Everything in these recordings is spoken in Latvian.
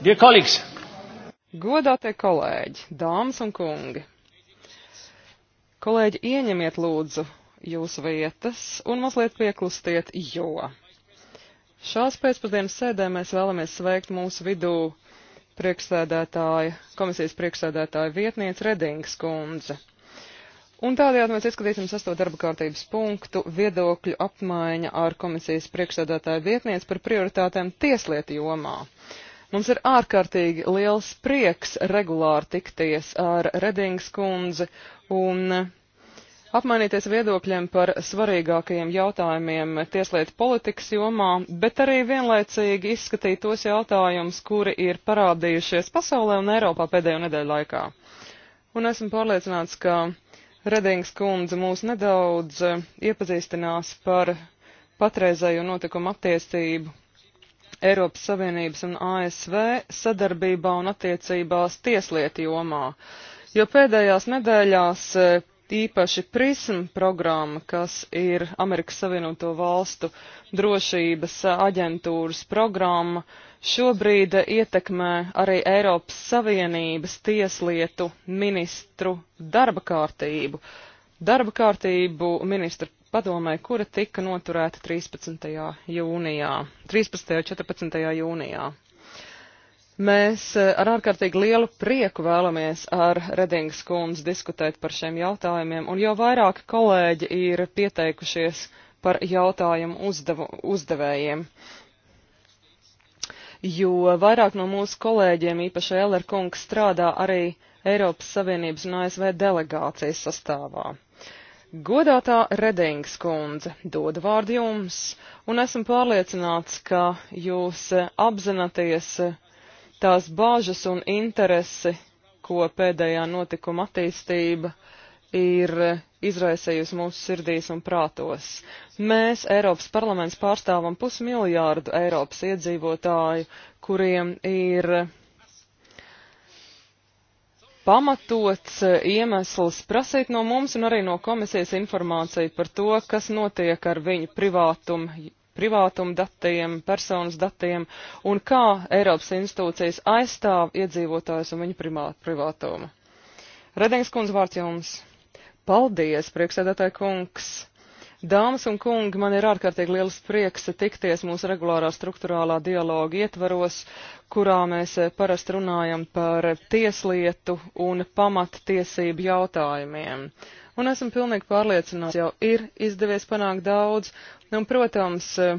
Dear colleagues! Godātie kolēģi, dāmas un kungi! Kolēģi, ieņemiet lūdzu jūsu vietas un mazliet pieklustiet, jo šās pēcpusdienas sēdē mēs vēlamies sveikt mūsu vidū priekšsēdētāja, komisijas priekšsēdētāja vietniece Redingas kundze. Un tādējādi mēs izskatīsim sasto darba kārtības punktu viedokļu apmaiņa ar komisijas priekšsēdētāju vietnieci par prioritātēm tieslietu jomā. Mums ir ārkārtīgi liels prieks regulāri tikties ar Redings kundzi un apmainīties viedokļiem par svarīgākajiem jautājumiem tieslietu politikas jomā, bet arī vienlaicīgi izskatīt tos jautājumus, kuri ir parādījušies pasaulē un Eiropā pēdējo nedēļu laikā. Un esmu pārliecināts, ka Redings kundze mūs nedaudz iepazīstinās par patreizējo notikumu attiestību Eiropas Savienības un ASV sadarbībā un attiecībās tieslietu jomā, jo pēdējās nedēļās e, īpaši PRISM programma, kas ir Amerikas Savienoto Valstu drošības e, aģentūras programma, šobrīd ietekmē arī Eiropas Savienības tieslietu ministru darba kārtību. Darba kārtību ministra padomē, kura tika noturēta 13. jūnijā, 13. un 14. jūnijā. Mēs eh, ar ārkārtīgi lielu prieku vēlamies ar Redingas kundzi diskutēt par šiem jautājumiem, un jau vairāki kolēģi ir pieteikušies par jautājumu uzdevu, uzdevējiem. Jo vairāk no mūsu kolēģiem, īpaši Eller kungs, strādā arī Eiropas Savienības un ASV delegācijas sastāvā. Godātā Redings kundze, dodu vārdu jums, un esmu pārliecināts, ka jūs eh, apzināties eh, tās bāžas un interesi, ko pēdējā notikuma attīstība ir eh, izraisījusi mūsu sirdīs un prātos. Mēs, Eiropas parlaments, pārstāvam pusmiljārdu Eiropas iedzīvotāju, kuriem ir pamatots eh, iemesls prasīt no mums un arī no komisijas informāciju par to, kas notiek ar viņu privātumu privātuma datiem, personas datiem un kā Eiropas institūcijas aizstāv iedzīvotājus un viņu privātumu. Redings kundze vārds jums. Paldies, priekšsēdētāji kungs. Dāmas un kungi, man ir ārkārtīgi liels prieks tikties mūsu regulārā struktūrālā dialoga ietvaros, kurā mēs eh, parasti runājam par tieslietu un pamattiesību jautājumiem. Un esmu pilnīgi pārliecināts, jau ir izdevies panākt daudz, un, protams, eh,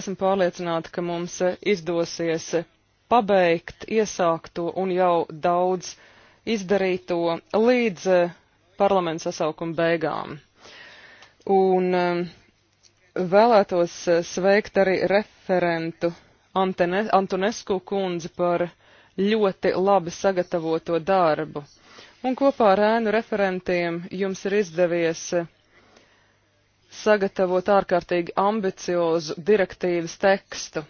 esmu pārliecināta, ka mums eh, izdosies pabeigt iesākto un jau daudz izdarīto līdz parlamentu sasaukuma beigām. Un um, vēlētos uh, sveikt arī referentu Antene, Antonesku kundzi par ļoti labi sagatavoto darbu. Un kopā ar ēnu referentiem jums ir izdevies uh, sagatavot ārkārtīgi ambiciozu direktīvas tekstu.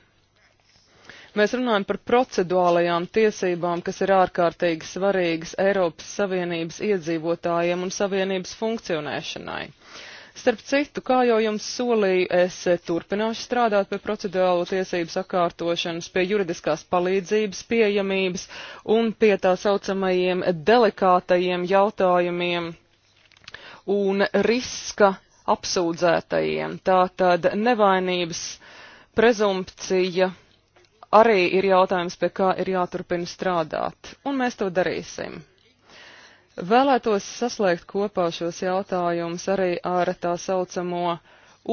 Mēs runājam par procedūrālajām tiesībām, kas ir ārkārtīgi svarīgas Eiropas Savienības iedzīvotājiem un Savienības funkcionēšanai. Starp citu, kā jau jums solīju, es turpināšu strādāt pie procedurālo tiesību sakārtošanas, pie juridiskās palīdzības pieejamības un pie tā saucamajiem delikātajiem jautājumiem un riska apsūdzētajiem. Tātad nevainības prezumpcija arī ir jautājums, pie kā ir jāturpina strādāt, un mēs to darīsim. Vēlētos saslēgt kopā šos jautājumus arī ar tā saucamo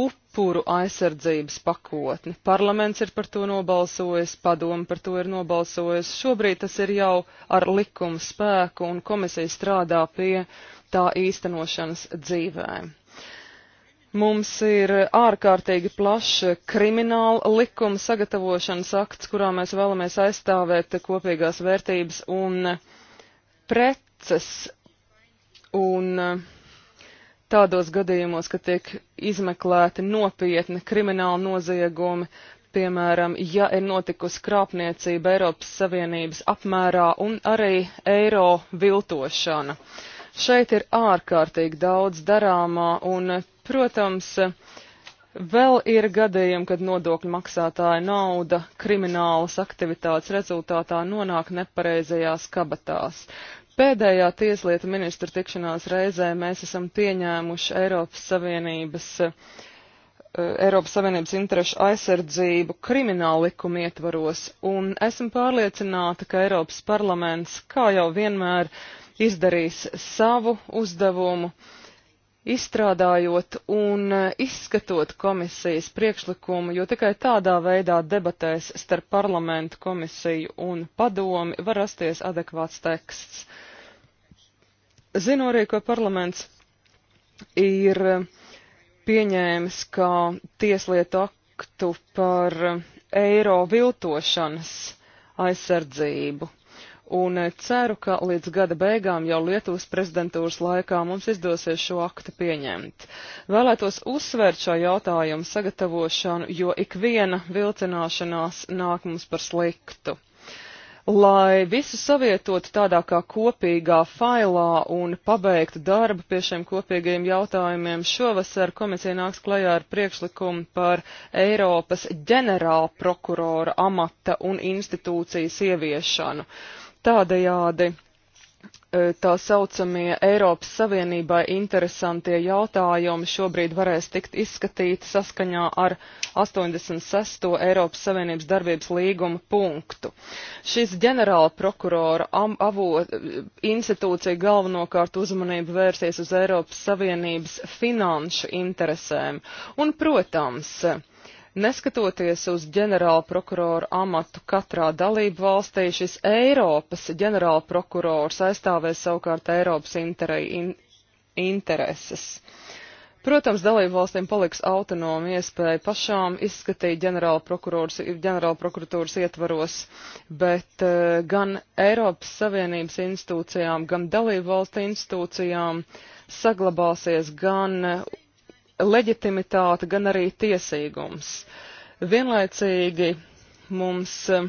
upuru aizsardzības pakotni. Parlaments ir par to nobalsojis, padomu par to ir nobalsojis. Šobrīd tas ir jau ar likumu spēku un komisija strādā pie tā īstenošanas dzīvē. Mums ir ārkārtīgi plaša krimināla likuma sagatavošanas akts, kurā mēs vēlamies aizstāvēt kopīgās vērtības un pret preces un eh, tādos gadījumos, kad tiek izmeklēti nopietni krimināli noziegumi, piemēram, ja ir notikusi krāpniecība Eiropas Savienības apmērā un arī eiro viltošana. Šeit ir ārkārtīgi daudz darāmā un, protams, vēl ir gadījumi, kad nodokļu maksātāja nauda kriminālas aktivitātes rezultātā nonāk nepareizajās kabatās. Pēdējā tieslietu ministra tikšanās reizē mēs esam pieņēmuši Eiropas Savienības, eh, Eiropas Savienības interešu aizsardzību krimināla likuma ietvaros, un esmu pārliecināta, ka Eiropas parlaments, kā jau vienmēr, izdarīs savu uzdevumu, izstrādājot un eh, izskatot komisijas priekšlikumu, jo tikai tādā veidā debatēs starp parlamentu komisiju un padomi var rasties adekvāts teksts. Zinu arī, ka parlaments ir pieņēmis, ka tieslietu aktu par eiro viltošanas aizsardzību un ceru, ka līdz gada beigām jau Lietuvas prezidentūras laikā mums izdosies šo aktu pieņemt. Vēlētos uzsvērt šo jautājumu sagatavošanu, jo ikviena vilcināšanās nāk mums par sliktu lai visu savietotu tādā kā kopīgā failā un pabeigtu darbu pie šiem kopīgajiem jautājumiem. Šovasar komisija nāks klajā ar priekšlikumu par Eiropas ģenerāla prokurora amata un institūcijas ieviešanu. Tādējādi tā saucamie Eiropas Savienībai interesantie jautājumi šobrīd varēs tikt izskatīti saskaņā ar 86. Eiropas Savienības darbības līguma punktu. Šis ģenerāla prokurora avot institūcija galvenokārt uzmanību vērsies uz Eiropas Savienības finanšu interesēm. Un, protams, Neskatoties uz ģenerāla prokurora amatu katrā dalību valstī, šis Eiropas ģenerāla prokurors aizstāvēs savukārt Eiropas interei, in, intereses. Protams, dalību valstīm paliks autonoma iespēja pašām izskatīt ģenerāla, ģenerāla prokuratūras ietvaros, bet uh, gan Eiropas Savienības institūcijām, gan dalību valstu institūcijām saglabāsies gan uh, leģitimitāte, gan arī tiesīgums. Vienlaicīgi mums eh,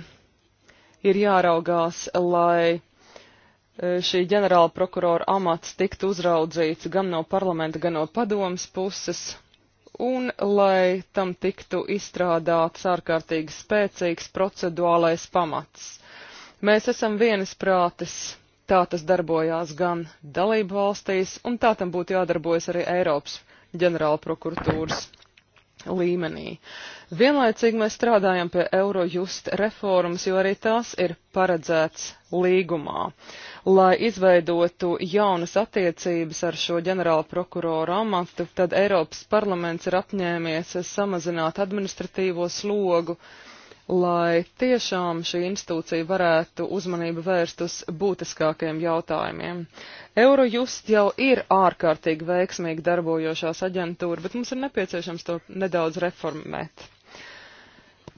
ir jāraugās, lai eh, šī ģenerāla prokurora amats tiktu uzraudzīts gan no parlamenta, gan no padomas puses, un lai tam tiktu izstrādāts ārkārtīgi spēcīgs proceduālais pamats. Mēs esam vienisprātis, tā tas darbojās gan dalību valstīs, un tā tam būtu jādarbojas arī Eiropas ģenerāla prokuratūras līmenī. Vienlaicīgi mēs strādājam pie Eurojust reformas, jo arī tās ir paredzēts līgumā. Lai izveidotu jaunas attiecības ar šo ģenerāla prokuroru amatu, tad Eiropas parlaments ir apņēmies samazināt administratīvo slogu uh, lai tiešām šī institūcija varētu uzmanību vērst uz būtiskākiem jautājumiem. Eurojust jau ir ārkārtīgi veiksmīgi darbojošās aģentūra, bet mums ir nepieciešams to nedaudz reformēt.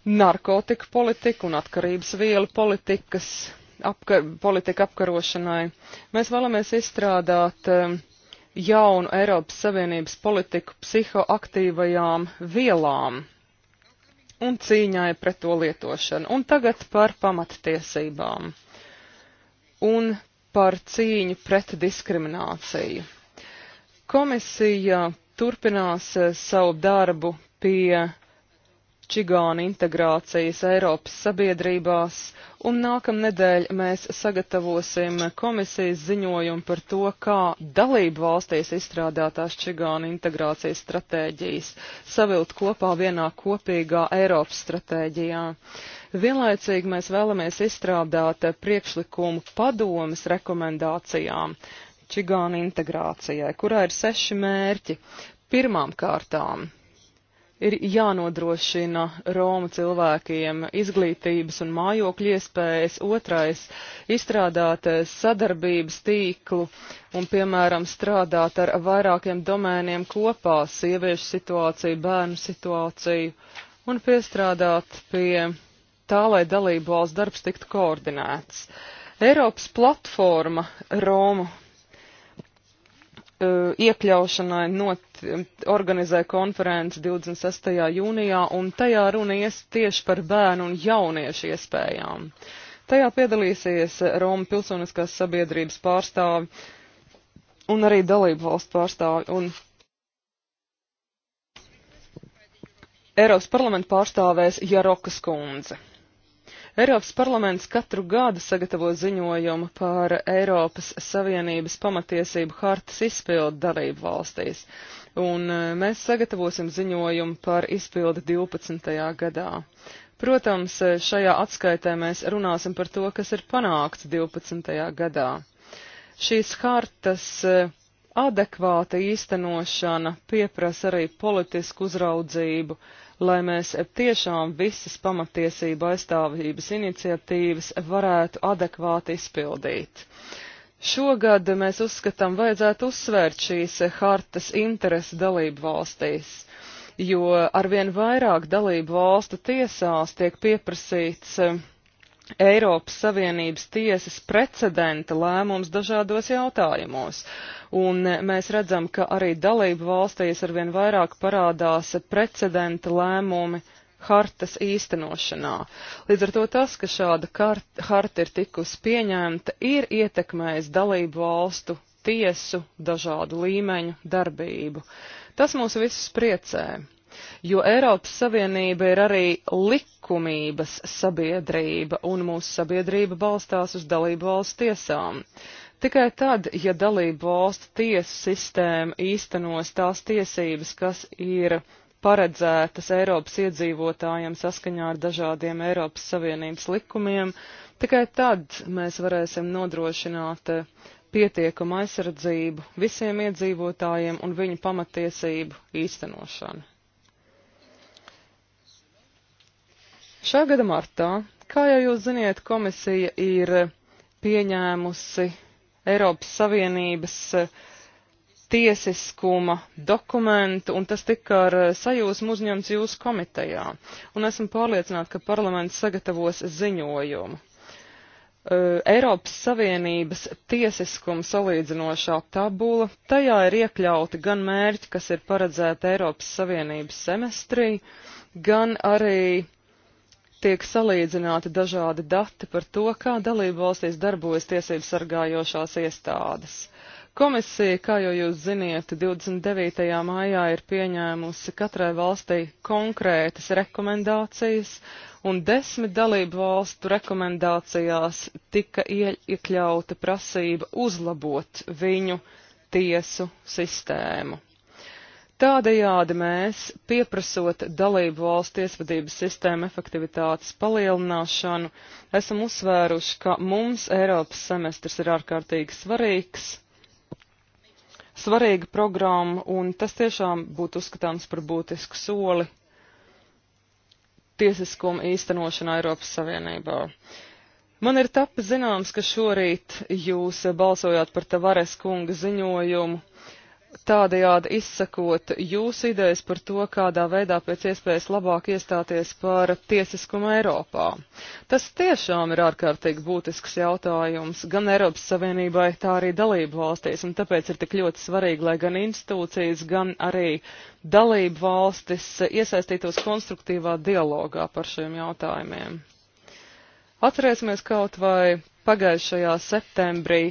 Narkotika politika un atkarības vielu politikas, apka, politika apkarošanai. Mēs vēlamies izstrādāt um, jaunu Eiropas Savienības politiku psihoaktīvajām vielām un cīņai pret to lietošanu. Un tagad par pamattiesībām un par cīņu pret diskrimināciju. Komisija turpinās eh, savu darbu pie čigānu integrācijas Eiropas sabiedrībās, un nākamnedēļ mēs sagatavosim komisijas ziņojumu par to, kā dalību valstīs izstrādātās čigānu integrācijas stratēģijas savilt kopā vienā kopīgā Eiropas stratēģijā. Vienlaicīgi mēs vēlamies izstrādāt priekšlikumu padomas rekomendācijām čigānu integrācijai, kurā ir seši mērķi. Pirmām kārtām ir jānodrošina Romu cilvēkiem izglītības un mājokļu iespējas, otrais - izstrādāt eh, sadarbības tīklu un, piemēram, strādāt ar vairākiem domēniem kopā - sieviešu situāciju, bērnu situāciju un piestrādāt pie tā, lai dalību valsts darbs tiktu koordinēts. Eiropas platforma Roma Eh, iekļaušanai not, organizē konferenci 26. jūnijā, un tajā runa ies tieši par bērnu un jauniešu iespējām. Tajā piedalīsies Roma pilsoniskās sabiedrības pārstāvi un arī dalību valstu pārstāvi un Eiropas parlamentu pārstāvēs Jarokas kundze. Eiropas parlaments katru gadu sagatavo ziņojumu par Eiropas Savienības pamatiesību hartas izpildu dalību valstīs, un e, mēs sagatavosim ziņojumu par izpildu 12. gadā. Protams, e, šajā atskaitē mēs runāsim par to, kas ir panākts 12. gadā. Šīs hartas e, adekvāta īstenošana pieprasa arī politisku uzraudzību, uh, lai mēs tiešām visas pamatiesība aizstāvības iniciatīvas varētu adekvāti izpildīt. Šogad mēs uzskatām vajadzētu uzsvērt šīs hartas interesi dalību valstīs, jo arvien vairāk dalību valstu tiesās tiek pieprasīts Eiropas Savienības tiesas precedenta lēmums dažādos jautājumos. Un mēs redzam, ka arī dalību valstīs arvien vairāk parādās precedenta lēmumi hartas īstenošanā. Līdz ar to tas, ka šāda kart, harta ir tikusi pieņemta, ir ietekmējis dalību valstu tiesu dažādu līmeņu darbību. Tas mūs visus priecē jo Eiropas Savienība ir arī likumības sabiedrība, un mūsu sabiedrība balstās uz dalību valstu tiesām. Tikai tad, ja dalību valstu tiesu sistēma īstenos tās tiesības, kas ir paredzētas Eiropas iedzīvotājiem saskaņā ar dažādiem Eiropas Savienības likumiem, tikai tad mēs varēsim nodrošināt pietiekumu aizsardzību visiem iedzīvotājiem un viņu pamatiesību īstenošanu. Šā gada martā, kā jau jūs ziniet, komisija ir pieņēmusi Eiropas Savienības eh, tiesiskuma dokumentu, un tas tika ar eh, sajūsmu uzņemts jūsu komitejā. Un esmu pārliecināta, ka parlaments sagatavos ziņojumu. Eh, Eiropas Savienības tiesiskuma salīdzinošā tabula, tajā ir iekļauti gan mērķi, kas ir paredzēti Eiropas Savienības semestrī, gan arī uh, tiek salīdzināti dažādi dati par to, kā dalībvalstīs darbojas tiesību sargājošās iestādes. Komisija, kā jau jūs ziniet, 29. maijā ir pieņēmusi katrai valstī konkrētas rekomendācijas, un desmit dalību valstu rekomendācijās tika iekļauta prasība uzlabot viņu tiesu sistēmu. Tādējādi mēs, pieprasot dalību valstu tiesvedības sistēmu efektivitātes palielināšanu, esam uzsvēruši, ka mums Eiropas semestrs ir ārkārtīgi svarīgs, svarīga programma, un tas tiešām būtu uzskatāms par būtisku soli tiesiskuma īstenošanā Eiropas Savienībā. Man ir tapis zināms, ka šorīt jūs balsojāt par Tavares kunga ziņojumu, tādajādi izsakot jūsu idejas par to, kādā veidā pēc iespējas labāk iestāties par tiesiskumu Eiropā. Tas tiešām ir ārkārtīgi būtisks jautājums gan Eiropas Savienībai, tā arī dalību valstīs, un tāpēc ir tik ļoti svarīgi, lai gan institūcijas, gan arī dalību valstis iesaistītos konstruktīvā dialogā par šiem jautājumiem. Atcerēsimies kaut vai pagājušajā septembrī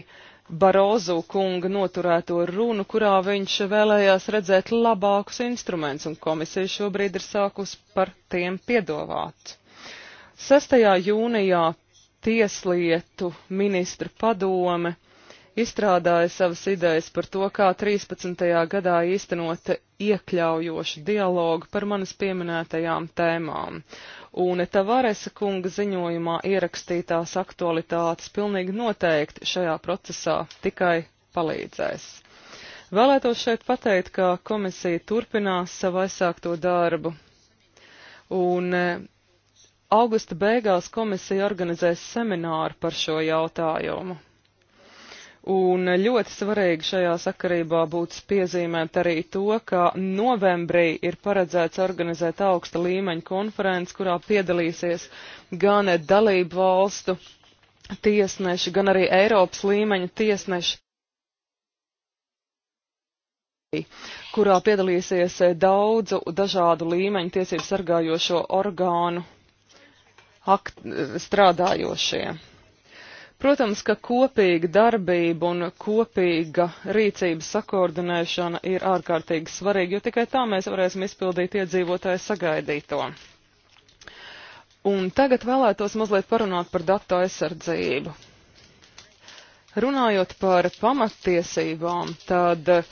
Barozu kunga noturēto runu, kurā viņš vēlējās redzēt labākus instrumentus, un komisija šobrīd ir sākus par tiem piedāvāt. 6. jūnijā tieslietu ministra padome izstrādāja savas idejas par to, kā 13. gadā īstenot iekļaujošu dialogu par manis pieminētajām tēmām un Tavaresa kunga ziņojumā ierakstītās aktualitātes pilnīgi noteikti šajā procesā tikai palīdzēs. Vēlētos šeit pateikt, ka komisija turpinās savu aizsākto darbu, un e, augusta beigās komisija organizēs semināru par šo jautājumu. Un ļoti svarīgi šajā sakarībā būtu piezīmēt arī to, ka novembrī ir paredzēts organizēt augsta līmeņa konferences, kurā piedalīsies gan dalību valstu tiesneši, gan arī Eiropas līmeņa tiesneši kurā piedalīsies daudzu dažādu līmeņu tiesību sargājošo orgānu akt, strādājošie. Protams, ka kopīga darbība un kopīga rīcības sakoordinēšana ir ārkārtīgi svarīga, jo tikai tā mēs varēsim izpildīt iedzīvotāju sagaidīto. Un tagad vēlētos mazliet parunāt par datu aizsardzību. Runājot par pamattiesībām, tad uh,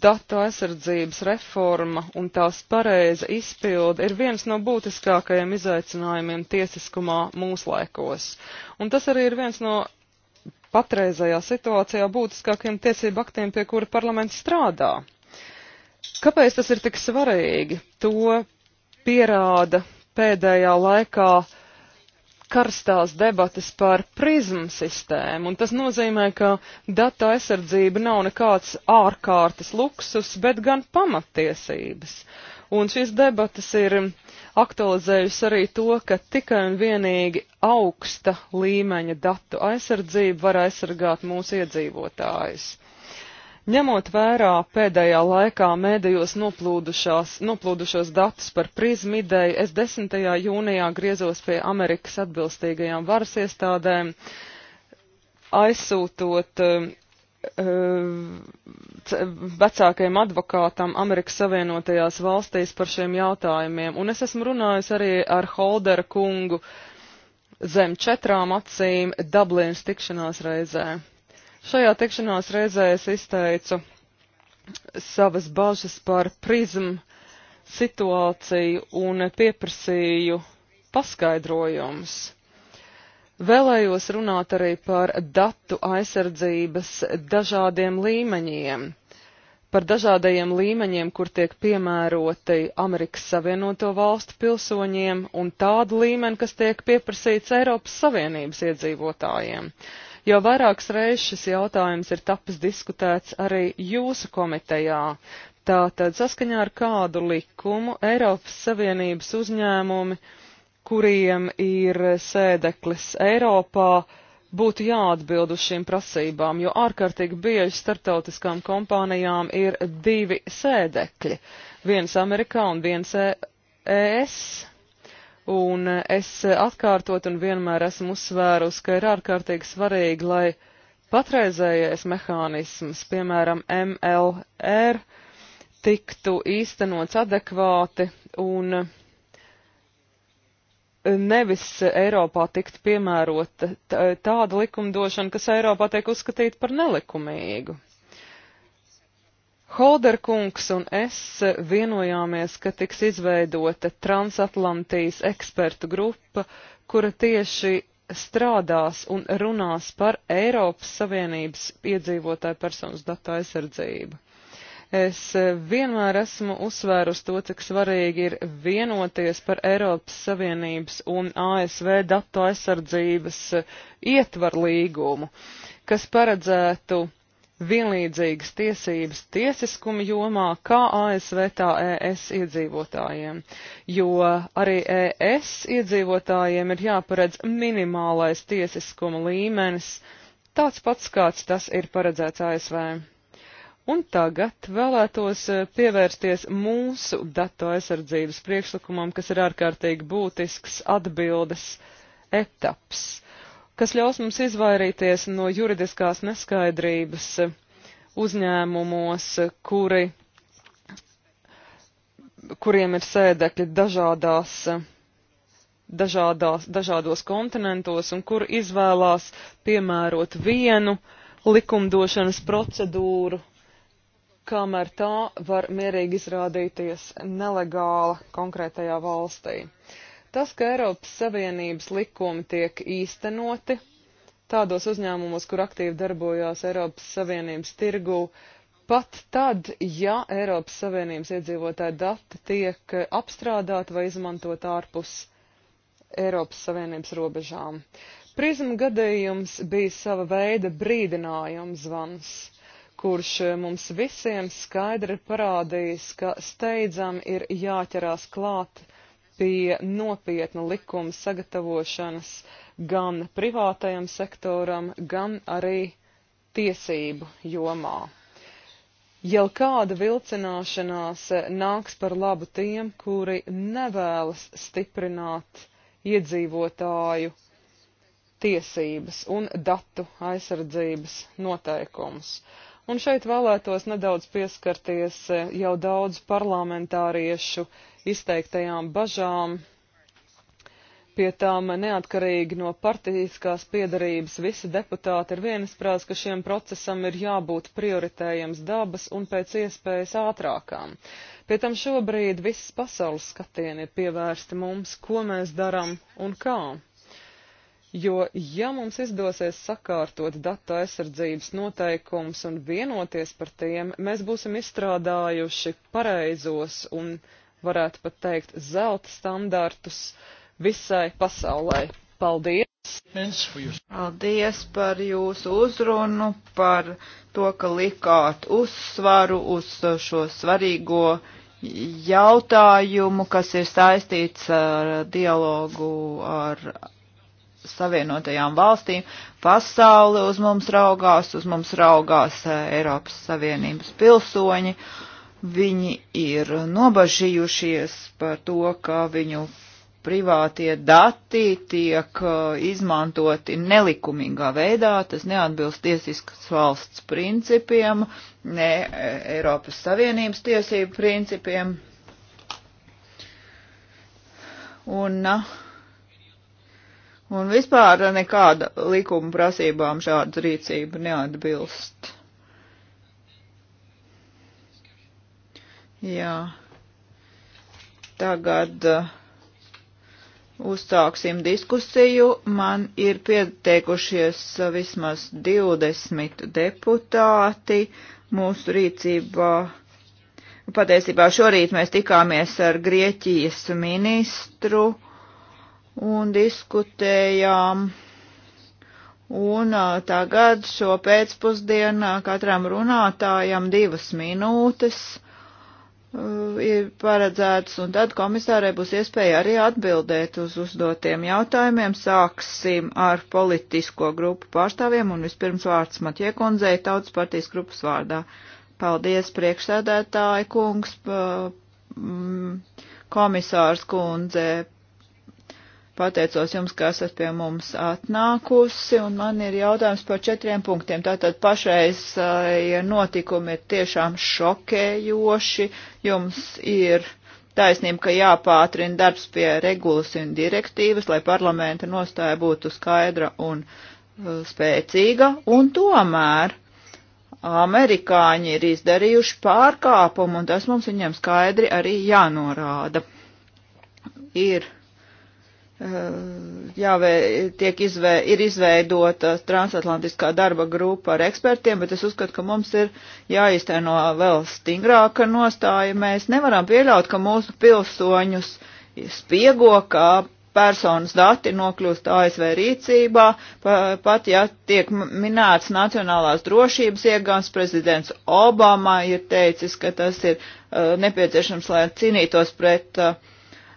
datu aizsardzības reforma un tās pareiza izpilde ir viens no būtiskākajiem izaicinājumiem tiesiskumā mūslaikos. Un tas arī ir viens no patreizajā situācijā būtiskākiem tiesību aktiem, pie kura parlaments strādā. Kāpēc tas ir tik svarīgi? To pierāda pēdējā laikā uh, karstās debatas par prizmu sistēmu, un tas nozīmē, ka data aizsardzība nav nekāds ārkārtas luksus, bet gan pamatiesības. Un šīs debatas ir aktualizējusi arī to, ka tikai un vienīgi augsta līmeņa datu aizsardzība var aizsargāt mūsu iedzīvotājus. Ņemot vērā pēdējā laikā mēdījos noplūdušos datus par prizmu ideju, es 10. jūnijā griezos pie Amerikas atbilstīgajām varas iestādēm, aizsūtot uh, eh, eh, vecākajam advokātam Amerikas Savienotajās valstīs par šiem jautājumiem, un es esmu runājusi arī ar Holdera kungu zem četrām acīm Dublinas tikšanās reizē. Šajā tikšanās reizē es izteicu savas bažas par prizmu situāciju un pieprasīju paskaidrojumus. Vēlējos runāt arī par datu aizsardzības dažādiem līmeņiem, par dažādajiem līmeņiem, kur tiek piemēroti Amerikas Savienoto valstu pilsoņiem un tādu līmeni, kas tiek pieprasīts Eiropas Savienības iedzīvotājiem. Uh, jo vairākas reizes šis jautājums ir tapis diskutēts arī jūsu komitejā. Tātad saskaņā ar kādu likumu Eiropas Savienības uzņēmumi, kuriem ir sēdeklis Eiropā, būtu jāatbild uz šīm prasībām, jo ārkārtīgi bieži starptautiskām kompānijām ir divi sēdekļi - viens Amerikā un viens ES. E Un es atkārtot un vienmēr esmu uzsvērus, ka ir ārkārtīgi svarīgi, lai patreizējais mehānisms, piemēram, MLR, tiktu īstenots adekvāti un nevis Eiropā tiktu piemērota tāda likumdošana, kas Eiropā tiek uzskatīta par nelikumīgu. Holderkungs un es vienojāmies, ka tiks izveidota transatlantijas ekspertu grupa, kura tieši strādās un runās par Eiropas Savienības iedzīvotāju personas datu aizsardzību. Es vienmēr esmu uzsvērus to, cik svarīgi ir vienoties par Eiropas Savienības un ASV datu aizsardzības ietvarlīgumu, kas paredzētu vienlīdzīgas tiesības tiesiskuma jomā, kā ASV tā ES iedzīvotājiem, jo arī ES iedzīvotājiem ir jāparedz minimālais tiesiskuma līmenis, tāds pats kāds tas ir paredzēts ASV. Un tagad vēlētos eh, pievērsties mūsu datu aizsardzības priekšlikumam, kas ir ārkārtīgi būtisks atbildes etaps kas ļaus mums izvairīties no juridiskās neskaidrības uzņēmumos, kuri, kuriem ir sēdekļi dažādās dažādās, dažādos kontinentos un kur izvēlās piemērot vienu likumdošanas procedūru, kamēr tā var mierīgi izrādīties nelegāla konkrētajā valstī. Tas, ka Eiropas Savienības likumi tiek īstenoti tādos uzņēmumos, kur aktīvi darbojās Eiropas Savienības tirgū, pat tad, ja Eiropas Savienības iedzīvotāja dati tiek apstrādāti vai izmantot ārpus Eiropas Savienības robežām. Prizma gadījums bija sava veida brīdinājums zvans, kurš mums visiem skaidri parādījis, ka steidzam ir jāķerās klāt pie nopietna likuma sagatavošanas gan privātajam sektoram, gan arī tiesību jomā. Jau kāda vilcināšanās nāks par labu tiem, kuri nevēlas stiprināt iedzīvotāju tiesības un datu aizsardzības noteikumus. Un šeit vēlētos nedaudz pieskarties eh, jau daudz parlamentāriešu izteiktajām bažām. Pie tām neatkarīgi no partijiskās piedarības visi deputāti ir vienisprāts, ka šiem procesam ir jābūt prioritējams dabas un pēc iespējas ātrākām. Pie tam šobrīd visas pasaules skatieni ir pievērsti mums, ko mēs daram un kā. Jo, ja mums izdosies sakārtot datu aizsardzības noteikums un vienoties par tiem, mēs būsim izstrādājuši pareizos un varētu pat teikt, zelta standartus visai pasaulē. Paldies! Paldies par jūsu uzrunu, par to, ka likāt uzsvaru uz šo svarīgo jautājumu, kas ir saistīts ar dialogu ar Savienotajām valstīm. Pasauli uz mums raugās, uz mums raugās Eiropas Savienības pilsoņi. Uh, Viņi ir nobažījušies par to, ka viņu privātie dati tiek uh, izmantoti nelikumīgā veidā, tas neatbilst tiesiskas valsts principiem, ne e, Eiropas Savienības tiesību principiem. Un, uh, un vispār nekāda likuma prasībām šāda rīcība neatbilst. Jā. Tagad uh, uzsāksim diskusiju. Man ir pieteikušies uh, vismaz 20 deputāti. Mūsu rīcībā, patiesībā šorīt mēs tikāmies ar Grieķijas ministru un diskutējām. Un uh, tagad šo pēcpusdienu uh, katram runātājam divas minūtes Uh, ir paredzētas, un tad komisārai būs iespēja arī atbildēt uz uzdotiem jautājumiem. Sāksim ar politisko grupu pārstāvjiem, un vispirms vārds Matie kundzei tautas partijas grupas vārdā. Paldies, priekšsēdētāji kungs, mm, komisārs kundze, pateicos jums, ka esat pie mums atnākusi, un man ir jautājums par četriem punktiem. Tātad pašreiz eh, ja notikumi ir tiešām šokējoši, jums ir taisnība, ka jāpātrina darbs pie regulas un direktīvas, lai parlamenta nostāja būtu skaidra un eh, spēcīga, un tomēr amerikāņi ir izdarījuši pārkāpumu, un tas mums viņiem skaidri arī jānorāda. Ir jāvē, tiek izvē, ir izveidota transatlantiskā darba grupa ar ekspertiem, bet es uzskatu, ka mums ir jāizteno vēl stingrāka nostāja. Mēs nevaram pieļaut, ka mūsu pilsoņus spiego, kā personas dati nokļūst ASV rīcībā, pat ja tiek minēts nacionālās drošības iegāns, prezidents Obama ir teicis, ka tas ir uh, nepieciešams, lai cīnītos pret uh,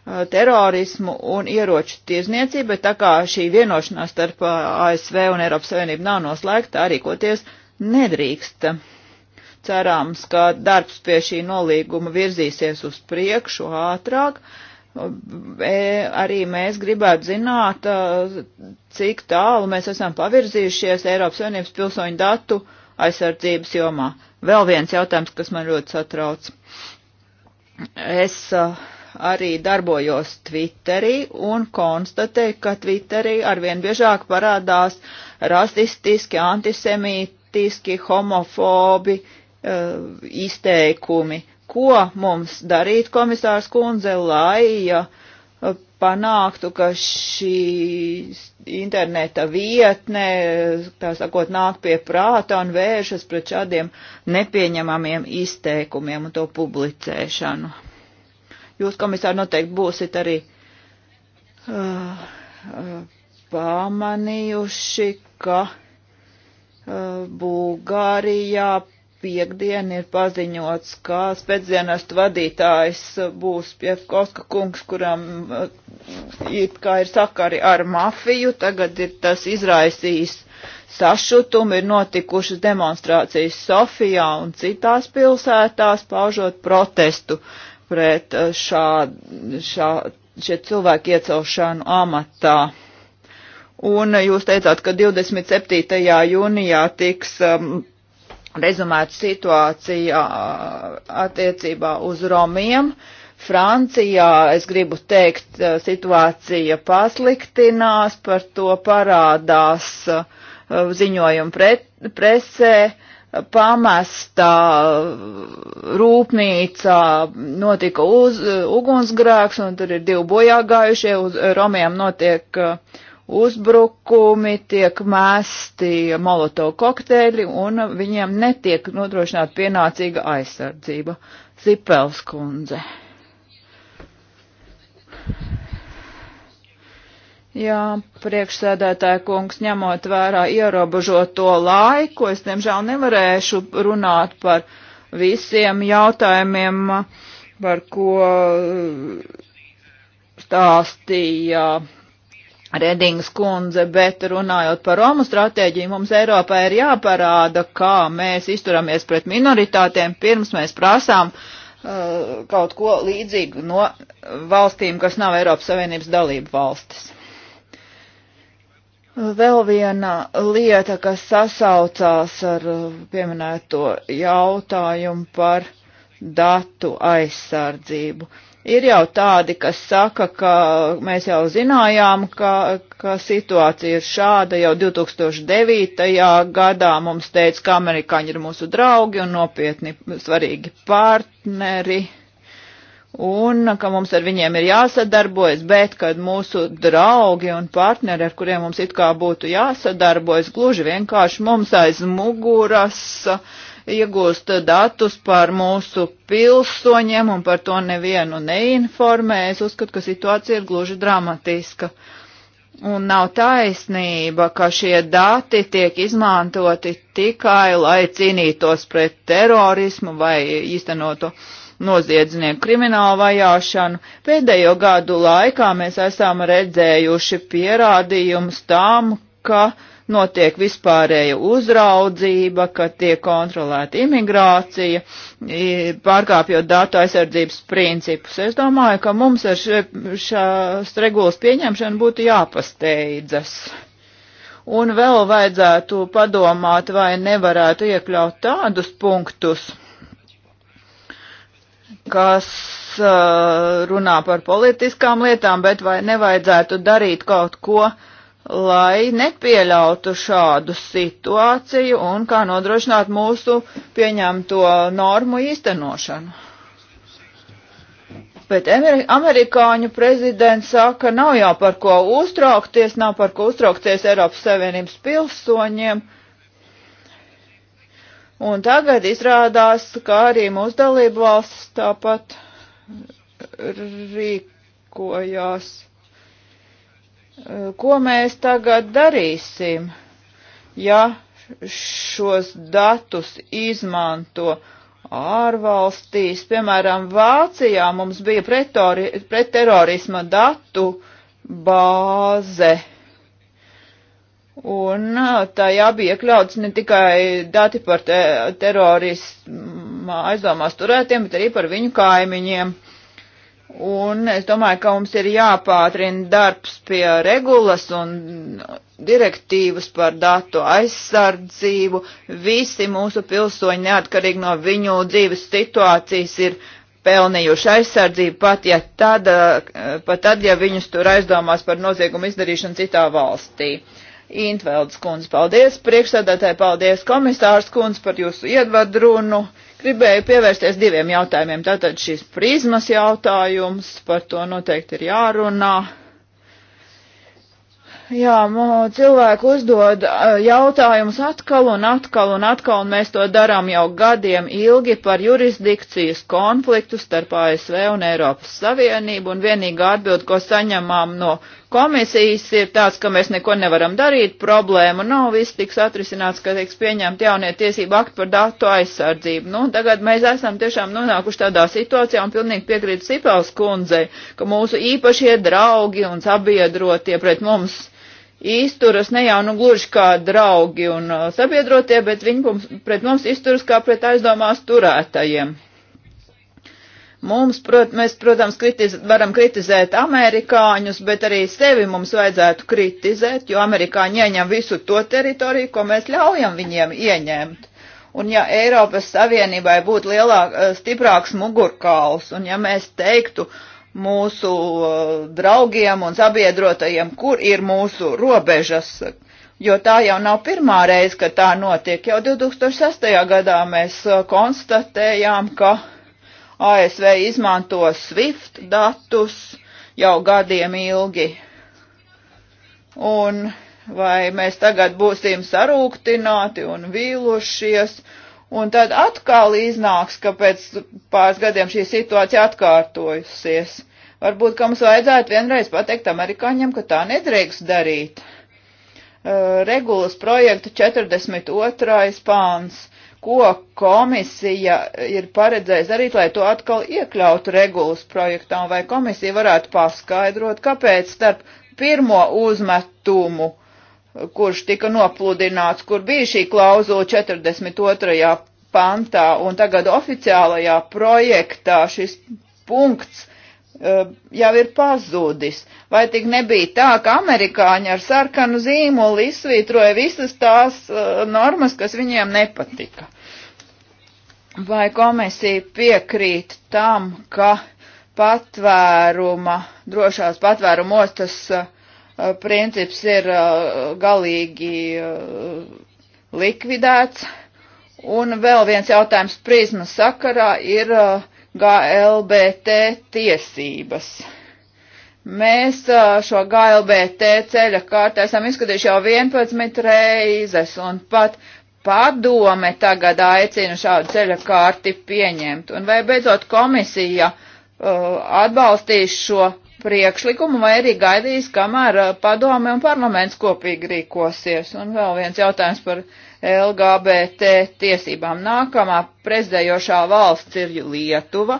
Uh, terorismu un ieroču tirzniecību, bet tā kā šī vienošanās starp uh, ASV un Eiropas Savienību nav noslēgta, arī koties nedrīkst. Cerāms, ka darbs pie šī nolīguma virzīsies uz priekšu ātrāk. Uh, e, arī mēs gribētu zināt, cik tālu mēs esam pavirzījušies Eiropas Savienības pilsoņu datu aizsardzības jomā. Vēl viens jautājums, kas man ļoti satrauc. Es uh, arī darbojos Twitterī un konstatēju, ka Twitterī arvien biežāk parādās rasistiski, antisemītiski, homofobi uh, izteikumi. Ko mums darīt, komisārs kundze, lai ja, eh, panāktu, ka šī interneta vietne, tā sakot, nāk pie prāta un vēršas pret šādiem nepieņemamiem izteikumiem un to publicēšanu? Jūs, komisāri, noteikti būsit arī uh, uh, pamanījuši, ka uh, Bulgārijā piekdien ir paziņots, ka spēcdienestu vadītājs būs Piefkovska kungs, kuram uh, it kā ir sakari ar mafiju, tagad ir tas izraisījis sašutumu, ir notikušas demonstrācijas Sofijā un citās pilsētās, paužot protestu pret eh, šā, šā, šie cilvēki iecelšanu amatā. Un eh, jūs teicāt, ka 27. jūnijā tiks um, rezumēta situācija eh, attiecībā uz romiem. Francijā, es gribu teikt, situācija pasliktinās, par to parādās ziņojumi presē pamestā rūpnīcā notika uz, ugunsgrēks, un tur ir divi bojāgājušie, uz Romiem notiek uh, uzbrukumi, tiek mēsti molotovu kokteļi, un viņiem netiek nodrošināta pienācīga aizsardzība. Zipelskundze. kundze. Jā, priekšsēdētāja kungs, ņemot vērā ierobežoto laiku, es diemžēl nevarēšu runāt par visiem jautājumiem, par ko stāstīja Redings kundze, bet runājot par Romu stratēģiju, mums Eiropā ir jāparāda, kā mēs izturamies pret minoritātēm, pirms mēs prasām uh, kaut ko līdzīgu no valstīm, kas nav Eiropas Savienības dalību valstis. Vēl viena lieta, kas sasaucās ar pieminēto jautājumu par datu aizsardzību. Ir jau tādi, kas saka, ka mēs jau zinājām, ka, ka situācija ir šāda. Jau 2009. gadā mums teica, ka amerikāņi ir mūsu draugi un nopietni svarīgi partneri un ka mums ar viņiem ir jāsadarbojas, bet kad mūsu draugi un partneri, ar kuriem mums it kā būtu jāsadarbojas, gluži vienkārši mums aiz muguras uh, iegūst datus par mūsu pilsoņiem un par to nevienu neinformē. Es uzskatu, ka situācija ir gluži dramatiska. Un nav taisnība, ka šie dati tiek izmantoti tikai, lai cīnītos pret terorismu vai īstenotu uh, noziedznieku kriminālu vajāšanu. Pēdējo gadu laikā mēs esam redzējuši pierādījumus tam, ka notiek vispārēja uzraudzība, ka tiek kontrolēta imigrācija, pārkāpjot datu aizsardzības principus. Es domāju, ka mums ar šās regulas pieņemšanu būtu jāpasteidzas. Un vēl vajadzētu padomāt, vai nevarētu iekļaut tādus punktus, kas uh, runā par politiskām lietām, bet vai nevajadzētu darīt kaut ko, lai nepieļautu šādu situāciju un kā nodrošināt mūsu pieņemto normu īstenošanu. Bet amerikāņu prezidents saka, nav jau par ko uztraukties, nav par ko uztraukties Eiropas Savienības pilsoņiem. Uh, Un tagad izrādās, ka arī mūsu dalību valsts tāpat rīkojās. Ko mēs tagad darīsim, ja šos datus izmanto ārvalstīs? Piemēram, Vācijā mums bija pretterorisma datu bāze Un tajā bija iekļauts ne tikai dati par te, terorismu aizdomās turētiem, bet arī par viņu kaimiņiem. Un es domāju, ka mums ir jāpātrina darbs pie regulas un direktīvas par datu aizsardzību. Visi mūsu pilsoņi, neatkarīgi no viņu dzīves situācijas, ir pelnījuši aizsardzību, pat ja tad, pat tad ja viņus tur aizdomās par noziegumu izdarīšanu citā valstī. Uh, Intveldes kundze, paldies priekšsēdētāji, paldies komisārs kundze par jūsu ievadrunu. Gribēju pievērsties diviem jautājumiem. Tātad šis prizmas jautājums, par to noteikti ir jārunā. Jā, cilvēki uzdod jautājumus atkal un atkal un atkal, un mēs to darām jau gadiem ilgi par jurisdikcijas konfliktu starp ASV un Eiropas Savienību, un vienīgā atbild, ko saņemām no komisijas ir tāds, ka mēs neko nevaram darīt, problēma nav, viss tiks atrisināts, ka tiks pieņemti jaunie tiesību akti par datu aizsardzību. Nu, tagad mēs esam tiešām nonākuši tādā situācijā un pilnīgi piekrītu Sipels kundzei, ka mūsu īpašie draugi un sabiedrotie pret mums izturas ne jau nu gluži kā draugi un uh, sabiedrotie, bet viņi pret mums izturas kā pret aizdomās turētajiem. Mums, prot, mēs, protams, kritiz, varam kritizēt amerikāņus, bet arī sevi mums vajadzētu kritizēt, jo amerikāņi ieņem visu to teritoriju, ko mēs ļaujam viņiem ieņemt. Un ja Eiropas Savienībai būtu lielāk, eh, stiprāks mugurkauls, un ja mēs teiktu mūsu eh, draugiem un sabiedrotajiem, kur ir mūsu robežas, jo tā jau nav pirmā reize, ka tā notiek. Jau 2006. gadā mēs eh, konstatējām, ka ASV izmanto SWIFT datus jau gadiem ilgi. Un vai mēs tagad būsim sarūktināti un vīlušies, un tad atkal iznāks, ka pēc pāris gadiem šī situācija atkārtojusies. Varbūt, ka mums vajadzētu vienreiz pateikt amerikāņiem, ka tā nedrīkst darīt. Uh, regulas projekta 42. pāns ko komisija ir paredzējusi darīt, lai to atkal iekļautu regulas projektā, vai komisija varētu paskaidrot, kāpēc starp pirmo uzmetumu, kurš tika nopludināts, kur bija šī klauzula 42. pantā, un tagad oficiālajā projektā šis punkts Eh, jau ir pazudis. Vai tik nebija tā, ka amerikāņi ar sarkanu zīmolu izsvītroja visas tās uh, normas, kas viņiem nepatika? Vai komisija piekrīt tam, ka patvēruma, drošās patvēruma ostas uh, eh, princips ir uh, galīgi likvidēts? Un vēl viens jautājums prizmas sakarā ir uh, GLBT tiesības. Mēs šo GLBT ceļa kārtu esam izskatījuši jau 11 reizes, un pat padome tagad aicina šādu ceļa kārti pieņemt. Un vai beidzot komisija uh, atbalstīs šo priekšlikumu, vai arī gaidīs, kamēr padome un parlaments kopīgi rīkosies. Un vēl viens jautājums par uh, LGBT tiesībām. Nākamā prezidējošā valsts ir Lietuva,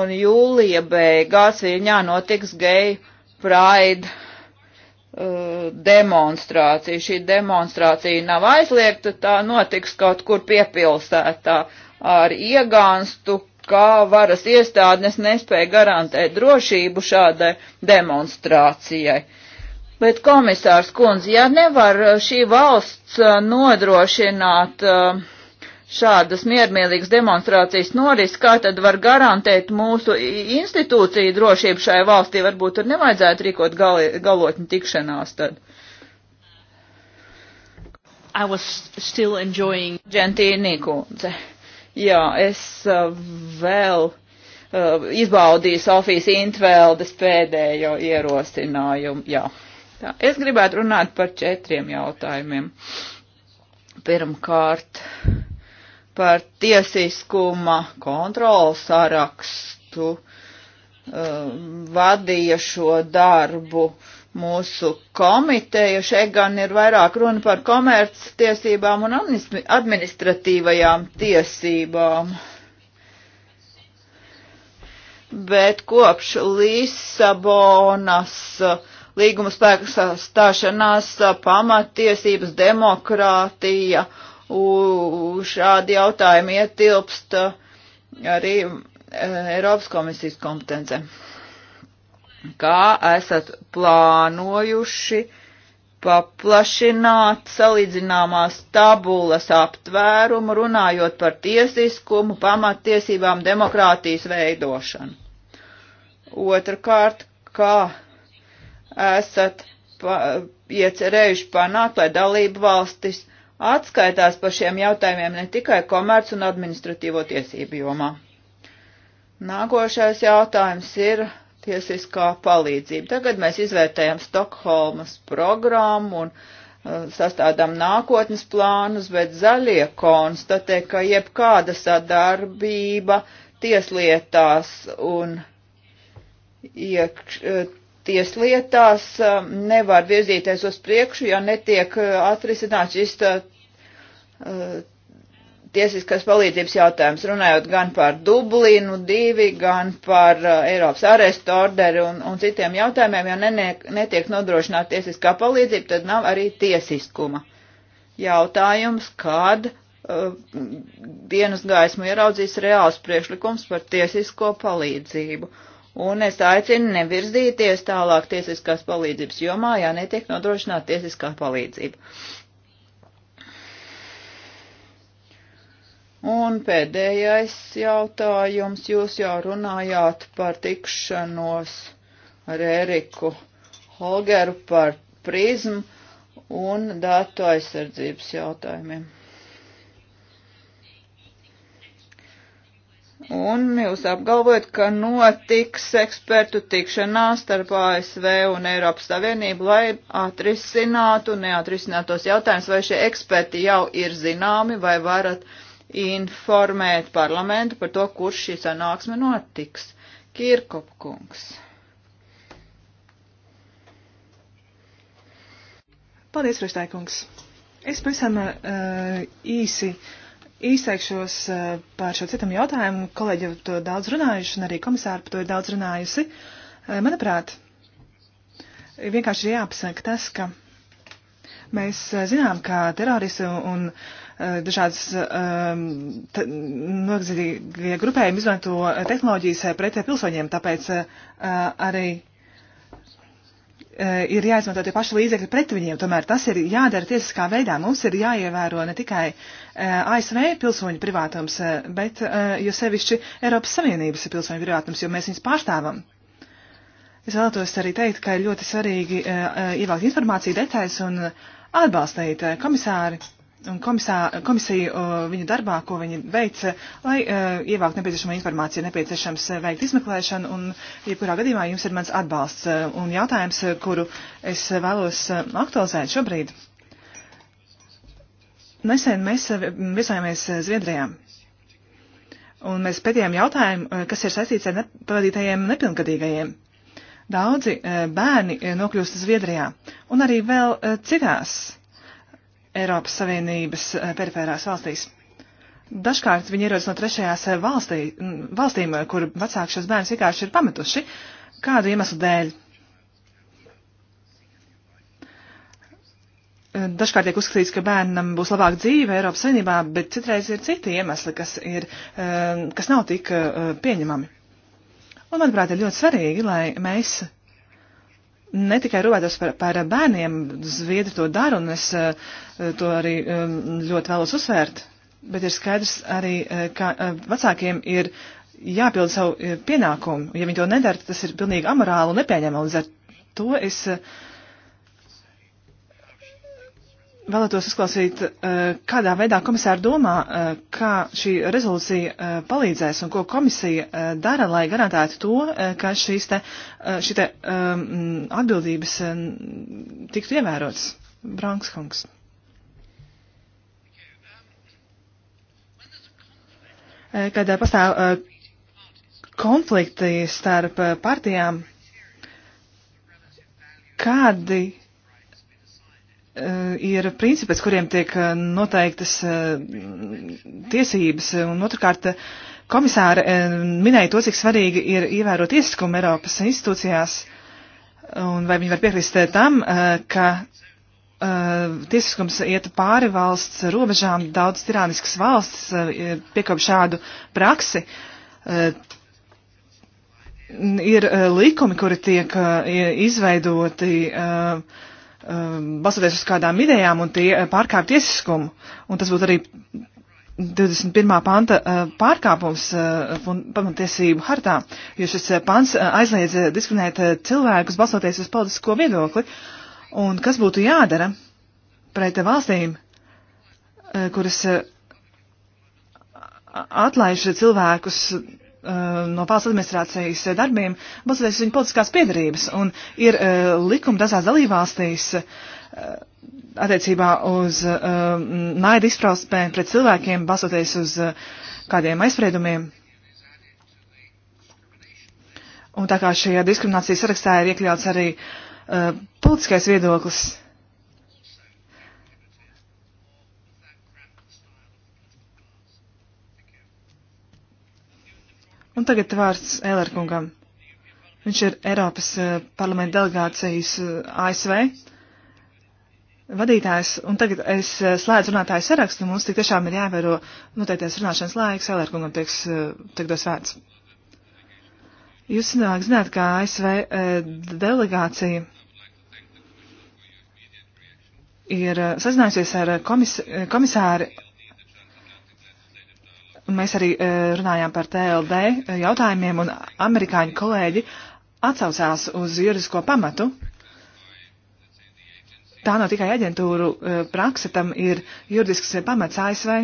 un jūlija beigās viņā notiks geju Pride uh, demonstrācija. Šī demonstrācija nav aizliegta, tā notiks kaut kur piepilsētā ar iegānstu, kā varas iestādnes nespēja garantēt drošību šādai demonstrācijai. Uh, Bet komisārs kundze, ja nevar eh, šī valsts eh, nodrošināt eh, šādas miermīlīgas demonstrācijas noris, kā tad var garantēt mūsu institūciju drošību šai valstī? Varbūt tur nevajadzētu rīkot gali, galotņu tikšanās tad. I was still enjoying. Gentīnī kundze. Jā, es vēl. Uh, izbaudīju Sofijas Intveldes pēdējo ierosinājumu. Jā. Tā, es gribētu runāt par četriem jautājumiem. Pirmkārt, par tiesiskuma kontrolas sarakstu uh, vadīja šo darbu mūsu komiteja. Šeit gan ir vairāk runa par komerces tiesībām un administratīvajām tiesībām bet kopš Lisabonas līguma spēka stāšanās, pamatiesības, demokrātija, u, šādi jautājumi ietilpst arī e, Eiropas komisijas kompetence. Kā esat plānojuši paplašināt salīdzināmās tabulas aptvērumu, runājot par tiesiskumu, pamattiesībām, demokrātijas veidošanu? Otrakārt, kā esat pa, iecerējuši panākt, lai dalību valstis atskaitās par šiem jautājumiem ne tikai komerc un administratīvo tiesību jomā. Nākošais jautājums ir tiesiskā palīdzība. Tagad mēs izvērtējam Stokholmas programmu un uh, sastādām nākotnes plānus, bet zaļie konstatē, ka jebkāda sadarbība tieslietās un iekš, uh, Iejaukties lietās um, nevar virzīties uz priekšu, ja netiek uh, atrisināts šis uh, uh, tiesiskas palīdzības jautājums, runājot gan par Dublinu divi, gan par Eiropas arestu orderi un, un citiem jautājumiem, ja neniek, netiek nodrošināta tiesiskā palīdzība, tad nav arī tiesiskuma. Jautājums, kad uh, dienas gaismu ieraudzīs reāls priekšlikums par tiesisko palīdzību. Uh, Un es aicinu nevirzīties tālāk tiesiskās palīdzības jomā, ja netiek nodrošināta tiesiskā palīdzība. Un pēdējais jautājums. Jūs jau runājāt par tikšanos ar Eriku Holgeru par prizmu un datu aizsardzības jautājumiem. Un jūs apgalvojat, ka notiks ekspertu tikšanās starp ASV un Eiropas Savienību, lai atrisinātu neatrisinātos jautājumus, vai šie eksperti jau ir zināmi, vai varat informēt parlamentu par to, kurš šī sanāksme notiks. Kirkopkungs. Paldies, Rustaikungs. Es pavisam uh, īsi. Uh, Īsteikšos eh, par šo citam jautājumu. Kolēģi jau to daudz runājuši, un arī komisāri par to ir daudz runājusi. Eh, manuprāt, vienkārši ir jāpasaka tas, ka mēs eh, zinām, ka terorismu un dažādas ehm, nogazīgie grupējumi izmanto tehnoloģijas pret pilsoņiem, tāpēc arī E, ir jāizmanto tie paši līdzekļi pret viņiem, tomēr tas ir jādara tiesiskā veidā. Mums ir jāievēro ne tikai e, ASV pilsoņu privātums, e, bet jo sevišķi Eiropas Savienības pilsoņu privātums, jo mēs viņus pārstāvam. Es vēlētos arī teikt, ka ir ļoti svarīgi ievākt informāciju detaļas un atbalstīt komisāri un komisā, komisiju viņu darbā, ko viņi veica, lai uh, ievākt nepieciešamo informāciju, nepieciešams e, veikt izmeklēšanu, un jebkurā gadījumā jums ir mans atbalsts. E, un jautājums, kuru es vēlos aktualizēt šobrīd. Nesen mēs viesojāmies Zviedrijā. Un mēs pētījām jautājumu, kas ir saistīts ar nepavadītajiem nepilngadīgajiem. Daudzi bērni nokļūst Zviedrijā, un arī vēl citās Eiropas Savienības eh, perifērās valstīs. Dažkārt viņi ierodas no trešajās eh, valstī, valstīm, eh, kur vecāki šos bērnus vienkārši ir pametuši, kādu iemeslu dēļ. Dažkārt tiek uzskatīts, ka bērnam būs labāka dzīve Eiropas Savienībā, bet citreiz ir citi iemesli, kas, ir, kas nav tik pieņemami. Un, manuprāt, ir ļoti svarīgi, lai mēs ne tikai rūpētos par, par bērniem, zviedri to dara, un es eh, to arī um, ļoti vēlos uzsvērt, bet ir skaidrs arī, eh, ka eh, vecākiem ir jāpild savu pienākumu. Ja viņi to nedara, tas ir pilnīgi amorāli un nepieņemami. Līdz ar to es uh, vēlētos uzklausīt, eh, kādā veidā komisāra domā, eh, kā šī rezolūcija eh, palīdzēs un ko komisija dara, lai garantētu to, ka šīs te, šī te ehm, atbildības ehm, tiktu ievērotas. Brankskungs. Kad pastāv konflikti starp partijām, kādi Eh, ir principi, pēc kuriem tiek eh, noteiktas eh, tiesības, un otrkārt komisāra minēja to, cik svarīgi ir ievērot tiesiskumu Eiropas institūcijās, un vai viņi var piekrist tam, ka tiesiskums iet pāri valsts robežām, daudz tirāniskas valsts piekop šādu praksi ir likumi, kuri tiek izveidoti uh, Um, balstoties uz kādām idejām un tie eh, pārkāp tiesiskumu. Un tas būtu arī 21. panta eh, pārkāpums eh, pamatiesību hartā, jo šis pants aizliedz diskriminēt cilvēkus balstoties uz politisko viedokli. Un kas būtu jādara pret valstīm, kuras atlaiž cilvēkus Uh, no valsts administrācijas darbiem, balstoties uz viņu politiskās piedarības. Un ir uh, likumi dažās dalībvalstīs uh, attiecībā uz naida izpraustēm pret cilvēkiem, balstoties uz kādiem aizspriedumiem. Un tā kā šajā diskriminācijas sarakstā ir iekļauts arī uh, politiskais viedoklis, uh, Un tagad vārds Ēlerkungam. Viņš ir Eiropas eh, parlamenta delegācijas eh, ASV vadītājs, un tagad es eh, slēdzu runātāju sarakstu, mums tik tiešām ir jāvēro noteikties runāšanas laiks, Ēlerkungam tiek, tiek dos vārds. Jūs sanāk zināt, kā ASV delegācija ir sazinājusies ar komis, komisāri Un mēs arī e, runājām par TLD e, jautājumiem, un amerikāņu kolēģi atsaucās uz juridisko pamatu. Tā nav tikai aģentūru e, prakse, tam ir juridisks pamats ASV.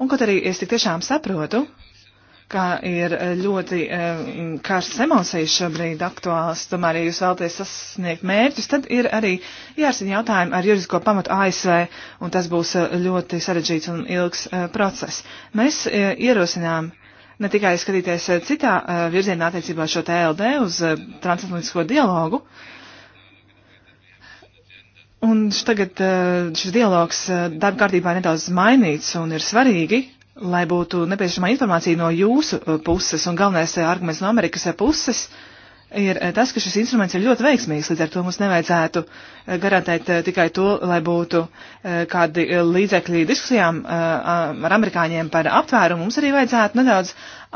Un kaut arī es tik tiešām saprotu, ka ir eh, ļoti eh, karsts emocijas šobrīd aktuāls, tomēr, ja jūs vēlaties sasniegt mērķus, tad ir arī jārisina jautājumi ar juridisko pamatu ASV, un tas būs eh, ļoti sarežģīts un ilgs process. Mēs ierosinām ne tikai skatīties citā virzienā attiecībā šo TLD uz transatlantisko dialogu. Un tagad šis dialogs darba kārtībā ir nedaudz mainīts un ir svarīgi, lai būtu nepieciešama informācija no jūsu uh, puses, un galvenais uh, arguments no Amerikas uh, puses ir tas, ka šis instruments ir ļoti veiksmīgs, līdz ar to mums nevajadzētu garantēt tikai to, lai būtu kādi līdzekļi diskusijām ar amerikāņiem par aptvērumu. Mums arī vajadzētu nedaudz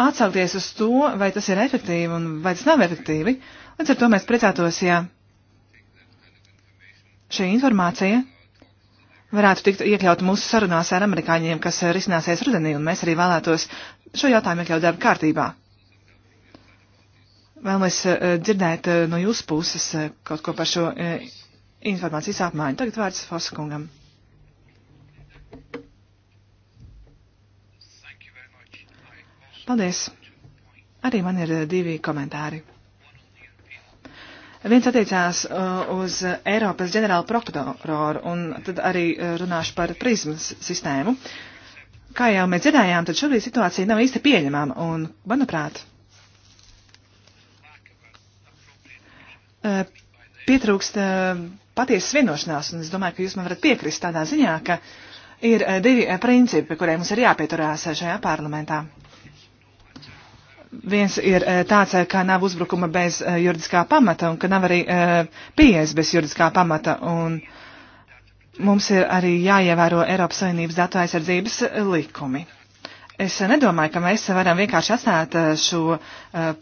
atsaukties uz to, vai tas ir efektīvi un vai tas nav efektīvi. Līdz ar to mēs priecātos, ja šī informācija varētu tikt iekļaut mūsu sarunās ar amerikāņiem, kas eh, risināsies rudenī, un mēs arī vēlētos šo jautājumu iekļaut darba kārtībā. Vēlamies eh, dzirdēt eh, no jūsu puses kaut ko par šo informācijas apmaiņu. Tagad vārds Foskungam. Paldies. Arī man ir divi komentāri. Viens attiecās uh, uz Eiropas ģenerālu prokuroru, un tad arī uh, runāšu par prizmas sistēmu. Kā jau mēs dzirdējām, tad šobrīd situācija nav īsti pieņemama, un, manuprāt, uh, pietrūkst patiesas vienošanās, un es domāju, ka jūs man varat piekrist tādā ziņā, ka ir divi principi, pie kuriem mums ir jāpieturās šajā parlamentā viens ir eh, tāds, eh, ka nav uzbrukuma bez eh, juridiskā pamata un ka nav arī pieejas bez juridiskā pamata. Un mums ir arī jāievēro Eiropas Savienības datu aizsardzības likumi. Es nedomāju, ka mēs varam vienkārši atstāt šo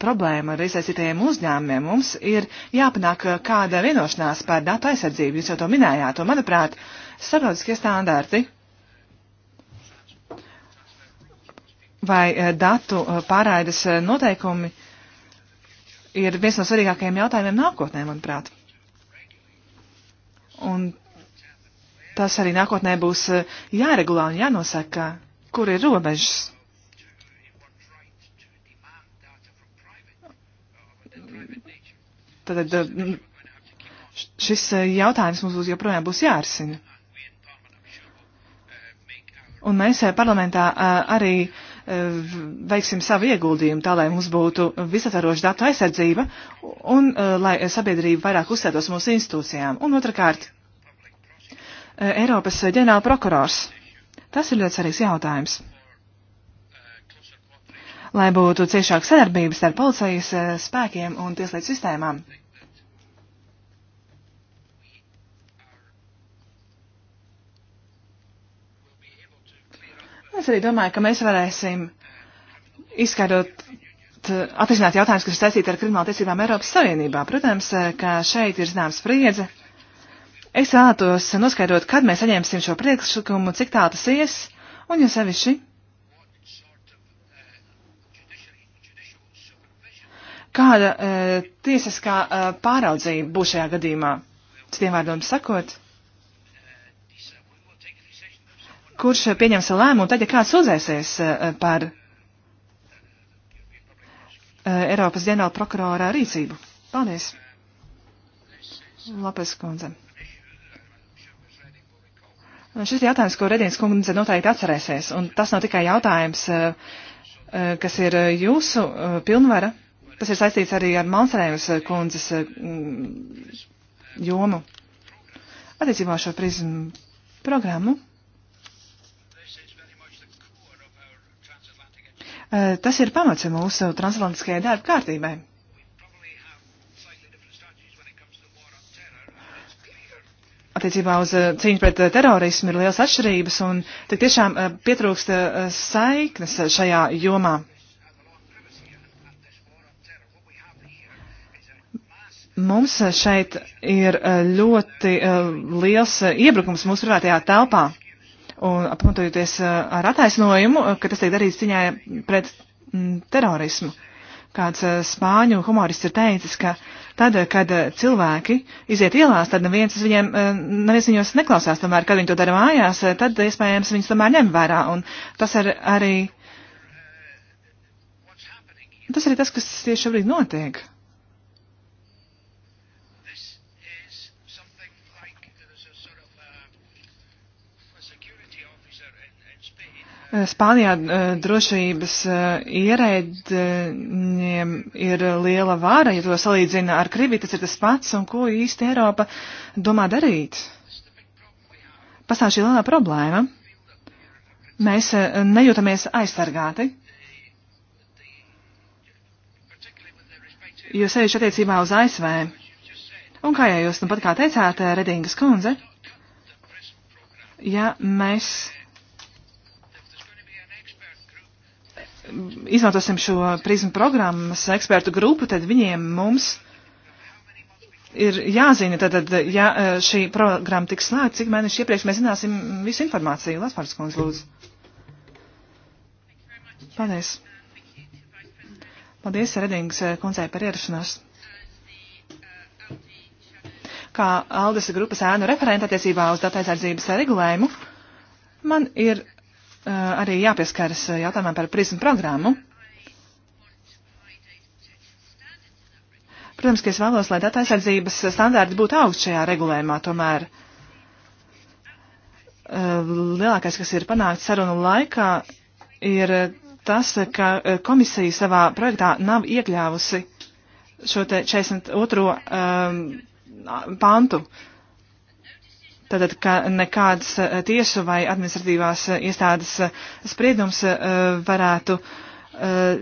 problēmu ar izraisītajiem uzņēmumiem. Mums ir jāpanāk kāda vienošanās par datu aizsardzību. Jūs jau to minējāt, un manuprāt, starptautiskie standarti vai eh, datu eh, pārraides eh, noteikumi ir viens no svarīgākajiem jautājumiem nākotnē, manuprāt. Un tas arī nākotnē būs jāregulā un jānosaka, kur ir robežas. Tad šis jautājums mums būs joprojām būs jārisina. Un mēs parlamentā arī Eh, veiksim savu ieguldījumu, tā lai mums būtu visatvaroša datu aizsardzība un eh, lai sabiedrība vairāk uzsētos mūsu institūcijām. Un otrkārt, eh, Eiropas ģenerāla prokurors. Tas ir ļoti svarīgs jautājums. Lai būtu ciešāka sadarbības ar policijas spēkiem un tieslietu sistēmām. Es arī domāju, ka mēs varēsim izskaidrot, atrisināt jautājumus, kas ir saistīti ar kriminālu tiesībām Eiropas Savienībā. Protams, ka šeit ir zināms spriedze. Es vēlētos noskaidrot, kad mēs saņemsim šo priekšlikumu, cik tā tas ies, un jo sevišķi. Kāda e, tiesiskā e, pāraudzība būs šajā gadījumā? Citiem vārdiem sakot, kurš eh, pieņems lēmumu, tad, ja kāds uzēsies eh, par eh, Eiropas ģenerāla prokurora rīcību. Paldies! Lapes kundze. Šis jautājums, ko Redīns kundze noteikti atcerēsies, un tas nav tikai jautājums, kas ir jūsu pilnvara, tas ir saistīts arī ar Malcerējums kundzes jomu. Attiecībā šo prizmu programmu Eh, tas ir pamats mūsu transatlantiskajai darba kārtībai. Attiecībā uz eh, cīņu pret eh, terorismu ir liels atšķirības un tik tiešām pietrūkst saiknes šajā jomā. Mums šeit ir ļoti liels iebrukums mūsu privātajā telpā un pamatojoties uh, ar attaisnojumu, uh, ka tas tiek darīts ciņā pret mm, terorismu. Kāds uh, spāņu humorists ir teicis, ka tad, kad cilvēki iziet ielās, tad neviens, viņiem, neviens viņos neklausās, tomēr, kad viņi to dara mājās, tad iespējams viņus tomēr ņem vērā. Un tas ar, arī. Tas arī tas, kas tieši šobrīd notiek. Spānijā drošības ierēdņiem ir liela vāra, ja to salīdzina ar Kribi, tas ir tas pats, un ko īsti Eiropa domā darīt? Pastāv šī lielā problēma. Mēs nejūtamies aizsargāti. Jo sevišķi attiecībā uz ASV. Un kā jau jūs nu pat kā teicāt, Redingas kundze, ja mēs izmantosim šo prizmu programmas ekspertu grupu, tad viņiem mums ir jāzina, tad, ja e, šī programma tiks slēgta, cik mēneši iepriekš mēs zināsim visu informāciju. Latvārds kundze, lūdzu. Paldies. Paldies, Redings e, kundzei par ierašanos. Kā Aldes grupas ēnu referenta attiecībā uz datu aizsardzības regulējumu, man ir Eh, arī jāpieskaras eh, jautājumam par prizmu programmu. Protams, ka es vēlos, lai data aizsardzības standārti būtu augsts šajā regulējumā, tomēr eh, lielākais, kas ir panākts sarunu laikā, ir tas, ka komisija savā projektā nav iekļāvusi šo te 42. Um, pantu. Uh, Tātad, ka nekādas eh, tiesu vai administratīvās eh, iestādes eh, spriedums varētu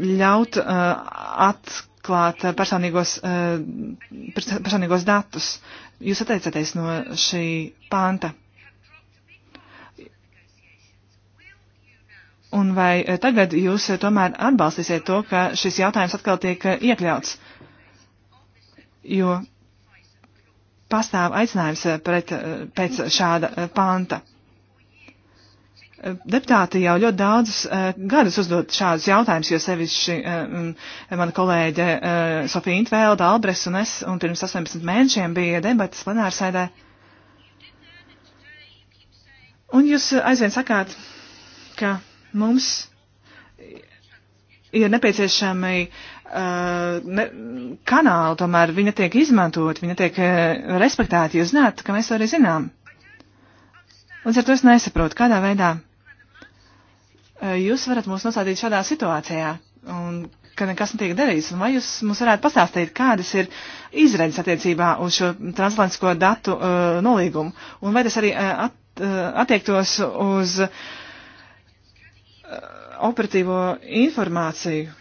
ļaut atklāt personīgos, personīgos datus. Jūs atteicaties no šī panta. Un vai tagad jūs tomēr atbalstīsiet to, ka šis jautājums atkal tiek iekļauts? Jo pastāv aicinājums eh, pret, eh, pēc šāda eh, panta. Deputāti jau ļoti daudzus uh, gadus uzdod šādus jautājumus, jo sevišķi uh, mana kolēģe uh, Sofija Intvēlda, Albres un es, un pirms 18 mēnešiem bija debatas plenārsēdē. Un jūs aizvien sakāt, ka mums ir nepieciešami uh, ne, uh, kanāli, tomēr viņa tiek izmantot, viņa tiek uh, respektēta, jūs zināt, ka mēs to arī zinām. Līdz ar to es nesaprotu, kādā veidā uh, jūs varat mūs nosādīt šādā situācijā, un ka nekas netiek darīts, un vai jūs mums varētu pastāstīt, kādas ir izredzes attiecībā uz šo transatlantisko datu uh, nolīgumu, un vai tas arī uh, at, uh, attiektos uz uh, operatīvo informāciju,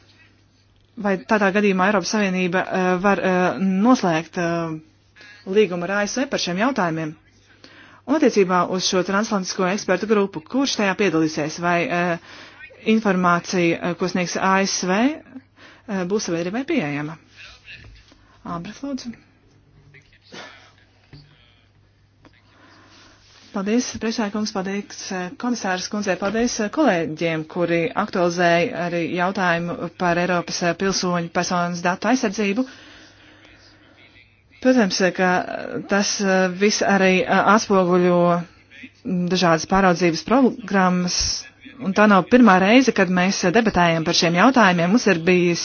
vai tādā gadījumā Eiropas Savienība eh, var eh, noslēgt eh, līgumu ar ASV par šiem jautājumiem? Un attiecībā uz šo transatlantisko ekspertu grupu, kurš tajā piedalīsies, vai informācija, ko sniegs ASV, būs sabiedrībai pieejama? Ābrat, lūdzu. Paldies, priekšsēkums, paldies eh, komisāras kundzei, paldies eh, kolēģiem, kuri aktualizēja arī jautājumu par Eiropas eh, pilsoņu personas datu aizsardzību. Protams, ka tas viss arī atspoguļo dažādas pāraudzības programmas, un tā nav pirmā reize, kad mēs debatējam par šiem jautājumiem. Mums ir bijis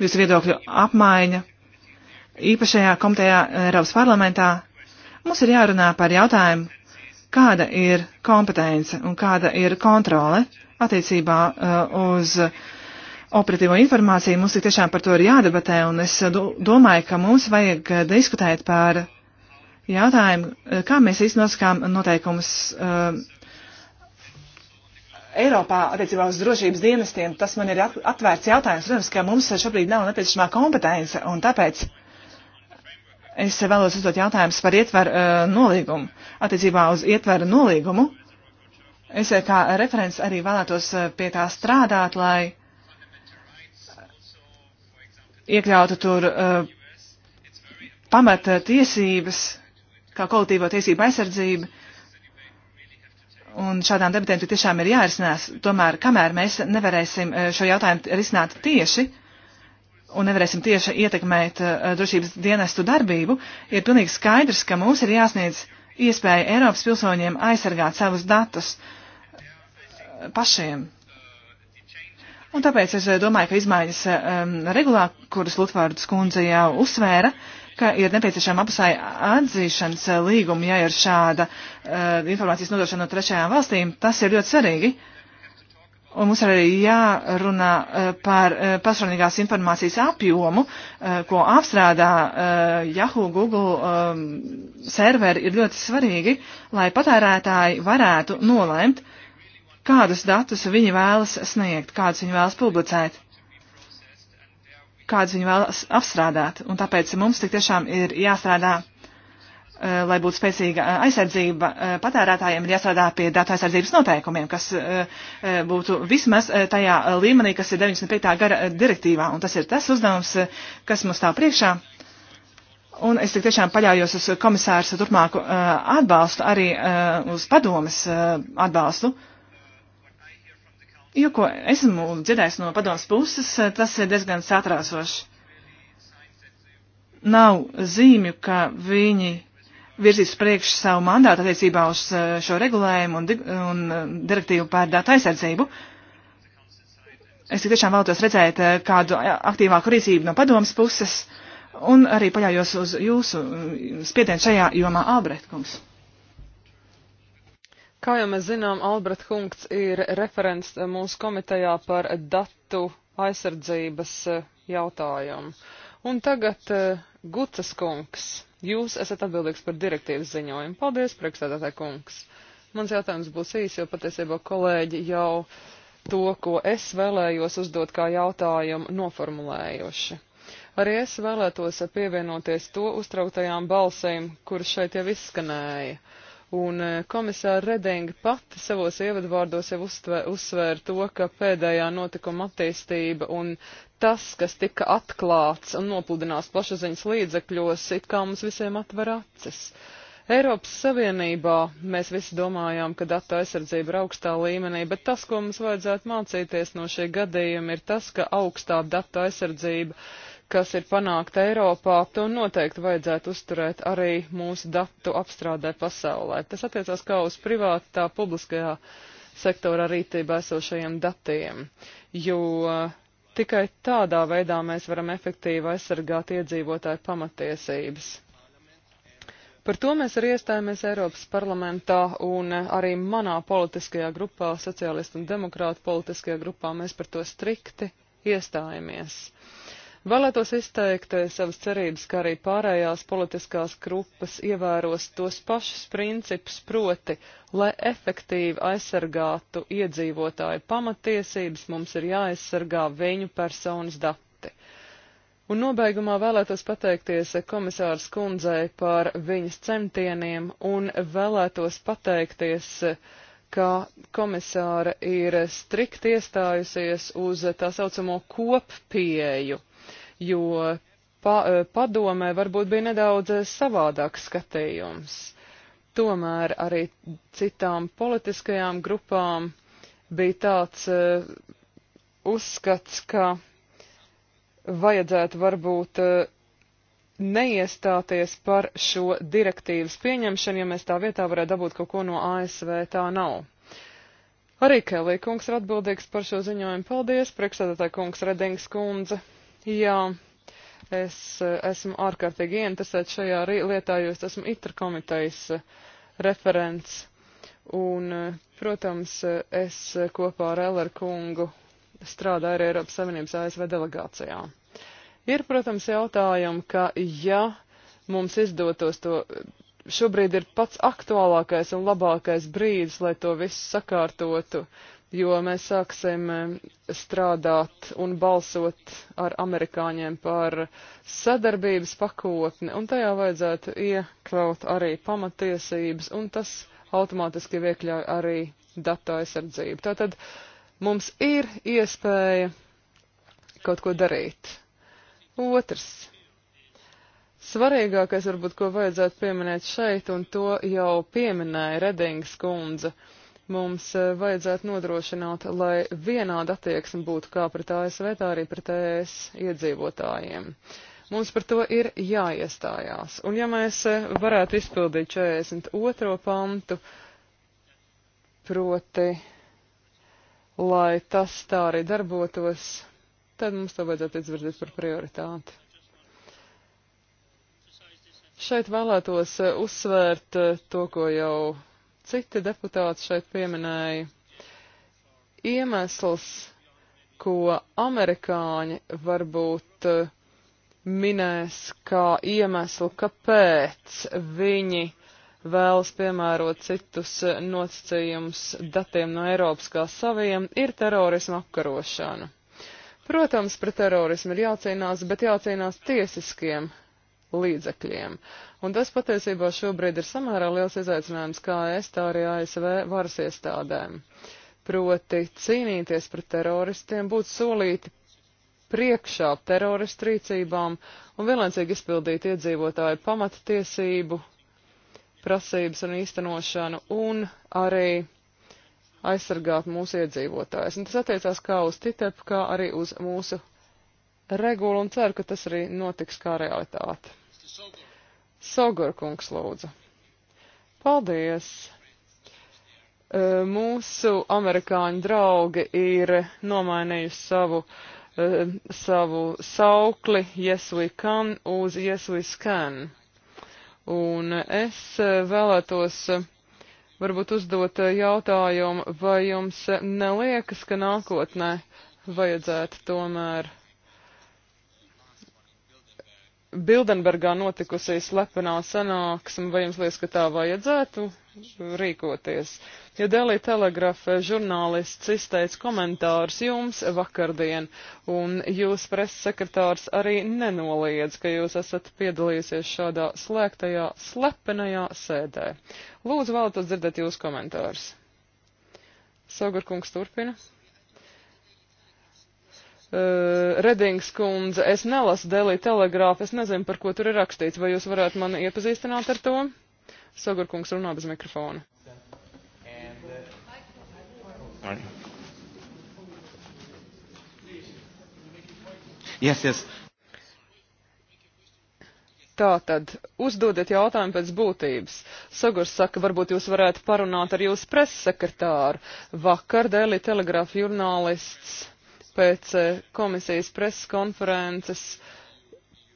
jūsu viedokļu apmaiņa īpašajā komitejā Eiropas parlamentā. Mums ir jārunā par jautājumu, kāda ir kompetence un kāda ir kontrole attiecībā uh, uz operatīvo informāciju. Mums ir tiešām par to ir jādebatē, un es uh, domāju, ka mums vajag uh, diskutēt par jautājumu, kā mēs iznoskām noteikumus Eiropā attiecībā uz drošības dienestiem. Tas man ir atvērts jautājums. Protams, ka mums šobrīd nav nepieciešamā kompetence, un tāpēc Es vēlos uzdot jautājumus par ietveru uh, nolīgumu. Attiecībā uz ietveru nolīgumu es eh, kā referents arī vēlētos eh, pie tā strādāt, lai iekļautu tur uh, eh, pamata tiesības, kā kolektīvo tiesību aizsardzību. Un šādām debatēm tiešām ir jārisinās. Tomēr, kamēr mēs nevarēsim šo jautājumu risināt tieši, un nevarēsim tieši ietekmēt uh, drošības dienestu darbību, ir pilnīgi skaidrs, ka mums ir jāsniedz iespēja Eiropas pilsoņiem aizsargāt savus datus uh, pašiem. Un tāpēc es eh, domāju, ka izmaiņas um, regulā, kuras Lutvārdas kundze jau uzsvēra, ka ir nepieciešama apusai atzīšanas līguma, ja ir šāda uh, informācijas nodošana no trešajām valstīm, tas ir ļoti svarīgi. Uh, Un mums arī jārunā eh, par eh, personīgās informācijas apjomu, eh, ko apstrādā Yahoo, Google serveri ir ļoti svarīgi, lai patērētāji varētu nolēmt, kādus datus viņi vēlas sniegt, kādus viņi vēlas publicēt, kādus viņi vēlas apstrādāt. Un tāpēc mums tik tiešām ir jāstrādā Eh, lai būtu spēcīga eh, aizsardzība eh, patērētājiem, ir jāstrādā pie datu aizsardzības noteikumiem, kas būtu vismaz tajā līmenī, kas ir 95. gara direktīvā. Un tas ir tas uzdevums, kas mums stāv priekšā. Un es tik tiešām paļaujos uz komisārs turpmāku atbalstu, arī uz padomas atbalstu. Jo, ko esmu dzirdējis no padomas puses, tas ir diezgan satrāsoši. Nav zīmju, ka viņi virzīs priekš savu mandātu attiecībā uz eh, šo regulējumu un, di un eh, direktīvu par datu aizsardzību. Es tiešām vēlētos redzēt eh, kādu aktīvāku rīcību no padomas puses un arī paļaujos uz jūsu spiedienu šajā jomā, Albrecht kungs. Kā jau mēs zinām, Albrecht kungs ir referents mūsu komitejā par datu aizsardzības jautājumu. Un tagad uh, Gutas kungs. Jūs esat atbildīgs par direktīvas ziņojumu. Paldies, priekšstādātā kungs. Mans jautājums būs īs, jo patiesībā kolēģi jau to, ko es vēlējos uzdot kā jautājumu, noformulējuši. Arī es vēlētos pievienoties to uztrauktajām balsīm, kuras šeit jau izskanēja. Uh, Un eh, komisāra Redinga pati savos ievadvārdos jau uzsvēra to, ka pēdējā notikuma attīstība un tas, kas tika atklāts un nopludināts plašaziņas līdzekļos, it kā mums visiem atver acis. Eiropas Savienībā mēs visi domājām, ka datu aizsardzība ir augstā līmenī, bet tas, ko mums vajadzētu mācīties no šī gadījuma, ir tas, ka augstā datu aizsardzība uh, kas ir panākta Eiropā, to noteikti vajadzētu uzturēt arī mūsu datu apstrādē pasaulē. Tas attiecās kā uz privātu, tā publiskajā sektora rītībā esošajiem datiem, jo tikai tādā veidā mēs varam efektīvi aizsargāt iedzīvotāju pamatiesības. Par to mēs arī iestājāmies Eiropas parlamentā un arī manā politiskajā grupā, sociālistu un demokrātu politiskajā grupā, mēs par to strikti iestājāmies. Uh, Vēlētos izteikt eh, savas cerības, ka arī pārējās politiskās grupas ievēros tos pašus principus proti, lai efektīvi aizsargātu iedzīvotāju pamatiesības, mums ir jāaizsargā viņu personas dati. Un nobeigumā vēlētos pateikties komisārs kundzei par viņas centieniem un vēlētos pateikties, ka komisāra ir strikt iestājusies uz tā saucamo koppieju jo pa, e, padomē varbūt bija nedaudz savādāks skatījums. Tomēr arī citām politiskajām grupām bija tāds uh, uzskats, ka vajadzētu varbūt uh, neiestāties par šo direktīvas pieņemšanu, ja mēs tā vietā varētu dabūt kaut ko no ASV, tā nav. Arī Kelī kungs ir atbildīgs par šo ziņojumu. Paldies, priekšsēdētāji kungs Redings kundze. Jā, es eh, esmu ārkārtīgi ieinteresēts šajā lietā, jo es esmu itra komitejas eh, referents. Un, eh, protams, es kopā ar Elere kungu strādāju arī Eiropas Savienības ASV delegācijā. Ir, protams, jautājumi, ka ja mums izdotos to šobrīd ir pats aktuālākais un labākais brīdis, lai to visu sakārtotu jo mēs sāksim eh, strādāt un balsot ar amerikāņiem par sadarbības pakotni, un tajā vajadzētu iekļaut arī pamatiesības, un tas automātiski iekļauj arī datu aizsardzību. Tātad mums ir iespēja kaut ko darīt. Otrs. Svarīgākais varbūt, ko vajadzētu pieminēt šeit, un to jau pieminēja Redingas kundze. Uh, mums eh, vajadzētu nodrošināt, lai vienāda attieksme būtu kā pret ASV, tā arī pret ES iedzīvotājiem. Mums par to ir jāiestājās. Un ja mēs eh, varētu izpildīt 42. pantu, proti, lai tas tā arī darbotos, tad mums to vajadzētu izvirzīt par prioritāti. Šeit vēlētos eh, uzsvērt to, ko jau citi deputāti šeit pieminēja. Iemesls, ko amerikāņi varbūt eh, minēs kā iemeslu, kāpēc viņi vēlas piemērot citus eh, nosacījumus datiem no Eiropas kā saviem, ir terorisma apkarošana. Protams, pret terorismu ir jācīnās, bet jācīnās tiesiskiem līdzekļiem. Un tas patiesībā šobrīd ir samērā liels izaicinājums kā es, tā arī ASV varas iestādēm. Proti cīnīties pret teroristiem, būt solīti priekšā teroristu rīcībām un vienlaicīgi izpildīt iedzīvotāju pamatiesību prasības un īstenošanu un arī aizsargāt mūsu iedzīvotājus. Un tas attiecās kā uz TTIP, kā arī uz mūsu regulu un ceru, ka tas arī notiks kā realitāte. Sogorkungs lūdzu. Paldies! Mūsu amerikāņu draugi ir nomainījuši savu, savu saukli Yes we can uz Yes we scan. Un es vēlētos varbūt uzdot jautājumu, vai jums neliekas, ka nākotnē vajadzētu tomēr Bildenbergā notikusī slepenā sanāksme, vai jums liekas, ka tā vajadzētu rīkoties? Ja Delī telegrafa žurnālists izteica komentārus jums vakardien, un jūs preses sekretārs arī nenoliedz, ka jūs esat piedalījusies šādā slēgtajā, slepenajā sēdē. Lūdzu, vēlētos dzirdēt jūsu komentārus. Saugurkungs turpina. Uh, Redings kundze, es nelasu Delī telegrāfu, es nezinu, par ko tur ir rakstīts, vai jūs varētu mani iepazīstināt ar to? Sagurkungs runā bez mikrofona. Yes, yes. Tātad, uzdodiet jautājumu pēc būtības. Sagurs saka, varbūt jūs varētu parunāt ar jūsu press sekretāru. Vakar Dēlī telegrāfa žurnālists pēc eh, komisijas preses konferences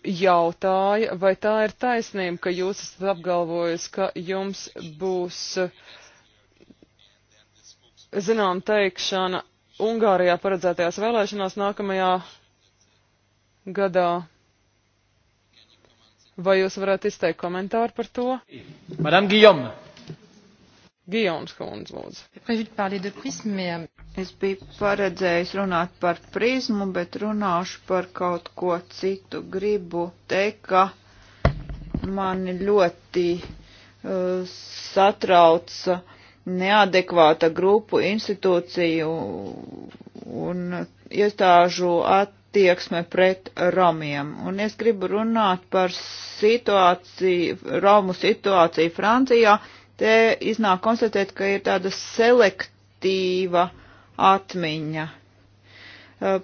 jautāja, vai tā ir taisnība, ka jūs esat apgalvojis, ka jums būs, eh, zinām, teikšana Ungārijā paredzētajās vēlēšanās nākamajā gadā. Vai jūs varētu izteikt komentāru par to? Madame Guillaume. Guillaume Skundz, lūdzu. Es biju paredzējis runāt par prizmu, bet runāšu par kaut ko citu. Gribu teikt, ka mani ļoti uh, satrauca neadekvāta grupu institūciju un iestāžu attieksme pret romiem. Un es gribu runāt par situāciju, romu situāciju Francijā. Te iznāk konstatēt, ka ir tāda selektīva uh, atmiņa.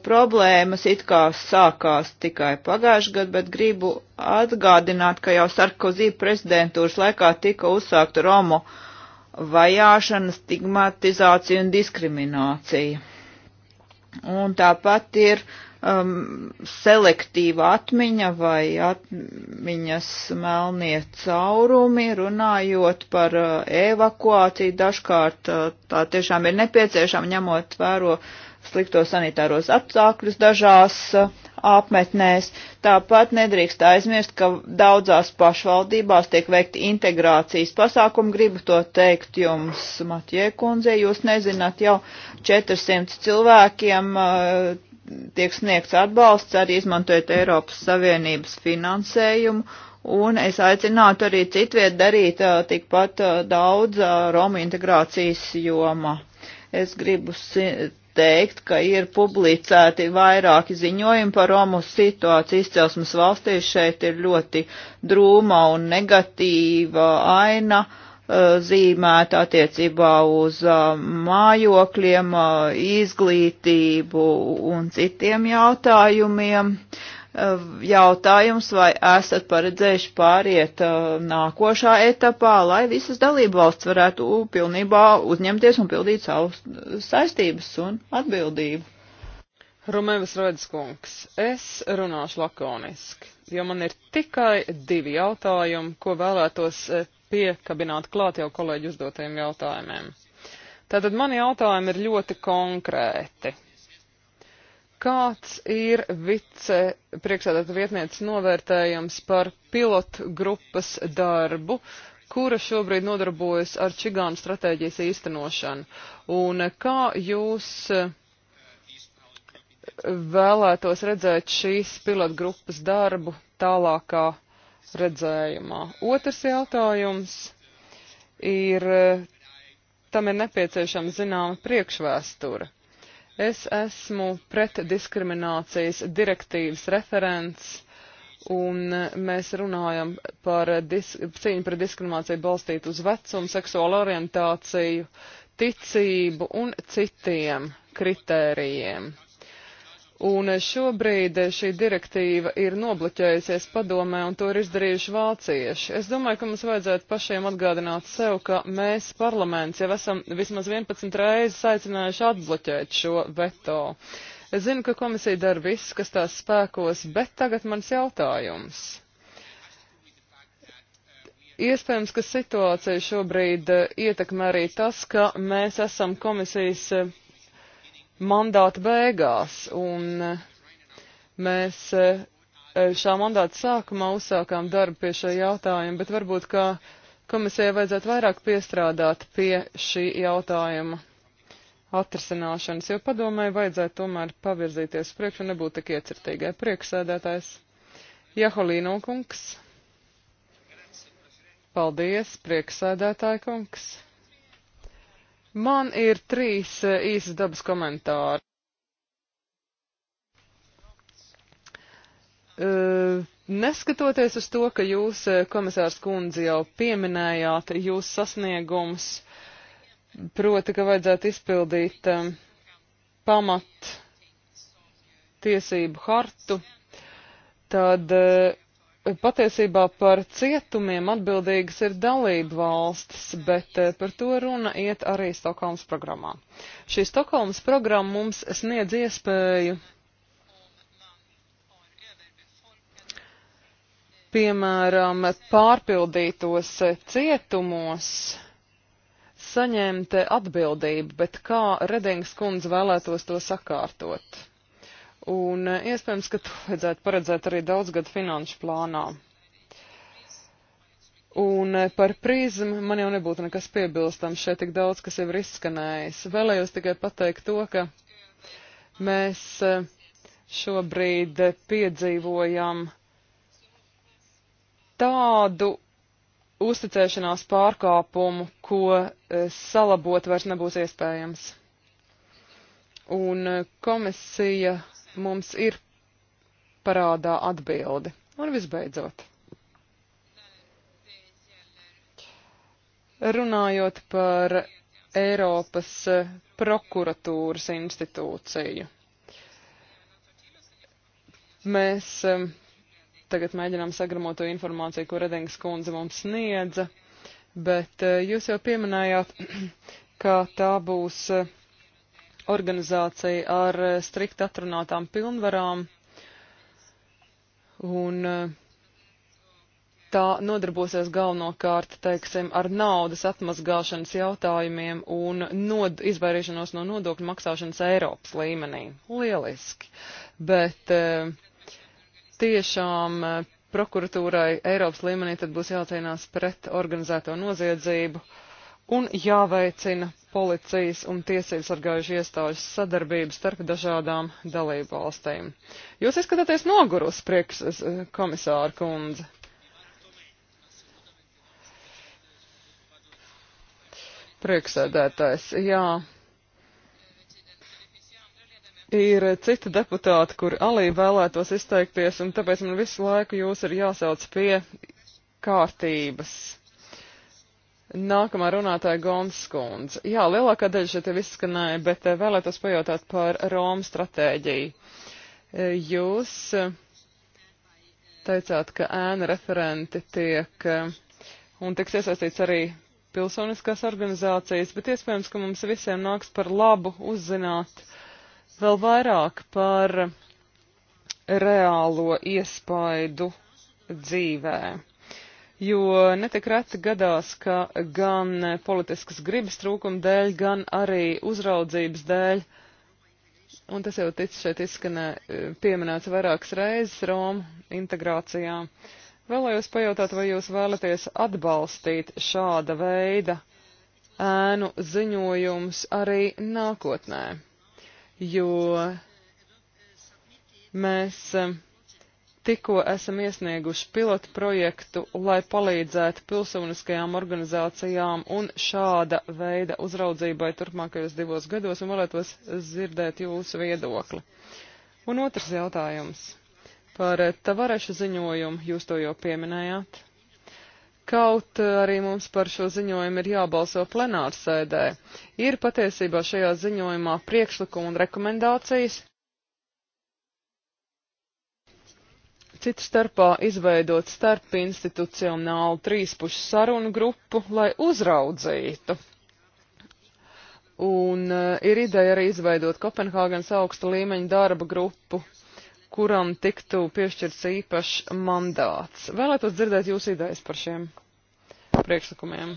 Problēmas it kā sākās tikai pagājušajā gadā, bet gribu atgādināt, ka jau Sarkozī prezidentūras laikā tika uzsākta Romu vajāšana, stigmatizācija un diskriminācija. Un tāpat ir uh, um, selektīva atmiņa vai atmiņas melnie caurumi, runājot par uh, evakuāciju, dažkārt uh, tā tiešām ir nepieciešama ņemot vēro slikto sanitāros apstākļus dažās uh, apmetnēs. Tāpat nedrīkst aizmirst, ka daudzās pašvaldībās tiek veikti integrācijas pasākumi. Gribu to teikt jums, Matie kundze, jūs nezināt, jau 400 cilvēkiem uh, tiek sniegts atbalsts arī izmantojot Eiropas Savienības finansējumu. Un es aicinātu arī citviet darīt tikpat daudz Roma integrācijas joma. Es gribu teikt, ka ir publicēti vairāki ziņojumi par Romu situāciju izcelsmes valstīs. Šeit ir ļoti drūma un negatīva aina. Uh, Uh, zīmēta attiecībā uz uh, mājokļiem, uh, izglītību un citiem jautājumiem. Jautājums, vai esat paredzējuši pāriet nākošā etapā, lai visas dalību valsts varētu pilnībā uzņemties un pildīt savus saistības un atbildību? Rumēvis Redzkungs, es runāšu lakoniski, jo man ir tikai divi jautājumi, ko vēlētos piekabināt klāt jau kolēģi uzdotajiem jautājumiem. Tātad mani jautājumi ir ļoti konkrēti. Kāds ir vice priekšsēdētāja vietnieces novērtējums par pilotu grupas darbu, kura šobrīd nodarbojas ar čigānu stratēģijas īstenošanu? Un kā jūs eh, vēlētos redzēt šīs pilotgrupas darbu tālākā redzējumā. Otrs jautājums ir, tam ir nepieciešama zināma priekšvēstura. Es esmu pret diskriminācijas direktīvas referents, un mēs runājam par disk, cīņu par diskrimināciju balstītu uz vecumu, seksuālu orientāciju, ticību un citiem kritērijiem. Un šobrīd šī direktīva ir nobloķējusies padomē, un to ir izdarījuši vācieši. Es domāju, ka mums vajadzētu pašiem atgādināt sev, ka mēs parlaments jau esam vismaz 11 reizes aicinājuši atbloķēt šo veto. Es zinu, ka komisija dara viss, kas tās spēkos, bet tagad mans jautājums. Iespējams, ka situācija šobrīd ietekmē arī tas, ka mēs esam komisijas mandāta beigās, un eh, mēs eh, šā mandāta sākumā uzsākām darbu pie šī jautājuma, bet varbūt, ka komisijai vajadzētu vairāk piestrādāt pie šī jautājuma atrisināšanas, jo padomēji vajadzētu tomēr pavirzīties priekš un nebūt tik iecirtīgai. Prieksēdētājs Jaholīno kungs. Paldies, prieksēdētāja kungs. Man ir trīs eh, īsas dabas komentāri. Eh, neskatoties uz to, ka jūs, eh, komisārs kundze, jau pieminējāt jūs sasniegums, proti, ka vajadzētu izpildīt pamat tiesību hartu, tad uh, patiesībā par cietumiem atbildīgas ir dalību valstis, bet eh, par to runa iet arī Stokholmas programmā. Šī Stokholmas programma mums sniedz iespēju piemēram pārpildītos cietumos saņemt atbildību, bet kā Redings kundze vēlētos to sakārtot? un eh, iespējams, ka to vajadzētu paredzēt arī daudzgadu finanšu plānā. Un eh, par prizmu man jau nebūtu nekas piebilstams, šeit tik daudz, kas jau ir izskanējis. Vēlējos tikai pateikt to, ka mēs eh, šobrīd piedzīvojam tādu uzticēšanās pārkāpumu, ko salabot vairs nebūs iespējams. Un komisija mums ir parādā atbildi. Un visbeidzot, runājot par Eiropas prokuratūras institūciju. Mēs um, tagad mēģinām sagramot to informāciju, ko Redings kundze mums sniedza, bet uh, jūs jau pieminējāt, ka tā būs uh, organizācija ar eh, strikt atrunātām pilnvarām, un eh, tā nodarbosies galvenokārt, teiksim, ar naudas atmazgāšanas jautājumiem un nod, izvairīšanos no nodokļu maksāšanas Eiropas līmenī. Lieliski! Bet eh, tiešām prokuratūrai Eiropas līmenī tad būs jācīnās pret organizēto noziedzību un jāveicina policijas un tiesību sargājušu iestāžu sadarbību starp dažādām dalību valstīm. Jūs izskatāties nogurus, priekš eh, komisāra kundze. Prieksēdētājs, jā. Ir citi deputāti, kuri alī vēlētos izteikties, un tāpēc man visu laiku jūs ir jāsauc pie kārtības. Nākamā runātāja Gomes skundze. Jā, lielākā daļa šeit jau izskanēja, bet eh, vēlētos pajautāt par Romu stratēģiju. Eh, jūs eh, teicāt, ka ēna referenti tiek un tiks iesaistīts arī pilsoniskās organizācijas, bet iespējams, ka mums visiem nāks par labu uzzināt vēl vairāk par reālo iespaidu dzīvē jo netik reci gadās, ka gan politiskas gribas trūkuma dēļ, gan arī uzraudzības dēļ, un tas jau tic šeit izskanē e, pieminēts vairākas reizes Roma integrācijā. Vēlējos pajautāt, vai jūs vēlaties atbalstīt šāda veida ēnu ziņojums arī nākotnē, jo mēs e, tikko esam iesnieguši pilotu projektu, lai palīdzētu pilsoniskajām organizācijām un šāda veida uzraudzībai turpmākajos divos gados un vēlētos dzirdēt jūsu viedokli. Un otrs jautājums par tavarešu ziņojumu, jūs to jau pieminējāt. Kaut arī mums par šo ziņojumu ir jābalso plenārsēdē. Ir patiesībā šajā ziņojumā priekšlikumi un rekomendācijas, citu starpā izveidot starp institucionālu trīspušu sarunu grupu, lai uzraudzītu. Un uh, ir ideja arī izveidot Kopenhāgenes augsta līmeņa darba grupu, kuram tiktu piešķirts īpašs mandāts. Vēlētos dzirdēt jūsu idejas par šiem priekšlikumiem.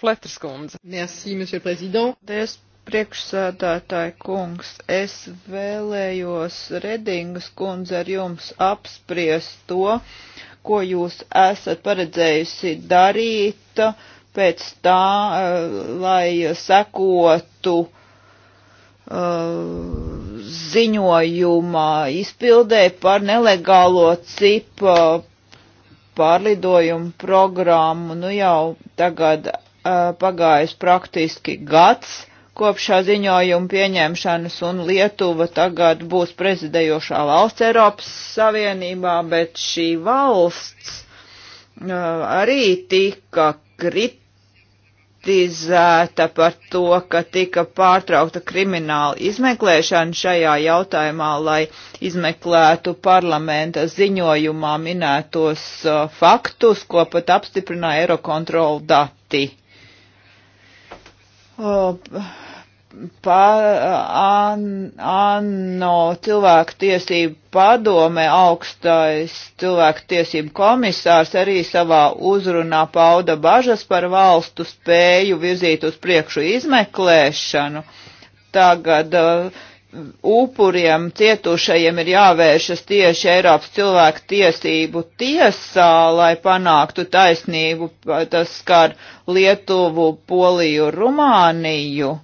Fletras kundze. Merci, monsieur président. Paldies, Priekšsēdētāji kungs, es vēlējos Redingas kundze ar jums apspriest to, ko jūs esat paredzējusi darīt pēc tā, eh, lai sekotu uh, ziņojuma izpildē par nelegālo cipa eh, pārlidojumu programmu. Nu jau tagad uh, pagājis praktiski gads kopš šā ziņojuma pieņemšanas, un Lietuva tagad būs prezidējošā valsts Eiropas Savienībā, bet šī valsts uh, arī tika kritizēta par to, ka tika pārtraukta krimināla izmeklēšana šajā jautājumā, lai izmeklētu parlamenta ziņojumā minētos uh, faktus, ko pat apstiprināja Eirokontrola dati. Uh, pa, an, ANO cilvēku tiesību padome augstais cilvēku tiesību komisārs arī savā uzrunā pauda bažas par valstu spēju virzīt uz priekšu izmeklēšanu. Tagad uh, upuriem cietušajiem ir jāvēršas tieši Eiropas cilvēku tiesību tiesā, lai panāktu taisnību, tas skar Lietuvu, Poliju, Rumāniju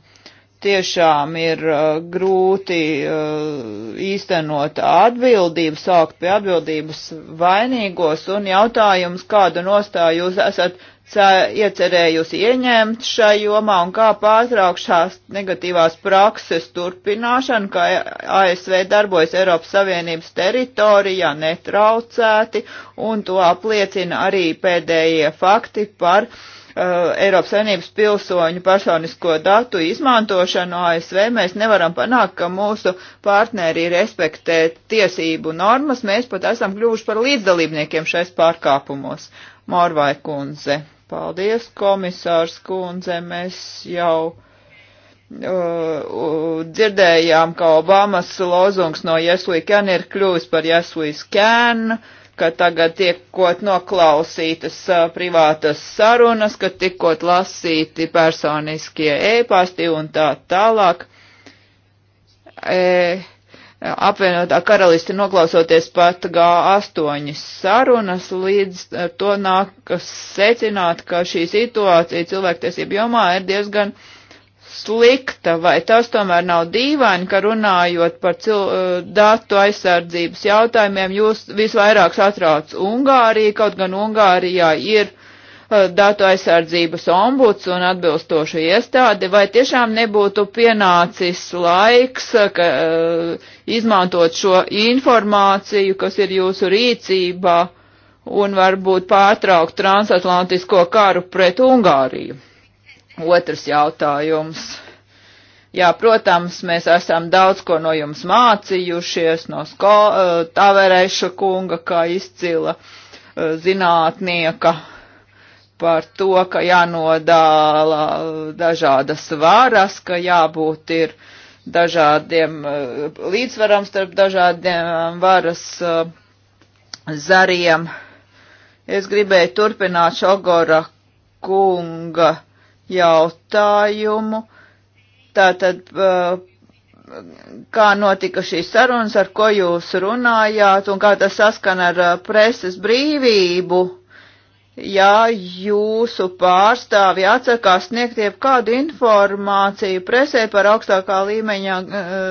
tiešām ir uh, grūti uh, īstenot atbildību, sākt pie atbildības vainīgos un jautājums, kādu nostāju jūs esat iecerējusi ieņemt šai jomā un kā pārtraukt šās negatīvās prakses turpināšanu, kā ASV darbojas Eiropas Savienības teritorijā netraucēti un to apliecina arī pēdējie fakti par uh, Uh, Eiropas Savienības pilsoņu personisko datu izmantošanu ASV, mēs nevaram panākt, ka mūsu partneri respektē tiesību normas, mēs pat esam kļuvuši par līdzdalībniekiem šais pārkāpumos. Morvai kundze. Paldies, komisārs kundze, mēs jau. Uh, uh, dzirdējām, ka Obamas lozungs no Yes we can ir kļuvis par Yes we can. Uh, ka tagad tiekot noklausītas privātas sarunas, ka tikot lasīti personiskie ēpasti un tā tālāk. E, apvienotā karaliste noklausoties pat G8 sarunas, līdz to nākas secināt, ka šī situācija cilvēktiesību jomā ir diezgan uh, slikta, vai tas tomēr nav dīvaini, ka runājot par cil, uh, datu aizsardzības jautājumiem, jūs visvairāk satrauc Ungāriju, kaut gan Ungārijā ir uh, datu aizsardzības ombuds un atbilstoša iestāde, vai tiešām nebūtu pienācis laiks, uh, ka, uh, izmantot šo informāciju, kas ir jūsu rīcībā, un varbūt pārtraukt transatlantisko karu pret Ungāriju? Otrs jautājums. Jā, protams, mēs esam daudz ko no jums mācījušies, no eh, Taverēša kunga, kā izcila eh, zinātnieka, par to, ka jānodāla dažādas varas, ka jābūt ir dažādiem eh, līdzvaram starp dažādiem varas zariem. Es gribēju turpināt Šogora kunga jautājumu. Tātad, uh, kā notika šīs sarunas, ar ko jūs runājāt un kā tas saskan ar uh, preses brīvību, ja jūsu pārstāvi atsakās sniegt jebkādu informāciju presē par augstākā līmeņa uh,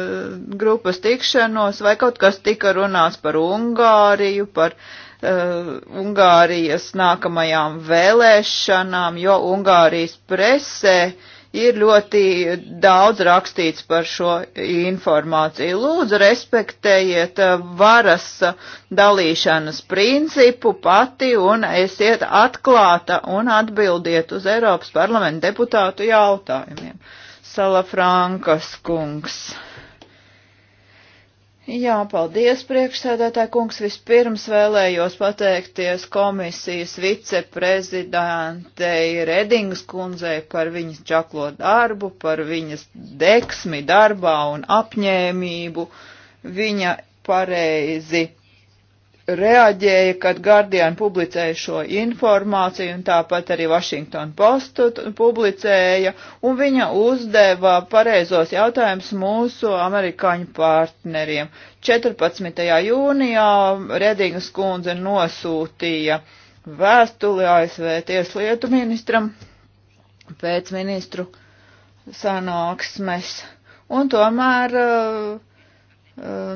grupas tikšanos vai kaut kas tika runāts par Ungāriju, par uh, uh, Ungārijas nākamajām vēlēšanām, jo Ungārijas presē ir ļoti daudz rakstīts par šo informāciju. Lūdzu, respektējiet uh, varas dalīšanas principu pati un esiet atklāta un atbildiet uz Eiropas parlamenta deputātu jautājumiem. Sala Frankas kungs. Jā, paldies, priekšsēdētāji kungs. Vispirms vēlējos pateikties komisijas viceprezidentei Redingas kundzei par viņas čaklo darbu, par viņas deksmi darbā un apņēmību. Viņa pareizi reaģēja, kad Guardian publicēja šo informāciju, un tāpat arī Washington Post publicēja, un viņa uzdeva pareizos jautājumus mūsu amerikāņu partneriem. 14. jūnijā Redingas kundze nosūtīja vēstuli ASV tieslietu ministram pēc ministru sanāksmes, un tomēr uh,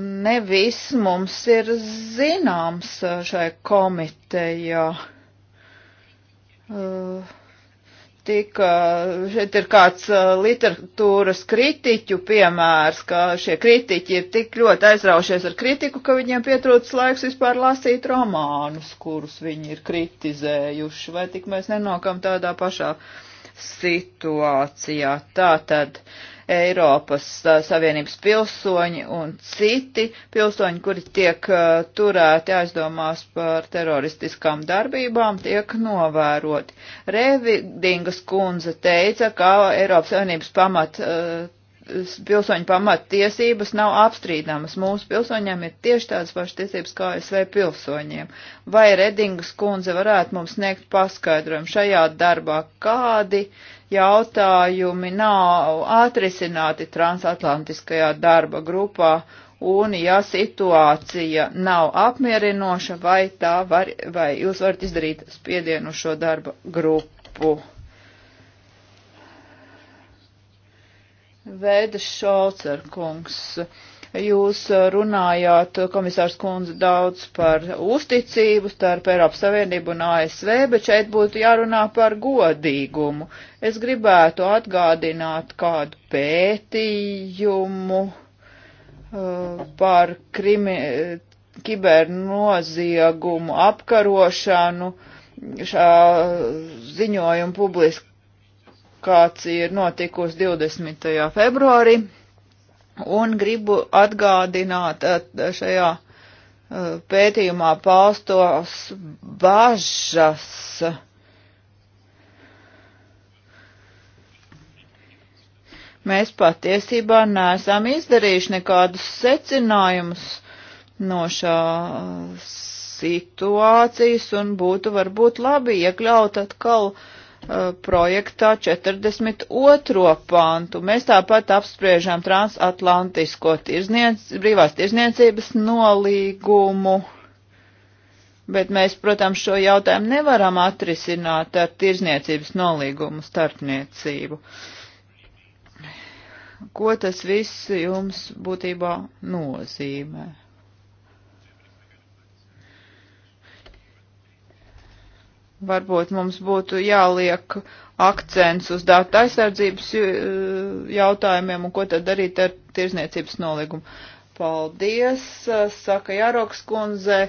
nevis mums ir zināms uh, šai komitejā. Uh, tika, šeit ir kāds uh, literatūras kritiķu piemērs, ka šie kritiķi ir tik ļoti aizraušies ar kritiku, ka viņiem pietrūcis laiks vispār lasīt romānus, kurus viņi ir kritizējuši, vai tik mēs nenākam tādā pašā situācijā. Tātad. Uh, Eiropas Savienības pilsoņi un citi pilsoņi, kuri tiek turēti aizdomās par teroristiskām darbībām, tiek novēroti. Revidingas kundze teica, ka Eiropas Savienības pamat pilsoņu pamattiesības nav apstrīdamas. Mūsu pilsoņiem ir tieši tādas pašas tiesības kā ASV pilsoņiem. Vai Redingas kundze varētu mums sniegt paskaidrojumu šajā darbā, kādi jautājumi nav atrisināti transatlantiskajā darba grupā, un ja situācija nav apmierinoša, vai tā var, vai jūs varat izdarīt spiedienu šo darba grupu. Veida Šolcer kungs. Uh, Jūs uh, runājāt, uh, komisārs kundze, daudz par uzticību starp Eiropas Savienību un ASV, bet šeit būtu jārunā par godīgumu. Es gribētu atgādināt kādu pētījumu uh, par krimi, kibernoziegumu apkarošanu. Šā ziņojuma publiskācija ir notikusi 20. februārī. Un gribu atgādināt eh, šajā eh, pētījumā paustos bažas. Mēs patiesībā neesam izdarījuši nekādus secinājumus no šās situācijas un būtu varbūt labi iekļaut atkal uh, Eh, projektā 42. pantu. Mēs tāpat apspriežam transatlantisko tirzniec, brīvās tirzniecības nolīgumu, bet mēs, protams, šo jautājumu nevaram atrisināt ar tirzniecības nolīgumu starpniecību. Ko tas viss jums būtībā nozīmē? varbūt mums būtu jāliek akcents uz datu aizsardzības eh, jautājumiem un ko tad darīt ar tirzniecības nolīgumu. Paldies, eh, saka Jāroks kundze.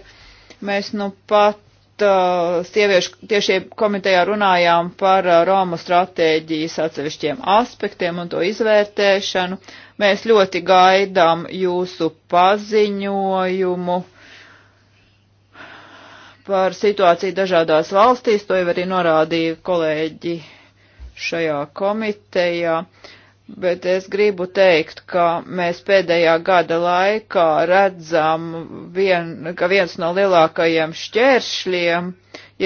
Mēs nu pat uh, sieviešu tiešie komitejā runājām par uh, Romu stratēģijas atsevišķiem aspektiem un to izvērtēšanu. Mēs ļoti gaidām jūsu paziņojumu par situāciju dažādās valstīs, to jau arī norādīja kolēģi šajā komitejā. Bet es gribu teikt, ka mēs pēdējā gada laikā redzam, vien, ka viens no lielākajiem šķēršļiem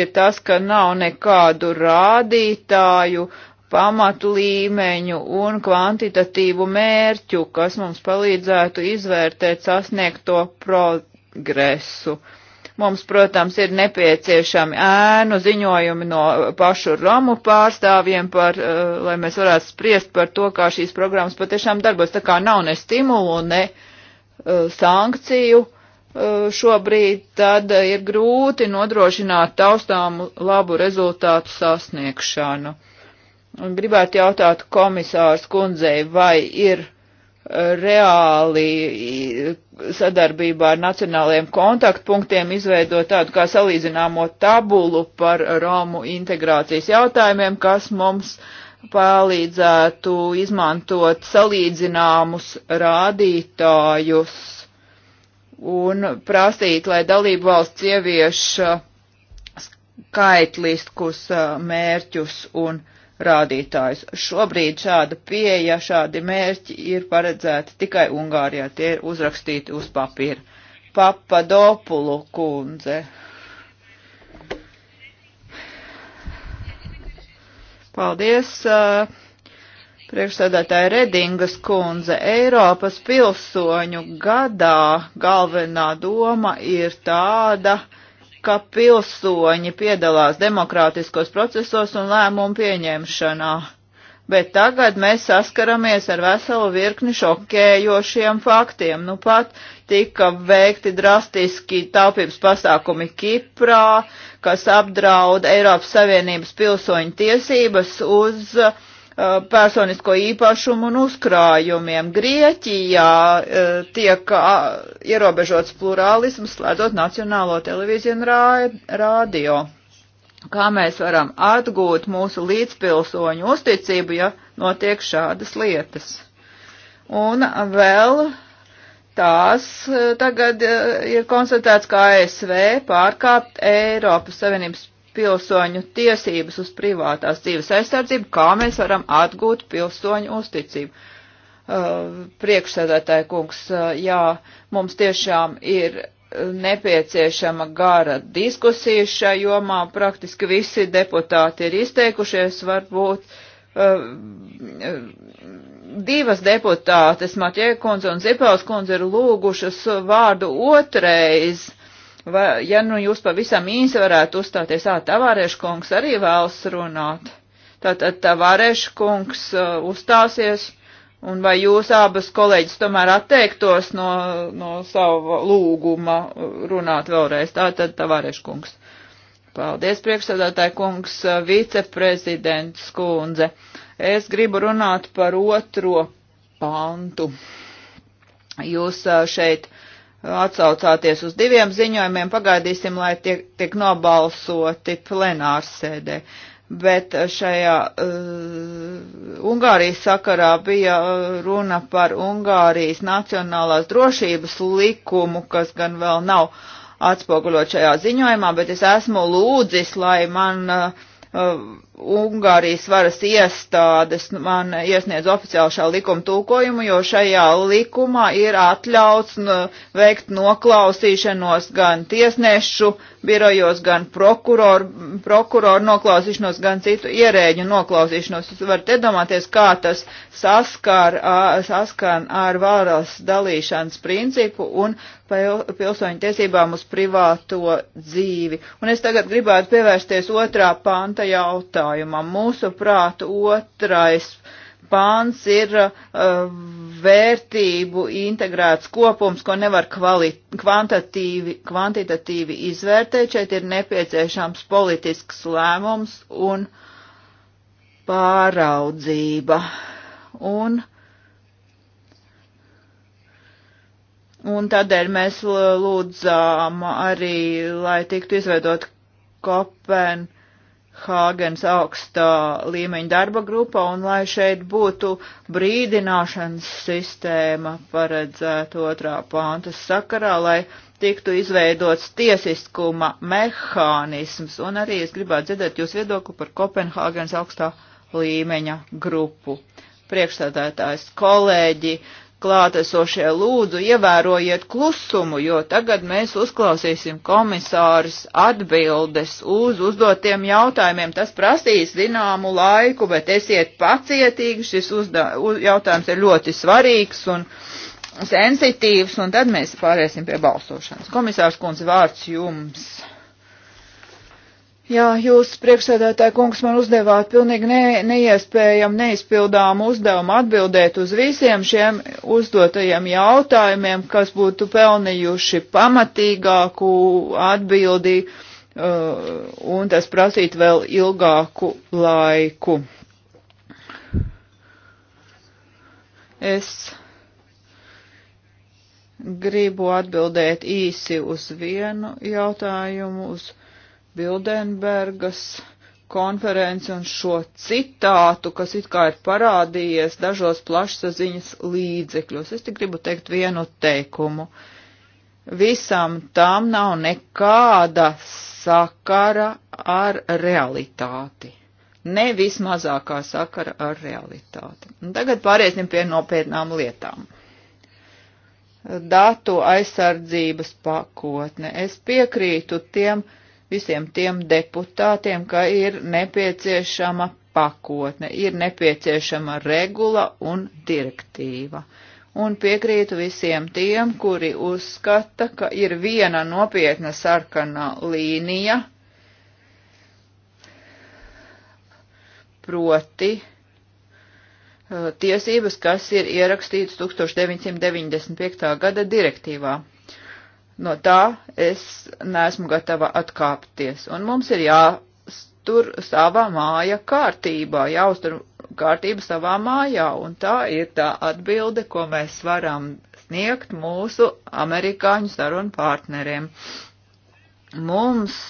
ir tas, ka nav nekādu rādītāju, pamatu līmeņu un kvantitatīvu mērķu, kas mums palīdzētu izvērtēt sasniegto progresu. Uh, Mums, protams, ir nepieciešami ēnu ziņojumi no pašu Romu pārstāvjiem, par, eh, lai mēs varētu spriest par to, kā šīs programmas patiešām darbos. Tā kā nav ne stimulu, ne eh, sankciju eh, šobrīd, tad ir grūti nodrošināt taustāmu labu rezultātu sasniegšanu. Gribētu jautāt komisārs kundzei, vai ir reāli e, sadarbībā ar nacionālajiem kontaktpunktiem izveidot tādu kā salīdzināmo tabulu par Romu integrācijas jautājumiem, kas mums palīdzētu izmantot salīdzināmus rādītājus un prasīt, lai dalību valsts ievieš skaitliskus e, mērķus un mērķus rādītājus. Šobrīd šāda pieeja, šādi mērķi ir paredzēti tikai Ungārijā, tie ir uzrakstīti uz papīra. Papadopulu kundze. Paldies. Uh, Priekšsēdētāja Redingas kundze Eiropas pilsoņu gadā galvenā doma ir tāda, uh, ka pilsoņi piedalās demokrātiskos procesos un lēmumu pieņemšanā. Bet tagad mēs saskaramies ar veselu virkni šokējošiem faktiem. Nu pat tika veikti drastiski taupības pasākumi Kiprā, kas apdraud Eiropas Savienības pilsoņu tiesības uz uh, Uh, personisko īpašumu un uzkrājumiem. Grieķijā uh, tiek uh, ierobežots plurālisms, slēdzot nacionālo televīziju un rādio. Kā mēs varam atgūt mūsu līdzpilsoņu uzticību, ja notiek šādas lietas? Un vēl tās tagad ir konstatēts, ka ASV pārkāpt Eiropas Savienības pilsoņu tiesības uz privātās dzīves aizsardzību, kā mēs varam atgūt pilsoņu uzticību. Uh, Priekšsēdētāji kungs, uh, jā, mums tiešām ir nepieciešama gara diskusija šajā jomā. Praktiski visi deputāti ir izteikušies, varbūt uh, divas deputātes, Maķē kundze un Zipels kundze, ir lūgušas vārdu otrais. Uh, Vai, ja nu jūs pavisam īsi varētu uzstāties, ā, Tavārieša kungs arī vēlas runāt. Tātad Tavārieša kungs uh, uzstāsies, un vai jūs abas kolēģis tomēr atteiktos no, no sava lūguma runāt vēlreiz? Tātad Tavārieša kungs. Paldies, priekšsēdētāji kungs, viceprezidents kundze. Es gribu runāt par otro pantu. Jūs uh, šeit atsaucāties uz diviem ziņojumiem, pagaidīsim, lai tie tiek nobalsoti plenārsēdē. Bet šajā uh, Ungārijas sakarā bija uh, runa par Ungārijas nacionālās drošības likumu, kas gan vēl nav atspoguļot šajā ziņojumā, bet es esmu lūdzis, lai man uh, uh Ungārijas varas iestādes man iesniedz oficiāli šā likuma tūkojumu, jo šajā likumā ir atļauts nu, veikt noklausīšanos gan tiesnešu birojos, gan prokuroru, prokuroru noklausīšanos, gan citu ierēģu noklausīšanos. Jūs varat iedomāties, kā tas saskar, saskan ar varas dalīšanas principu un pilsoņu tiesībām uz privāto dzīvi. Un es tagad gribētu pievērsties otrā panta jautājumā jautājumam. Mūsuprāt, otrais pāns ir uh, vērtību integrēts kopums, ko nevar kvantitīvi, kvantitatīvi izvērtēt. Šeit ir nepieciešams politisks lēmums un pāraudzība. Un, un tādēļ mēs lūdzām arī, lai tiktu izveidot Kopen Hāgens augstā līmeņa darba grupa un lai šeit būtu brīdināšanas sistēma paredzēta otrā pāntas sakarā, lai tiktu izveidots tiesiskuma mehānisms. Un arī es gribētu dzirdēt jūs viedokli par Kopenhāgens augstā līmeņa grupu. Priekšstādātājs kolēģi, uh, klātesošie lūdzu ievērojiet klusumu, jo tagad mēs uzklausīsim komisāras atbildes uz uzdotiem jautājumiem. Tas prasīs zināmu laiku, bet esiet pacietīgi, šis uzda, uz, jautājums ir ļoti svarīgs un sensitīvs, un tad mēs pāriesim pie balsošanas. Komisārs kundze, vārds jums. Jā, jūs priekšsēdētāji kungs man uzdevāt pilnīgi ne, neiespējam, neizpildām uzdevumu atbildēt uz visiem šiem uzdotajiem jautājumiem, kas būtu pelnījuši pamatīgāku atbildi, uh, un tas prasīt vēl ilgāku laiku. Es gribu atbildēt īsi uz vienu jautājumu, uz Bildenbergas konferenci un šo citātu, kas it kā ir parādījies dažos plašsaziņas līdzekļos. Es tik gribu teikt vienu teikumu. Visam tam nav nekāda sakara ar realitāti. Ne vismazākā sakara ar realitāti. Un tagad pāriesim pie nopietnām lietām datu aizsardzības pakotne. Es piekrītu tiem visiem tiem deputātiem, ka ir nepieciešama pakotne, ir nepieciešama regula un direktīva. Un piekrītu visiem tiem, kuri uzskata, ka ir viena nopietna sarkanā līnija, proti eh, tiesības, kas ir ierakstītas 1995. gada direktīvā. No tā es neesmu gatava atkāpties. Un mums ir jāstur savā māja kārtībā, jāuztur kārtība savā mājā. Un tā ir tā atbilde, ko mēs varam sniegt mūsu amerikāņu sarunu partneriem. Mums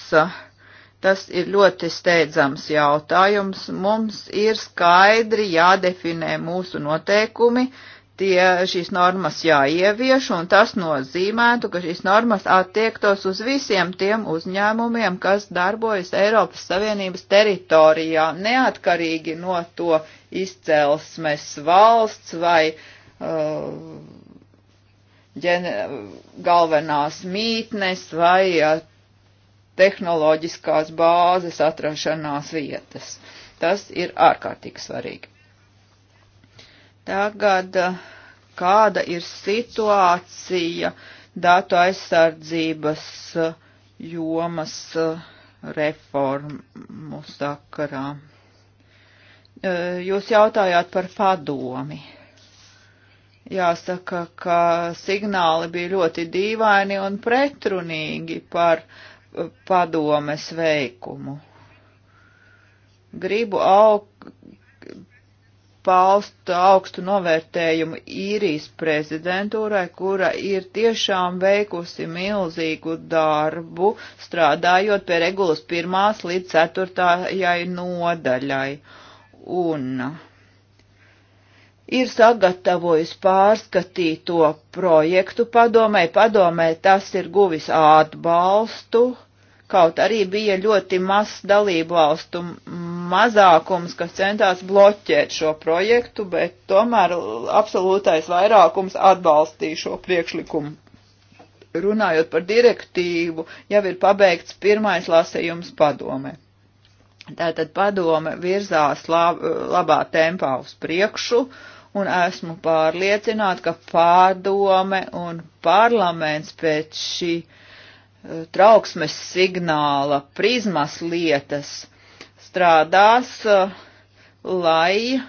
tas ir ļoti steidzams jautājums. Mums ir skaidri jādefinē mūsu noteikumi, uh, tie, šīs normas jāievieš, un tas nozīmētu, ka šīs normas attiektos uz visiem tiem uzņēmumiem, kas darbojas Eiropas Savienības teritorijā, neatkarīgi no to izcelsmes valsts vai uh, ģen, galvenās mītnes vai uh, tehnoloģiskās bāzes atrašanās vietas. Tas ir ārkārtīgi svarīgi. Tagad eh, kāda ir situācija datu aizsardzības eh, jomas eh, reformu sakarā? Jūs jautājāt par padomi. Jāsaka, ka signāli bija ļoti dīvaini un pretrunīgi par padomes veikumu gribu aug, paust augstu novērtējumu īrijas prezidentūrai, kura ir tiešām veikusi milzīgu darbu, strādājot pie regulas pirmās līdz ceturtājai nodaļai. Un ir sagatavojis pārskatīto projektu padomē, padomē tas ir guvis atbalstu kaut arī bija ļoti mazs dalību valstu mazākums, kas centās bloķēt šo projektu, bet tomēr absolūtais vairākums atbalstīja šo priekšlikumu. Runājot par direktīvu, jau ir pabeigts pirmais lasējums padome. Tātad padome virzās lab, labā tempā uz priekšu, un esmu pārliecināta, ka padome un parlaments pēc šī uh, trauksmes signāla prizmas lietas strādās, eh, lai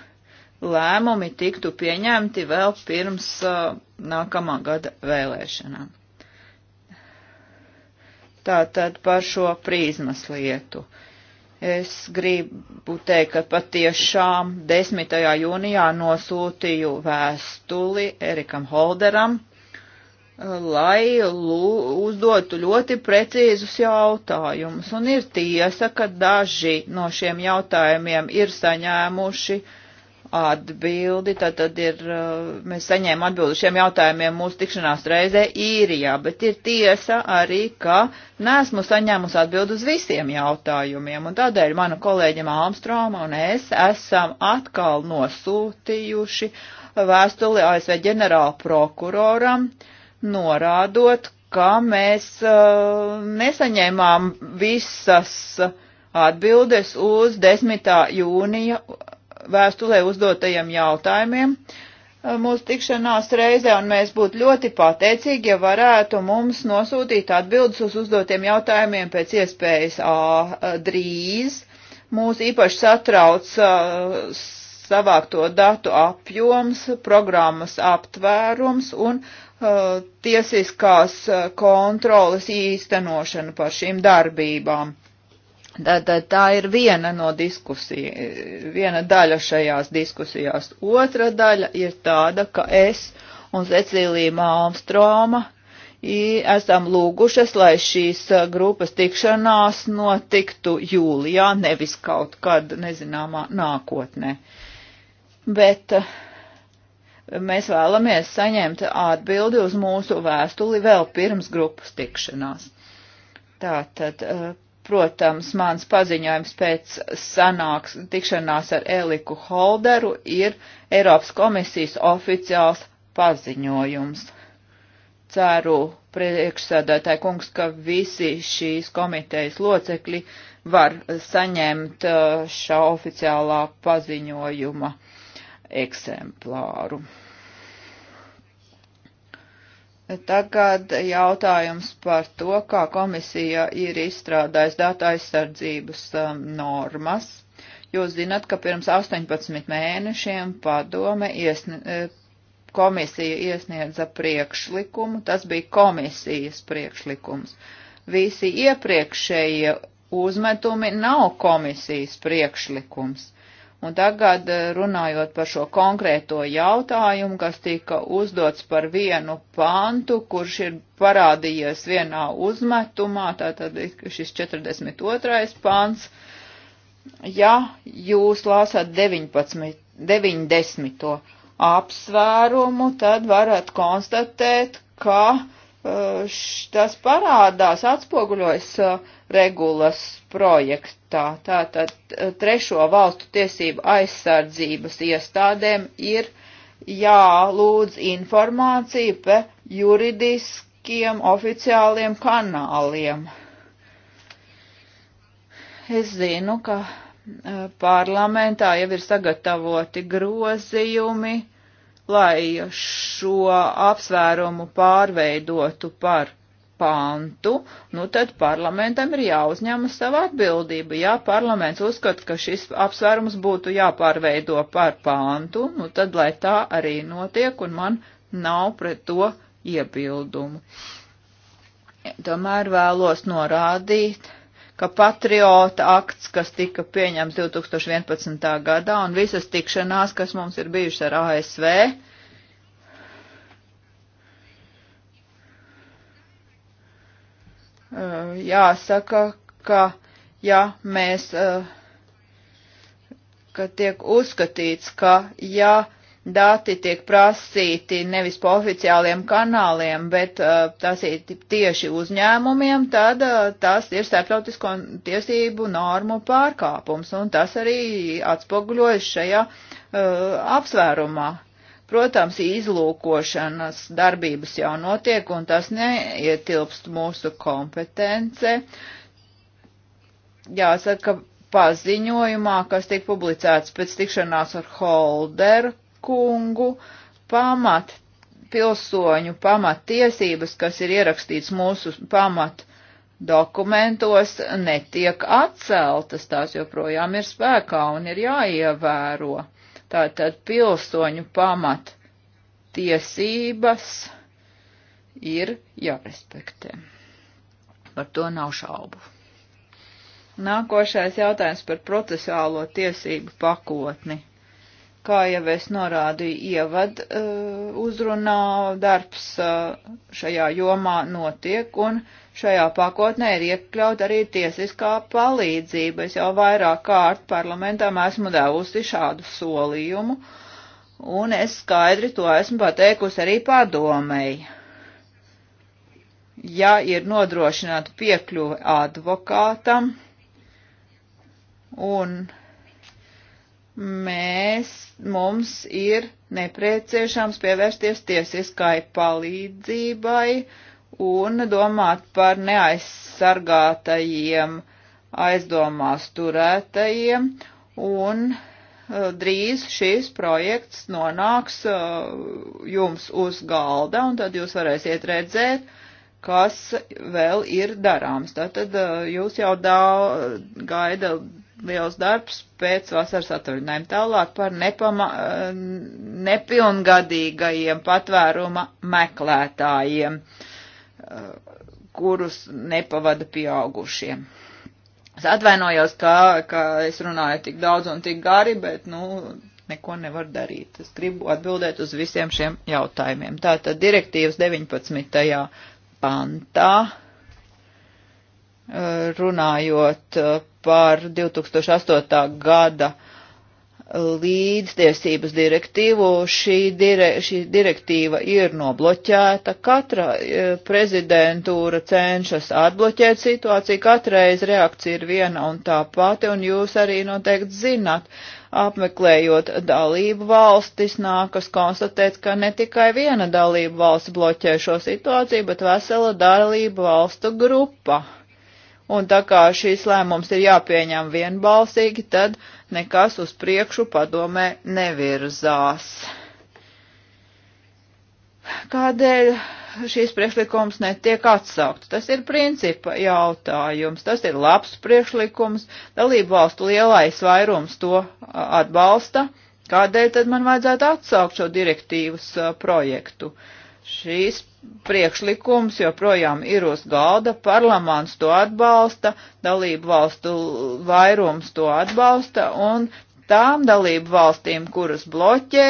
lēmumi tiktu pieņemti vēl pirms eh, nākamā gada vēlēšanām. Tātad par šo prizmas lietu. Es gribu teikt, ka patiešām 10. jūnijā nosūtīju vēstuli Erikam Holderam, lai lū, uzdotu ļoti precīzus jautājumus. Un ir tiesa, ka daži no šiem jautājumiem ir saņēmuši atbildi, tad, tad ir, uh, mēs saņēmām atbildi šiem jautājumiem mūsu tikšanās reizē īrijā, bet ir tiesa arī, ka nesmu saņēmusi atbildi uz visiem jautājumiem, un tādēļ mana kolēģa Malmstroma un es esam atkal nosūtījuši vēstuli ASV ģenerāla prokuroram, uh, norādot, ka mēs uh, nesaņēmām visas atbildes uz 10. jūnija vēstulē uzdotajiem jautājumiem uh, mūsu tikšanās reizē, un mēs būtu ļoti pateicīgi, ja varētu mums nosūtīt atbildes uz uzdotiem jautājumiem pēc iespējas ā, drīz. Mūs īpaši satrauc savākto datu apjoms, programmas aptvērums un uh, Uh, tiesiskās uh, kontrolas īstenošanu par šīm darbībām. Tātad tā ir viena no diskusija, viena daļa šajās diskusijās. Otra daļa ir tāda, ka es un Cecīlija Malmstroma esam lūgušas, lai šīs uh, grupas tikšanās notiktu jūlijā, nevis kaut kad nezināmā nākotnē. Bet uh, mēs vēlamies saņemt atbildi uz mūsu vēstuli vēl pirms grupas tikšanās. Tātad, eh, protams, mans paziņojums pēc sanāks tikšanās ar Eliku Holderu ir Eiropas komisijas oficiāls paziņojums. Ceru, priekšsēdētāji kungs, ka visi šīs komitejas locekļi var saņemt eh, šā oficiālā paziņojuma eksemplāru. Tagad jautājums par to, kā komisija ir izstrādājis data aizsardzības um, normas. Jūs zinat, ka pirms 18 mēnešiem padome iesniedz komisija iesniedza priekšlikumu, tas bija komisijas priekšlikums. Visi iepriekšējie uzmetumi nav komisijas priekšlikums. Un tagad eh, runājot par šo konkrēto jautājumu, kas tika uzdots par vienu pantu, kurš ir parādījies vienā uzmetumā, tātad šis 42. pants. Ja jūs lasat 19, 90. apsvērumu, tad varat konstatēt, ka Eh, tas parādās, atspoguļojas eh, regulas projektā. Tātad eh, trešo valstu tiesību aizsardzības iestādēm ir jālūdz informācija pa juridiskiem oficiāliem kanāliem. Es zinu, ka parlamentā jau ir sagatavoti grozījumi, lai šo apsvērumu pārveidotu par pantu, nu tad parlamentam ir jāuzņemas sava atbildība. Ja parlaments uzskata, ka šis apsvērums būtu jāpārveido par pantu, nu tad lai tā arī notiek un man nav pret to iebildumu. Tomēr vēlos norādīt, ka patriota akts, kas tika pieņemts 2011. gadā, un visas tikšanās, kas mums ir bijušas ar ASV, eh, jāsaka, ka, ja mēs, eh, ka tiek uzskatīts, ka, ja dati tiek prasīti nevis pa oficiāliem kanāliem, bet uh, tas ir tieši uzņēmumiem, tad uh, tas ir starptautisko tiesību normu pārkāpums, un tas arī atspoguļojas šajā uh, apsvērumā. Protams, izlūkošanas darbības jau notiek, un tas neietilpst mūsu kompetence. Jāsaka, paziņojumā, kas tiek publicēts pēc tikšanās ar Holderu, kungu pamat pilsoņu pamattiesības, kas ir ierakstīts mūsu pamat dokumentos, netiek atceltas, tās joprojām ir spēkā un ir jāievēro. Tātad pilsoņu pamat tiesības ir jārespektē. Par to nav šaubu. Nākošais jautājums par procesuālo tiesību pakotni. Kā jau es norādīju ievad eh, uzrunā, darbs eh, šajā jomā notiek un šajā pakotnē ir iekļaut arī tiesiskā palīdzība. Es jau vairāk kārt parlamentam esmu devusi šādu solījumu un es skaidri to esmu pateikusi arī padomēji ja ir nodrošināta piekļuve advokātam un mēs, mums ir nepieciešams pievērsties tiesiskai palīdzībai un domāt par neaizsargātajiem, aizdomās turētajiem, un eh, drīz šīs projekts nonāks eh, jums uz galda, un tad jūs varēsiet redzēt, kas vēl ir darāms. Tātad eh, jūs jau daudz gaida liels darbs pēc vasaras atvaļinājuma. Tālāk par nepama, eh, nepilngadīgajiem patvēruma meklētājiem, eh, kurus nepavada pieaugušiem. Es atvainojos, ka, ka es runāju tik daudz un tik gari, bet, nu, neko nevar darīt. Es gribu atbildēt uz visiem šiem jautājumiem. Tātad direktīvas 19. pantā runājot uh, par 2008. gada līdztiesības direktīvu. Šī, dire, šī direktīva ir nobloķēta. Katra uh, prezidentūra cenšas atbloķēt situāciju. Katreiz reakcija ir viena un tā pati, un jūs arī noteikti zināt, apmeklējot dalību valstis, nākas konstatēt, ka ne tikai viena dalību valsts bloķē šo situāciju, bet vesela dalību valstu grupa un tā kā šīs lēmums ir jāpieņem vienbalsīgi, tad nekas uz priekšu padomē nevirzās. Kādēļ šīs priekšlikums netiek atsaukt? Tas ir principa jautājums, tas ir labs priekšlikums, dalību valstu lielais vairums to atbalsta. Kādēļ tad man vajadzētu atsaukt šo direktīvas projektu? Šīs priekšlikums joprojām ir uz galda, parlaments to atbalsta, dalību valstu vairums to atbalsta, un tām dalību valstīm, kuras bloķē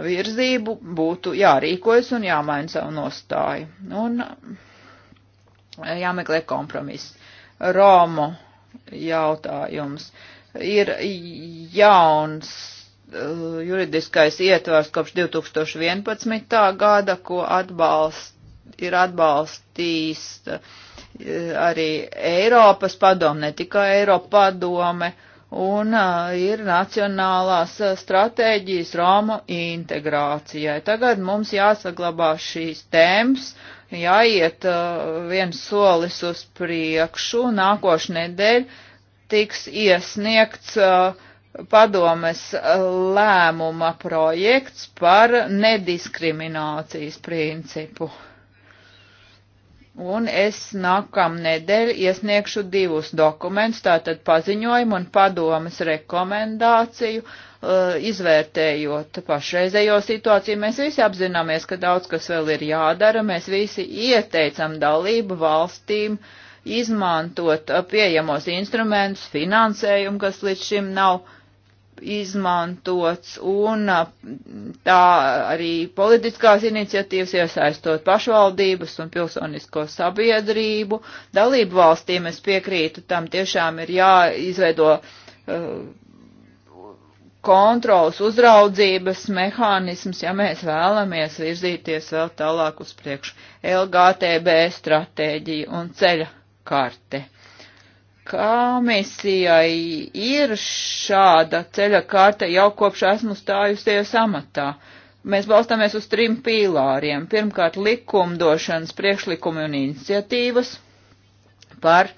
virzību, būtu jārīkojas un jāmaina savu nostāju. Un eh, jāmeklē kompromiss. Romu jautājums ir jauns Eh, juridiskais ietvars kopš 2011. gada, ko atbalst, ir atbalstījis eh, arī Eiropas padome, ne tikai Eiropa padome, un eh, ir nacionālās stratēģijas Romu integrācijai. Tagad mums jāsaglabā šīs tēmas, jāiet viens solis uz priekšu, nākošnedēļ tiks iesniegts uh, padomes eh, lēmuma projekts par nediskriminācijas principu. Un es nākam nedēļ iesniegšu divus dokumentus, tātad paziņojumu un padomes rekomendāciju, eh, izvērtējot pašreizējo situāciju. Mēs visi apzināmies, ka daudz kas vēl ir jādara, mēs visi ieteicam dalību valstīm uh, izmantot eh, pieejamos instrumentus, finansējumu, kas līdz šim nav izmantots un tā arī politiskās iniciatīvas iesaistot pašvaldības un pilsonisko sabiedrību. Dalību valstīm es piekrītu, tam tiešām ir jāizveido kontrols, uzraudzības mehānisms, ja mēs vēlamies virzīties vēl tālāk uz priekšu. LGTB stratēģija un ceļa karte komisijai ir šāda ceļa kārta jau kopš esmu stājusies amatā. Mēs balstāmies uz trim pīlāriem. Pirmkārt, likumdošanas priekšlikumi un iniciatīvas par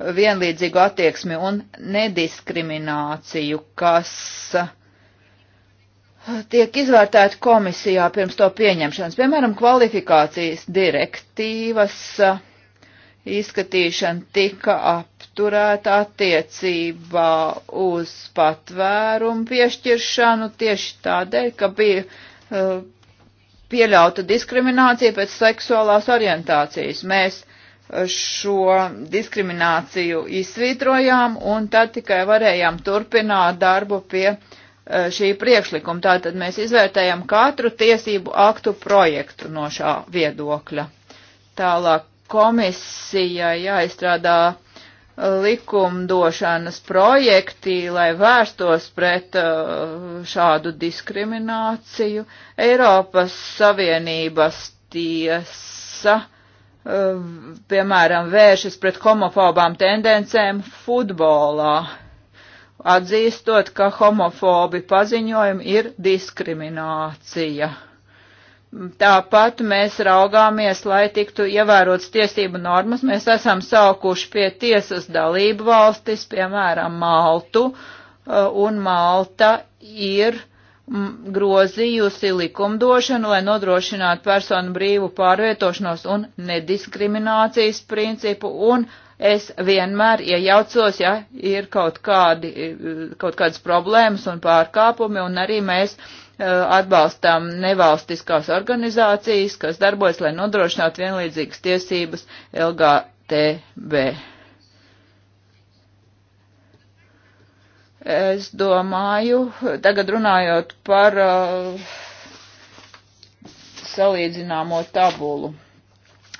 vienlīdzīgu attieksmi un nediskrimināciju, kas tiek izvērtēta komisijā pirms to pieņemšanas. Piemēram, kvalifikācijas direktīvas izskatīšana tika apturēta attiecībā uz patvērumu piešķiršanu tieši tādēļ, ka bija uh, pieļauta diskriminācija pēc seksuālās orientācijas. Mēs uh, šo diskrimināciju izsvītrojām un tad tikai varējām turpināt darbu pie uh, šī priekšlikuma. Tātad mēs izvērtējam katru tiesību aktu projektu no šā viedokļa. Tālāk komisijai jāizstrādā uh, likumdošanas projekti, lai vērstos pret uh, šādu diskrimināciju. Eiropas Savienības tiesa, uh, piemēram, vēršas pret homofobām tendencēm futbolā, atzīstot, ka homofobi paziņojumi ir diskriminācija. Tāpat mēs raugāmies, lai tiktu ievērots tiesību normas. Mēs esam saukuši pie tiesas dalību valstis, piemēram, Maltu, uh, un Malta ir mm, grozījusi likumdošanu, lai nodrošinātu personu brīvu pārvietošanos un nediskriminācijas principu, un es vienmēr iejaucos, ja ir kaut, kādi, uh, kaut kādas problēmas un pārkāpumi, un arī mēs atbalstām nevalstiskās organizācijas, kas darbojas, lai nodrošinātu vienlīdzīgas tiesības LGTB. Es domāju, tagad runājot par uh, salīdzināmo tabulu,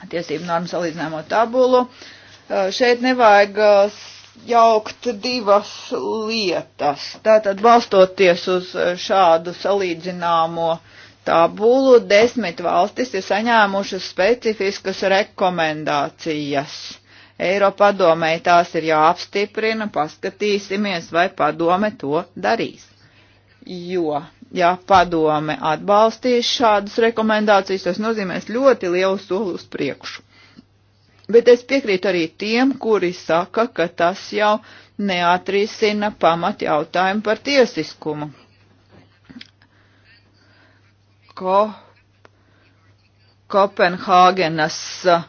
tiesību normu salīdzināmo tabulu, uh, šeit nevajag uh, jaukt divas lietas. Tātad balstoties uz e, šādu salīdzināmo tabulu, desmit valstis ir saņēmušas specifiskas rekomendācijas. Eiropadomei tās ir jāapstiprina, paskatīsimies, vai padome to darīs. Jo, ja padome atbalstīs šādas rekomendācijas, tas nozīmēs ļoti lielu soli uz priekšu. Bet es piekrītu arī tiem, kuri saka, ka tas jau neatrisina pamat jautājumu par tiesiskumu. Ko Kopenhāgenas uh,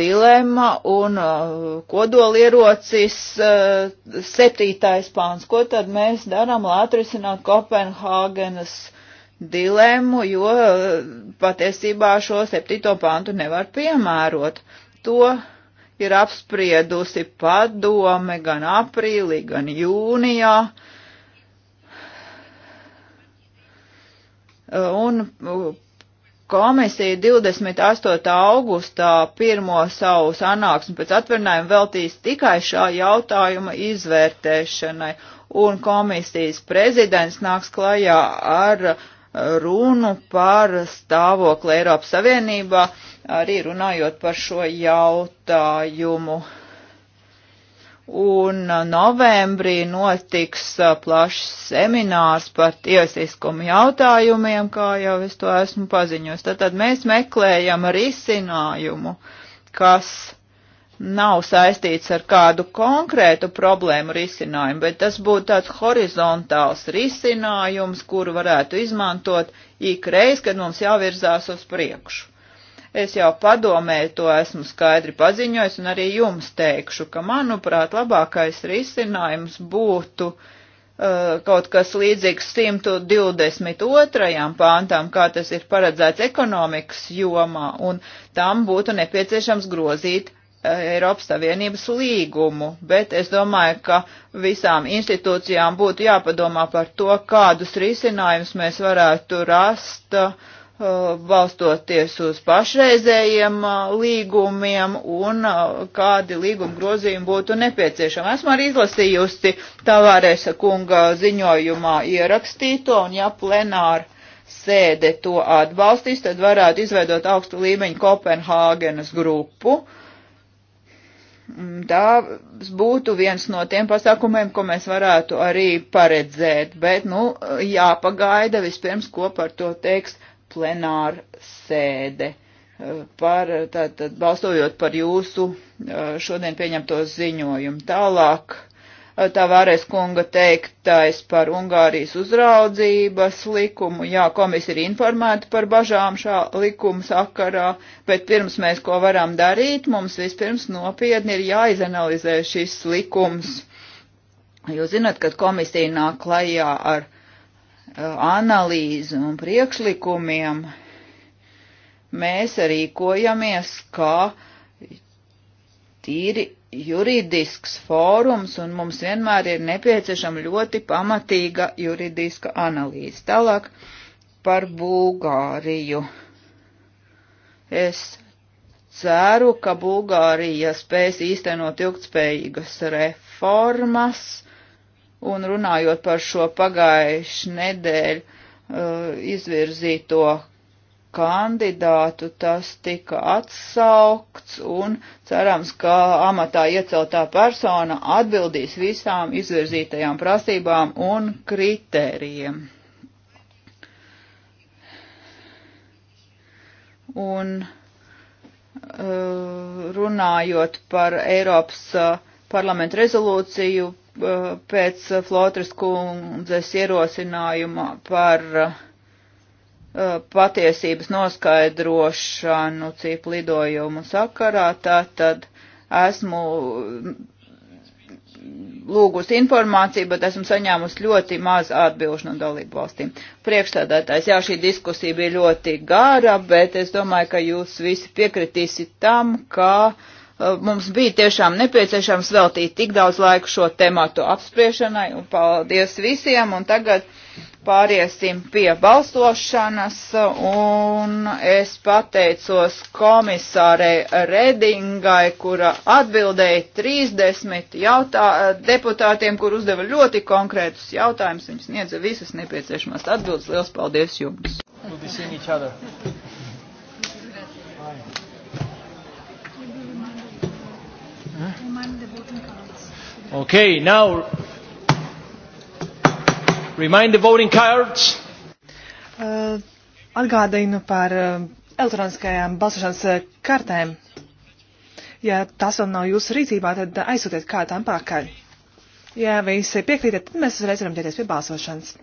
dilema un uh, kodolierocis uh, septītais pāns. Ko tad mēs darām, lai atrisinātu Kopenhāgenas uh, dilemu, jo eh, patiesībā šo septīto pantu nevar piemērot. To ir apspriedusi padome gan aprīlī, gan jūnijā. Eh, un eh, komisija 28. augustā pirmo savu sanāksmi pēc atvaļinājuma veltīs tikai šā jautājuma izvērtēšanai, un komisijas prezidents nāks klajā ar uh, runu par stāvokli Eiropas Savienībā, arī runājot par šo jautājumu. Un novembrī notiks plašs seminārs par tiesiskumu jautājumiem, kā jau es to esmu paziņojusi. Tātad mēs meklējam risinājumu, kas nav saistīts ar kādu konkrētu problēmu risinājumu, bet tas būtu tāds horizontāls risinājums, kuru varētu izmantot ikreiz, kad mums jāvirzās uz priekšu. Es jau padomēju, to esmu skaidri paziņojis un arī jums teikšu, ka, manuprāt, labākais risinājums būtu uh, kaut kas līdzīgs 122. pāntām, kā tas ir paredzēts ekonomikas jomā, un tam būtu nepieciešams grozīt Eiropas Savienības līgumu, bet es domāju, ka visām institūcijām būtu jāpadomā par to, kādus risinājumus mēs varētu rast, uh, balstoties uz pašreizējiem uh, līgumiem un uh, kādi līguma grozījumi būtu nepieciešami. Esmu arī izlasījusi Tavārēsa kunga ziņojumā ierakstīto un ja plenāri sēde to atbalstīs, tad varētu izveidot augstu līmeņu Kopenhāgenas grupu, uh, Tas būtu viens no tiem pasākumiem, ko mēs varētu arī paredzēt, bet, nu, jāpagaida vispirms, ko par to teiks plenāra sēde. Par, tātad, balstojot par jūsu šodien pieņemto ziņojumu. Tālāk tā vārēs kunga teiktais par Ungārijas uzraudzības likumu. Jā, komisija ir informēta par bažām šā likuma sakarā, bet pirms mēs ko varam darīt, mums vispirms nopietni ir jāizanalizē šis likums. Jūs zināt, kad komisija nāk klajā ar analīzi un priekšlikumiem, mēs rīkojamies kā tīri juridisks fórums, un mums vienmēr ir nepieciešama ļoti pamatīga juridiska analīze. Tālāk par Bulgāriju. Es ceru, ka Bulgārija spēs īstenot ilgtspējīgas reformas, un runājot par šo pagājušu nedēļu uh, izvirzīto kandidātu, tas tika atsaukts un cerams, ka amatā ieceltā persona atbildīs visām izvirzītajām prasībām un kritērijiem. Un uh, runājot par Eiropas uh, parlamentu rezolūciju uh, pēc Flotras kundzes ierosinājuma par Uh, patiesības noskaidrošanu cipu lidojumu sakarā, tātad esmu lūgusi informāciju, bet esmu saņēmusi ļoti maz atbilžu no dalību valstīm. Priekšstādātājs, jā, šī diskusija bija ļoti gara, bet es domāju, ka jūs visi piekritīsiet tam, ka uh, mums bija tiešām nepieciešams veltīt tik daudz laiku šo tematu apspriešanai, un paldies visiem, un tagad pāriesim pie balsošanas, un es pateicos komisārei Redingai, kura atbildēja 30 jautā, deputātiem, kur uzdeva ļoti konkrētus jautājumus. Viņas sniedza visas nepieciešamās atbildes. Liels paldies jums! Okay, now Remind the voting cards. Uh, atgādinu par uh, elektroniskajām balsošanas uh, kartēm. Ja tas vēl nav jūsu rīcībā, tad uh, aizsūtiet kādām pakaļ. Ja visi piekrītat, tad mēs uzreiz varam ķerties pie balsošanas.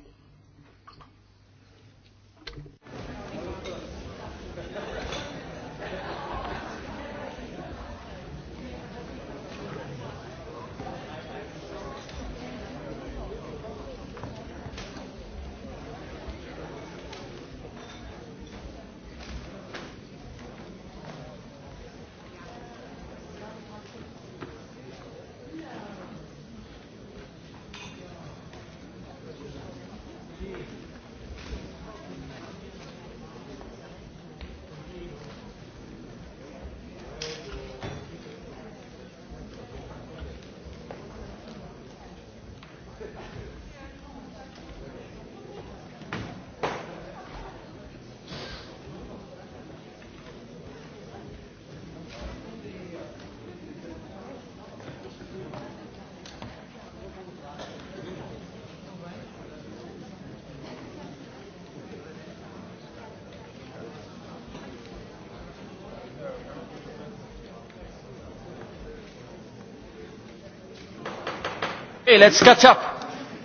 Okay, let's catch up.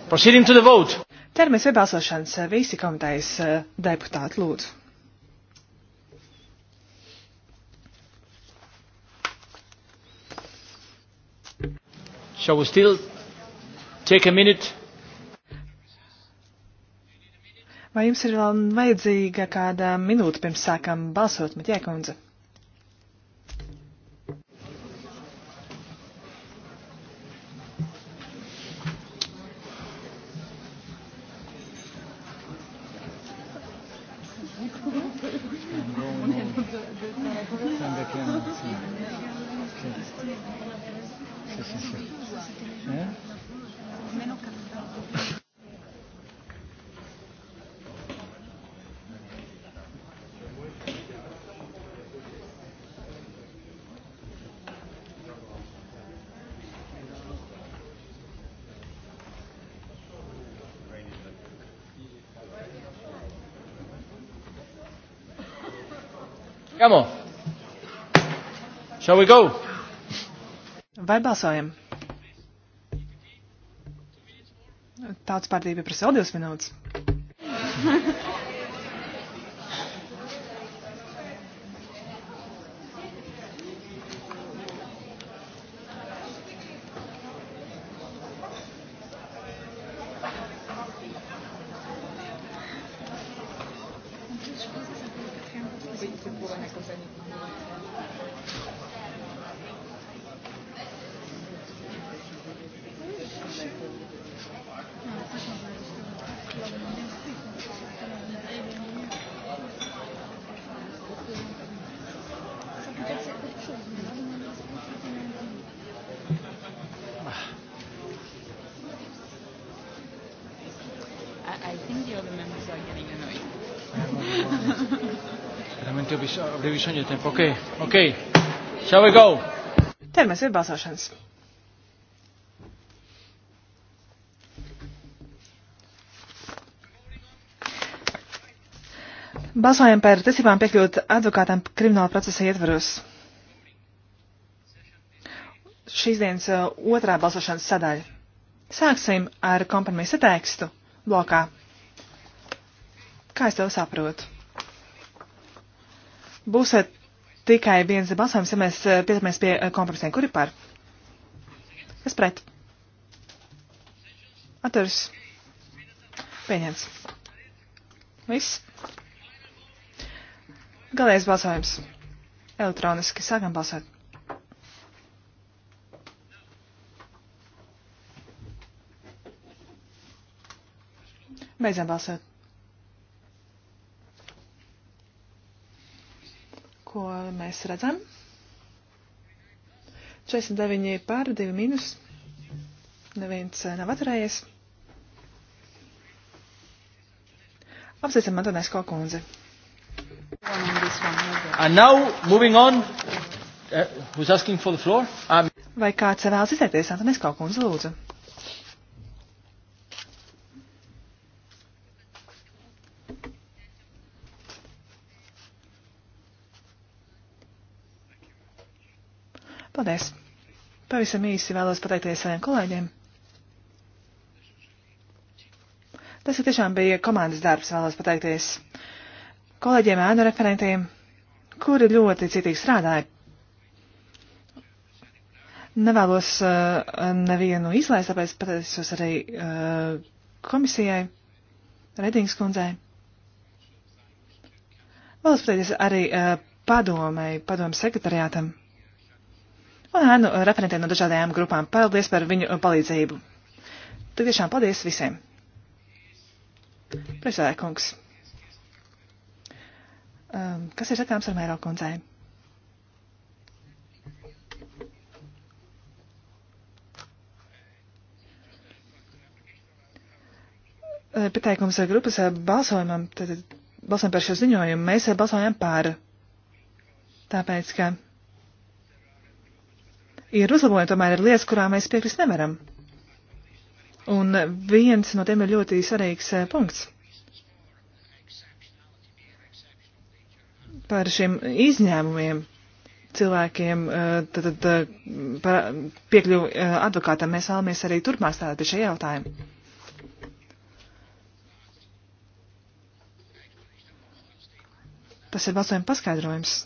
Proceeding to the vote. Termins pie balsošanas visi komitejas eh, deputāti lūdzu. Shall we still take a minute? Vai jums ir vēl vajadzīga kāda minūte pirms sākam balsot, Matija Kundze? Sembra che non sì. Sì, sì, sì. Eh? Meno capitale. Come on. Shall we go? Vai balsojam? Tautas partija pieprasa vēl divas minūtes. revisione tempo. Ok, ok. Shall we go? Termēs ir balsošanas. Balsojam par tiesībām piekļūt advokātam krimināla procesa ietvaros. Šīs dienas uh, otrā balsošanas sadaļa. Sāksim ar kompromisa tekstu blokā. Kā es to saprotu? Būs eh, tikai viens balsojums, ja mēs eh, pieturamies pie eh, kompromisiem. Kuri par? Kas pret? Atturs. Pieņemts. Viss. Galējais balsojums. Elektroniski sākam balsot. Beidzam balsot. mēs redzam. 49 pār, 2 mīnus. Neviens eh, nav atturējies. Apsveicam Antonesko kundzi. And now moving on. Uh, who's asking for the floor? Um... Vai kāds vēlas izteikties, Antonesko kundze, lūdzu? Paldies! Pavisam īsi vēlos pateikties saviem kolēģiem. Tas ir tiešām bija komandas darbs, vēlos pateikties kolēģiem ēnu referentiem, kuri ļoti citīgi strādāja. Nevēlos uh, nevienu izlaist, tāpēc pateicos arī uh, komisijai, Redings kundzei. Vēlos pateikties arī uh, padomai, padomu sekretariātam un ēnu referentiem no dažādajām grupām. Paldies par viņu palīdzību. Tik tiešām paldies visiem. Priekšsēdē, kungs. Um, kas ir sakāms ar mēro kundzei? Uh, pieteikums grupas uh, balsojumam, tad balsojam par šo ziņojumu, mēs uh, balsojam par. Tāpēc, ka ir uzlabojumi, tomēr ir lietas, kurām mēs piekrist nevaram. Un viens no tiem ir ļoti svarīgs eh, punkts. Par šiem izņēmumiem cilvēkiem eh, tad, tad, eh, par piekļuvu advokātam mēs vēlamies arī turpmāk strādāt pie šī jautājuma. Tas ir balsojuma paskaidrojums.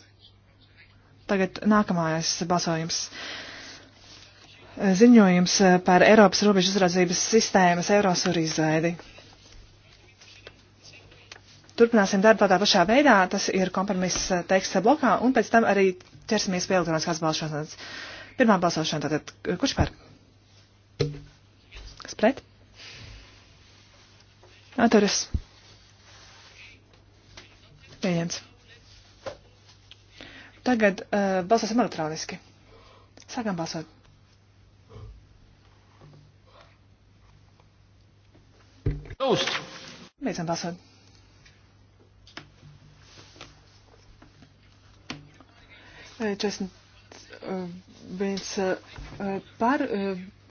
Tagad nākamais balsojums. Uh, ziņojums eh, par Eiropas robežu uzraudzības sistēmas Eurosur izveidi. Turpināsim darbu tādā pašā veidā, tas ir kompromiss eh, teksta blokā, un pēc tam arī ķersimies pie elektroniskās balsošanas. Pirmā balsošana, tātad, kurš par? Kas pret? Atturis. Pieņemts. Tagad uh, balsosim elektroniski. Sākam balsot. Lūst! Beidzam balsot. Eh, četrdesmit eh, viens eh, par,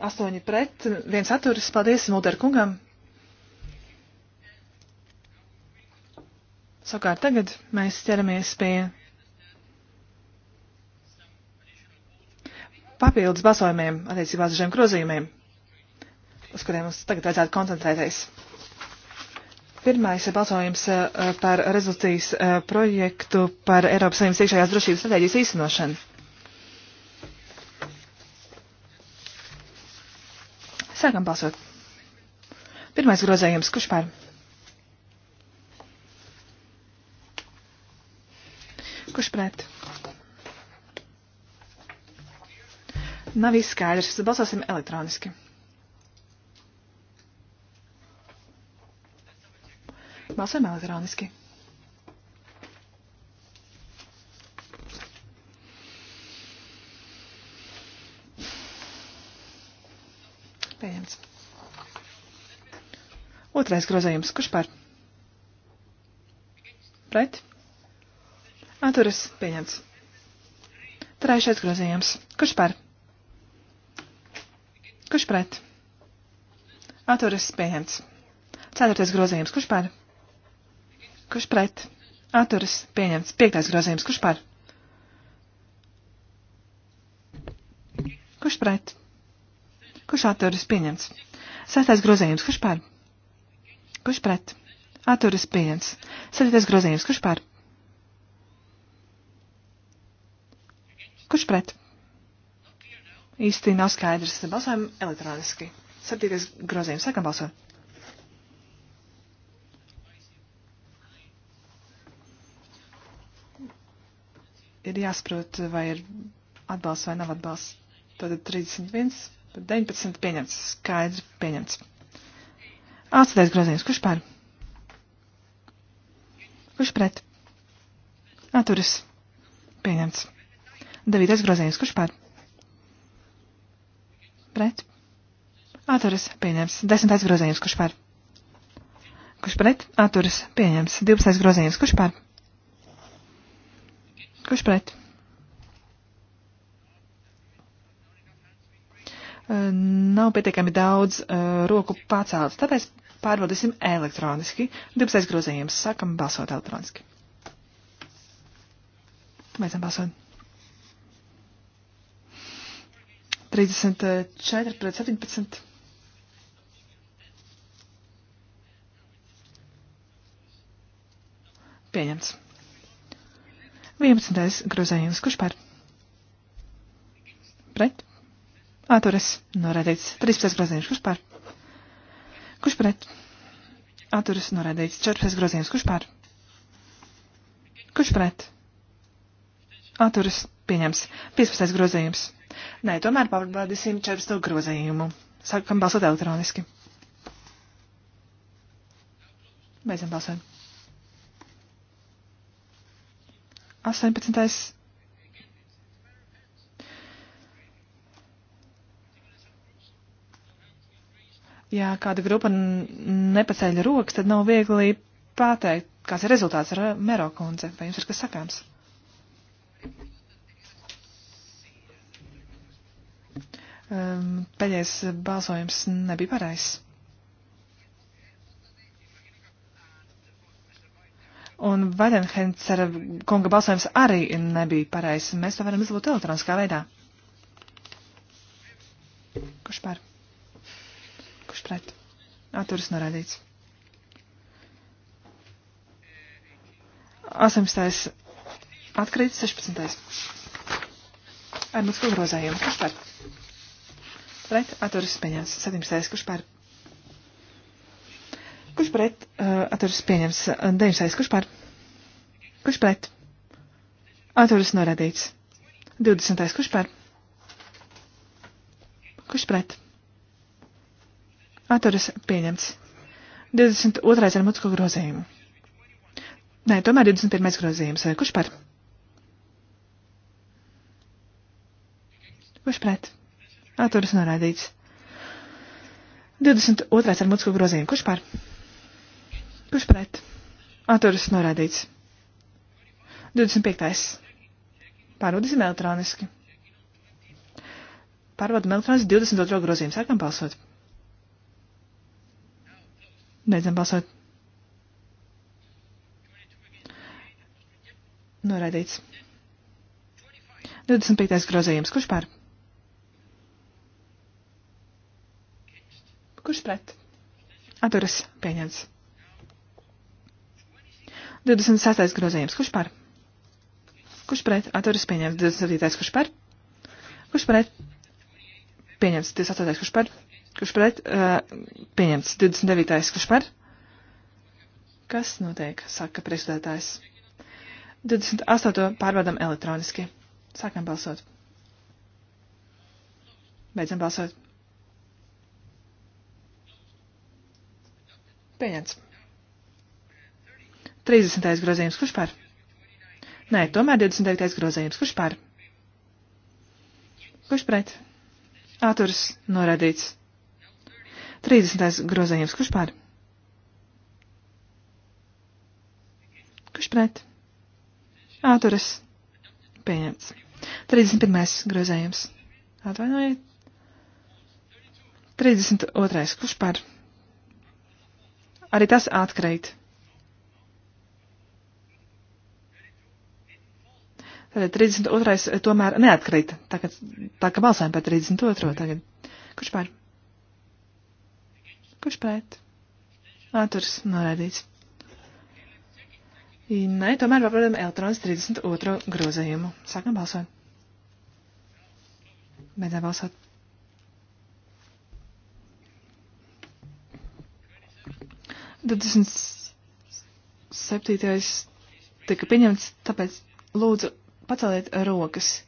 astoņi pret, viens atturis. Paldies Mulder kungam. Savukārt tagad mēs ķeramies pie papildus balsojumiem attiecībā uz šiem grozījumiem, uz kuriem mums tagad vajadzētu koncentrēties. Pirmais ir balsojums eh, par rezolūcijas eh, projektu par Eiropas Savienības iekšējās drošības stratēģijas īstenošanu. Sākam balsot. Pirmais grozējums. Kurš pār? Kurš pret? Nav izskaidrs. Balsosim elektroniski. Balsojam elektroniski. Pieņemts. Otrais grozējums. Kurš par? Pret? Atturas. Pieņemts. Trešais grozījums. Kurš par? Kurš pret? Atturas pieņemts. Ceturtais grozījums. Kurš par? Kurš pret? Atturas pieņemts. Piektais grozījums. Kurš par? Kurš pret? Kurš atturas pieņemts? Sestais grozījums. Kurš par? Kurš pret? Atturas pieņemts. Septītais grozījums. Kurš par? Kurš pret? Īsti nav skaidrs. Balsojam elektroniski. Septītais grozījums. Sākam balsot. ir jāsaprot, vai ir atbalsts vai nav atbalsts. Tātad 31, 19 pieņemts, skaidri pieņemts. Atstāties grozījums, kurš pār? Kurš pret? Atturis. Pieņemts. Devītais grozījums, kurš pār? Pret. Atturis. Pieņemts. Desmitais grozījums, kurš pār? Kurš pret? Atturis. Pieņemts. Divpadsmitais grozījums, kurš pār? Kurš pret? Nav pietiekami daudz uh, roku pacelts, tāpēc pārbaudīsim elektroniski. 12. grozījums. Sākam balsot elektroniski. Beidzam balsot. 34 pret 17. Pieņemts. 11. grozējums. Kurš par? Pret? Atturas. Norādīts. 13. grozējums. Kurš par? Kurš pret? Atturas. Norādīts. 14. grozējums. Kurš par? Kurš pret? Atturas. Pieņems. 15. grozējums. Nē, tomēr pārbaudīsim 14. grozējumu. Sākam balsot elektroniski. Beidzam balsot. 18. Ja kāda grupa nepaceļ rokas, tad nav viegli pateikt, kāds ir rezultāts ar eh, Mero kundze. Vai jums ir kas sakāms? Um, ehm, pēdējais balsojums nebija pareizs. Un Vadenhencera konga balsojums arī nebija pareizs. Mēs to varam izlūt elektroniskā veidā. Kurš pār? Kurš pret? Atturis norādīts. 18. Atkrīt 16. Ar mums grozējumu. Kurš pār? Pret atturis pieņēmis. 17. Kurš pār? Kurš pret uh, atturas pieņems? 9. Uh, kurš par? Kurš pret? Atturas norādīts. 20. Kurš par? Kurš pret? Atturas pieņemts. 22. ar mutisko grozījumu. Nē, tomēr 21. grozījums. Uh, kurš par? Kurš pret? Atturas norādīts. 22. ar mutisko grozījumu. Kurš par? Kurš pret? Atturas norādīts. 25. Pārūdīsim elektroniski. Pārvadam elektroniski 22. grozījumu. Sākam balsot. Beidzam balsot. Noraidīts. 25. grozījums. Kurš pār? Kurš pret? Atturas pieņemts. 26. grozījums. Kurš par? Kurš pret? Atturas pieņemts. 27. Kurš par? Kurš pret? Pieņemts. 28. Kurš par? Kurš pret? Uh, pieņemts. 29. Kurš par? Kas notiek? Saka priekšstādātājs. 28. pārbaudam elektroniski. Sākam balsot. Beidzam balsot. Pieņemts. 30. grozījums, kurš par? Nē, tomēr 29. grozījums, kurš par? Kurš pret? Atturs norādīts. 30. grozījums, kurš par? Kurš pret? Atturas. Pieņemts. 31. grozējums. Atvainojiet. 32. Kurš par? Arī tas atkreit. 32. tomēr neatkrita. Tagad, tā kā balsājam par 32. tagad. Kurš pār? Kurš pret? Atturs norādīts. Nē, tomēr pārbaudām elektronas 32. grozējumu. Sākam balsot. Beidzam balsot. Divdesmit septītais tika pieņemts, tāpēc lūdzu paceliet rokas.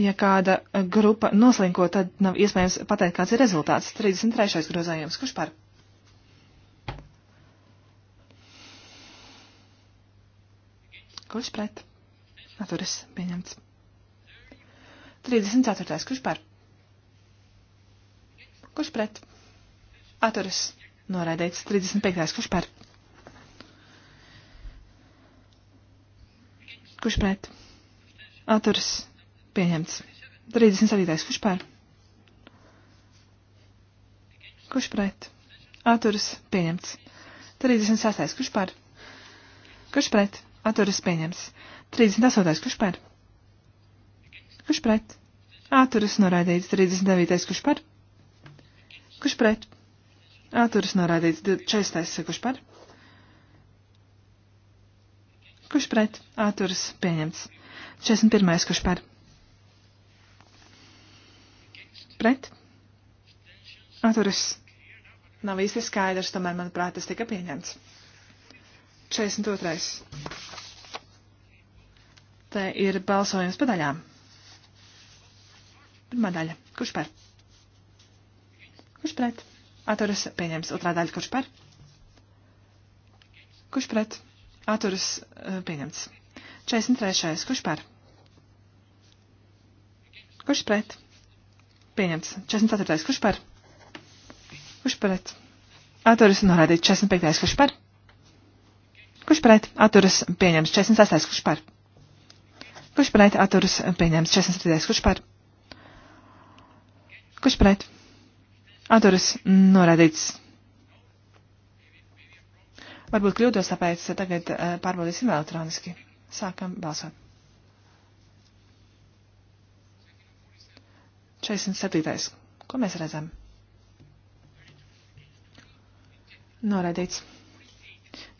Ja kāda grupa noslinko, tad nav iespējams pateikt, kāds ir rezultāts. 33. grozējums. Kurš par? Kurš pret? Atturis pieņemts. 34. Kurš par? Kurš pret? Atturis noraidīts. 35. Kurš par? Kurš pret? Atturs pieņemts. 37. Kurš par? Kurš pret? Atturs pieņemts. 36. Kurš par? Kurš pret? Atturs pieņemts. 38. Kurš par? Kurš pret? Atturas norādīts 39. kurš par? Kurš pret? Atturas norādīts 40. kurš par? Kurš pret? Atturas pieņemts. 41. Kurš par? Pret? Atturas. Nav īsti skaidrs, tomēr, manuprāt, tas tika pieņemts. 42. Te ir balsojums pa daļām. Pirmā daļa. Kurš par? Kurš pret? Atturas pieņems. Otrā daļa. Kurš par? Kurš pret? atturas eh, pieņemts. 43. Kurš par? Kurš pret? Pieņemts. 44. Kurš par? Kurš pret? Atturas norādīt. 45. Kurš par? Kurš pret? Atturas pieņemts. 46. Kurš par? Kurš pret? Atturas pieņemts. 47. Kurš par? Kurš pret? Atturas norādīts. Varbūt kļūdos, tāpēc tagad eh, pārbaudīsim elektroniski. Sākam balsot. 47. Ko mēs redzam? Noraidīts.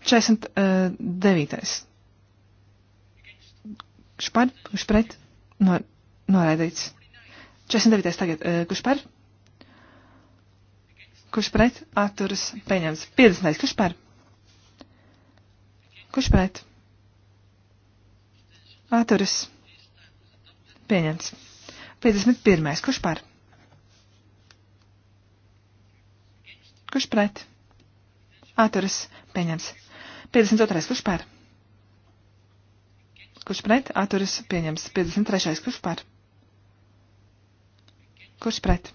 49. Kurš par, kurš pret? Nor, noraidīts. 49. tagad. Eh, kurš par? Kurš pret? Atturas pieņemts. 50. Kurš par? Kurš pret? Atturas. Pieņemts. 51. Kurš par? Kurš pret? Atturas. Pieņemts. 52. Kurš par? Kurš pret? Atturas. Pieņemts. 53. Kurš par? Kurš pret?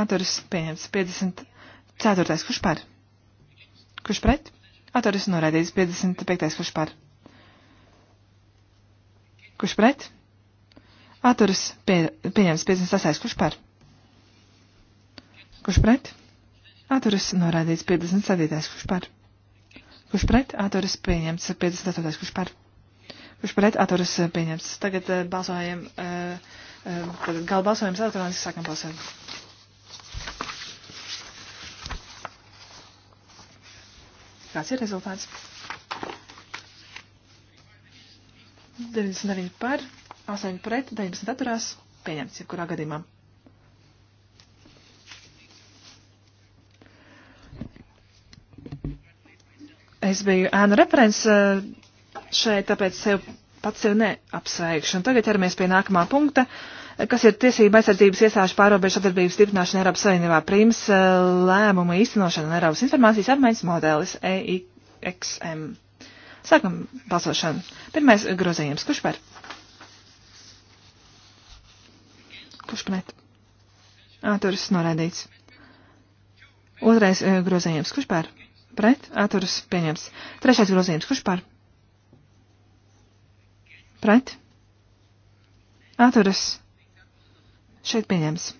Atturas. Pieņemts. 54. Kurš par? Kurš pret? Atturis noraidīts 55. kurš par. Kurš pret? Atturis pie, pieņems 56. kurš par. Kurš pret? Atturis noraidīts 57. kurš par. Kurš pret? Atturis pieņems 58. kurš par. Kurš pret? Atturis pieņems. Tagad eh, balsojam, uh, eh, uh, eh, galbalsojums elektroniski sākam balsot. Kāds ir rezultāts? 99 par, 8 pret, 19 atturās, pieņemts jebkurā gadījumā. Es biju ēnu referents eh, šeit, tāpēc sev pats sev neapsveikšu. Un tagad ķeramies pie nākamā punkta. Uh, kas ir tiesība aizsardzības iestāžu pārobežu sadarbības stiprināšana Eiropas Savienībā, prīms eh, lēmuma īstenošana un Eiropas informācijas apmaiņas modelis EIXM. Sākam balsošanu. Pirmais grozījums. Kurš par? Kurš pret? Atturis norādīts. Otrais eh, grozījums. Kurš par? Pret? Atturis pieņems. Trešais grozījums. Kurš par? Pret? Atturis Šeit pieņems.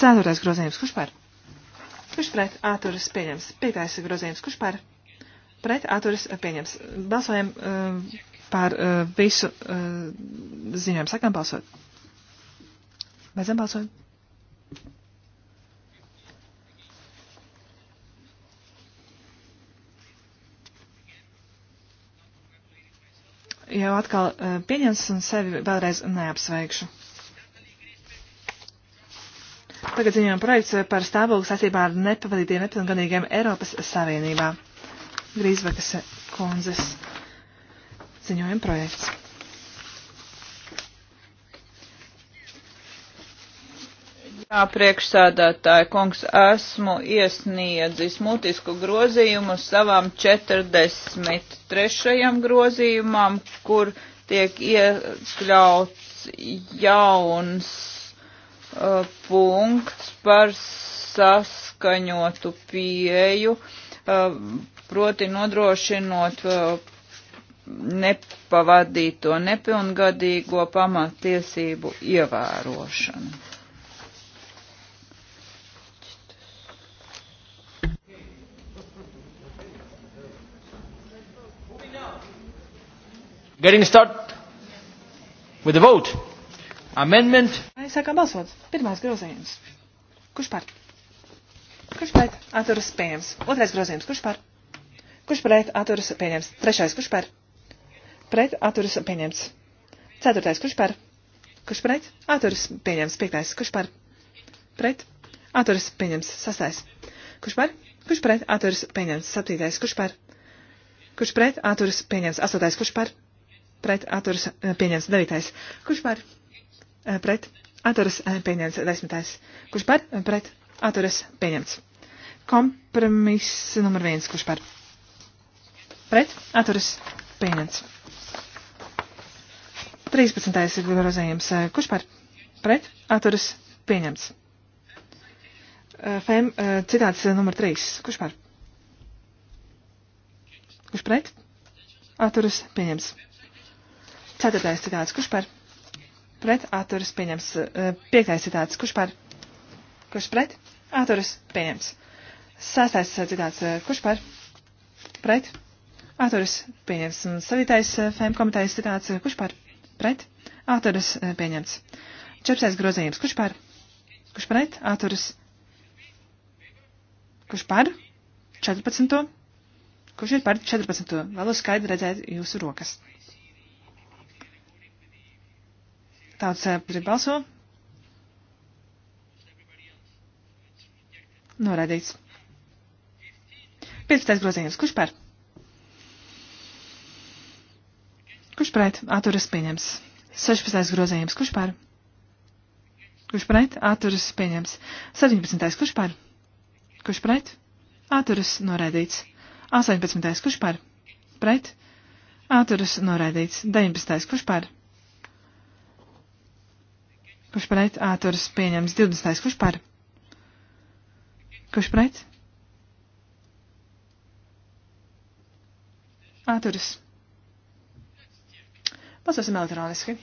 Ceturtais grozījums. Kurš par? Kurš pret atturas pieņems? Piektais grozījums. Kurš par? Pret atturas pieņems. Balsojam uh, par uh, visu uh, ziņojumu. Sakām balsot. Beidzam balsot. Jau atkal uh, pieņems un sevi vēlreiz neapsveikšu. Tagad ziņojam projekts par stāvokli saistībā ar nepavadītiem nepilngadīgiem Eiropas Savienībā. Grīzbekas kundzes ziņojam projekts. Jā, priekšsādātāji, kungs, esmu iesniedzis mutisku grozījumu savam 43. grozījumam, kur tiek iekļauts jauns Uh, punkts par saskaņotu pieeju, uh, proti nodrošinot uh, nepavadīto nepilngadīgo pamatiesību ievērošanu. Getting started with the vote. Amendment. Mēs sākam balsot. Pirmais grozījums. Kurš par? Kurš pret? Atturas pieņems. Otrais grozījums. Kurš par? Kurš pret? Atturas pieņems. Trešais. Kurš par? Pret? Atturas pieņems. Ceturtais. Kurš par? Kurš pret? Atturas pieņems. Piektais. Kurš par? Pret? Atturas pieņems. Sastais. Kurš par? Kurš pret? Atturas pieņems. Septītais. Kurš par? Kurš pret? Atturas pieņems. Astotais. Kurš par? Pret? Atturas eh, pieņems. Devītais. Kurš par? Eh, pret atturas eh, pieņemts. Desmitais. Kurš par eh, pret atturas pieņemts. Kompromiss numur viens. Kurš par pret atturas pieņemts. 13. grozējums. Kurš par pret atturas pieņemts? Fem, citāts numur 3. Kurš par? Kurš pret? Atturas pieņems. Ceturtais citāts. Kurš par? pret atturas pieņems. Eh, piektais citāts. Kurš par? Kurš pret? Atturas pieņems. Sastais eh, citāts. Eh, kurš par? Pret? Atturas pieņems. Un sadītais FM komitejas citāts. Kurš par? Pret? Atturas pieņems. Čepsais grozījums. Kurš par? Kurš pret? Atturas. Kurš par? 14. Kurš ir par 14. Vēlos skaidri redzēt jūsu rokas. Tāds eh, ir balso. Noraidīts. 15. grozījums. Kurš par? Kurš pret? Atturas pieņems. 16. grozījums. Kurš par? Kurš pret? Atturas pieņems. 17. Kurš par? Kurš pret? Atturas noraidīts. 18. Kurš par? Pret? Atturas noraidīts. 19. Kurš par? Kurš pret āturas pieņems? 20. Kurš par? Kurš pret? Āturas. Balsosim elektroniski.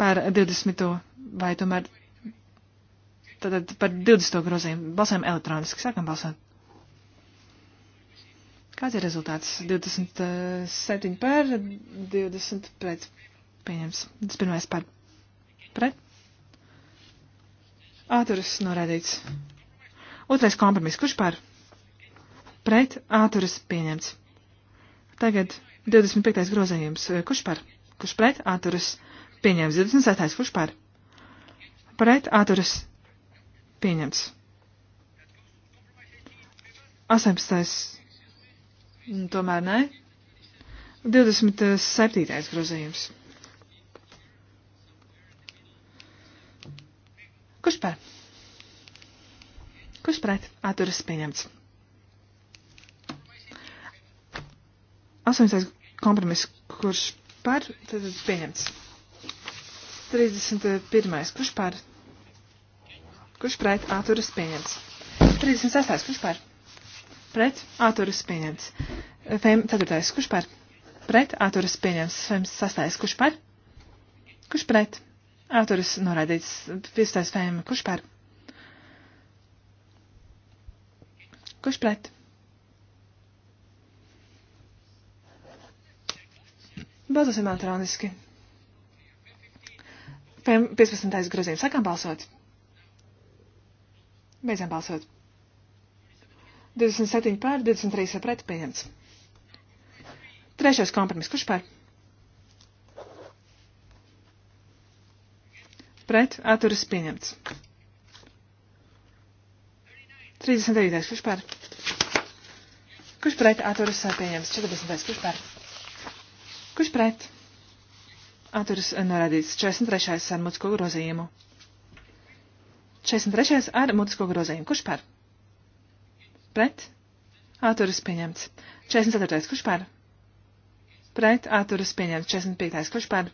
Par 20. vai tomēr tātad par 20. grozījumu. Balsojam elektroniski. Sākam balsot. Kāds ir rezultāts? 27 par, 20 pret Pieņems. 21. par. Pret. Āturis norādīts. Otrais kompromiss. Kurš par? Pret. Āturis pieņemts. Tagad 25. grozējums. Kurš par? Kurš pret? Āturis pieņemts. 26. Kurš par? Pret. Āturis pieņemts. 18. Tomēr nē. 27. grozījums. Kurš pār? Kurš pret? Atturas pieņemts. 18. kompromiss, kurš par, tad pieņemts. 31. kurš par, kurš pret, atturas pieņemts. 36. kurš par, pret, atturas pieņemts. 4. kurš par, pret, atturas pieņemts. 6. kurš par, kurš pret, Atturis noraidīts 5. fēma. Kurš par? Kurš pret? Balsosim elektroniski. 15. grozījums. Sākam balsot. Beidzam balsot. 27 pār, 23 pret pieņemts. Trešais kompromiss. Kurš par? pret atturas pieņemts. 39. kurš par? Kurš pret atturas eh, pieņemts? 40. kurš par? Kurš pret? Atturas eh, norādīts 43. ar mutisko grozījumu. 43. ar mutisko grozījumu. Kurš par? Pret? Atturas pieņemts. 44. kurš par? Pret atturas pieņemts. 45. kurš par?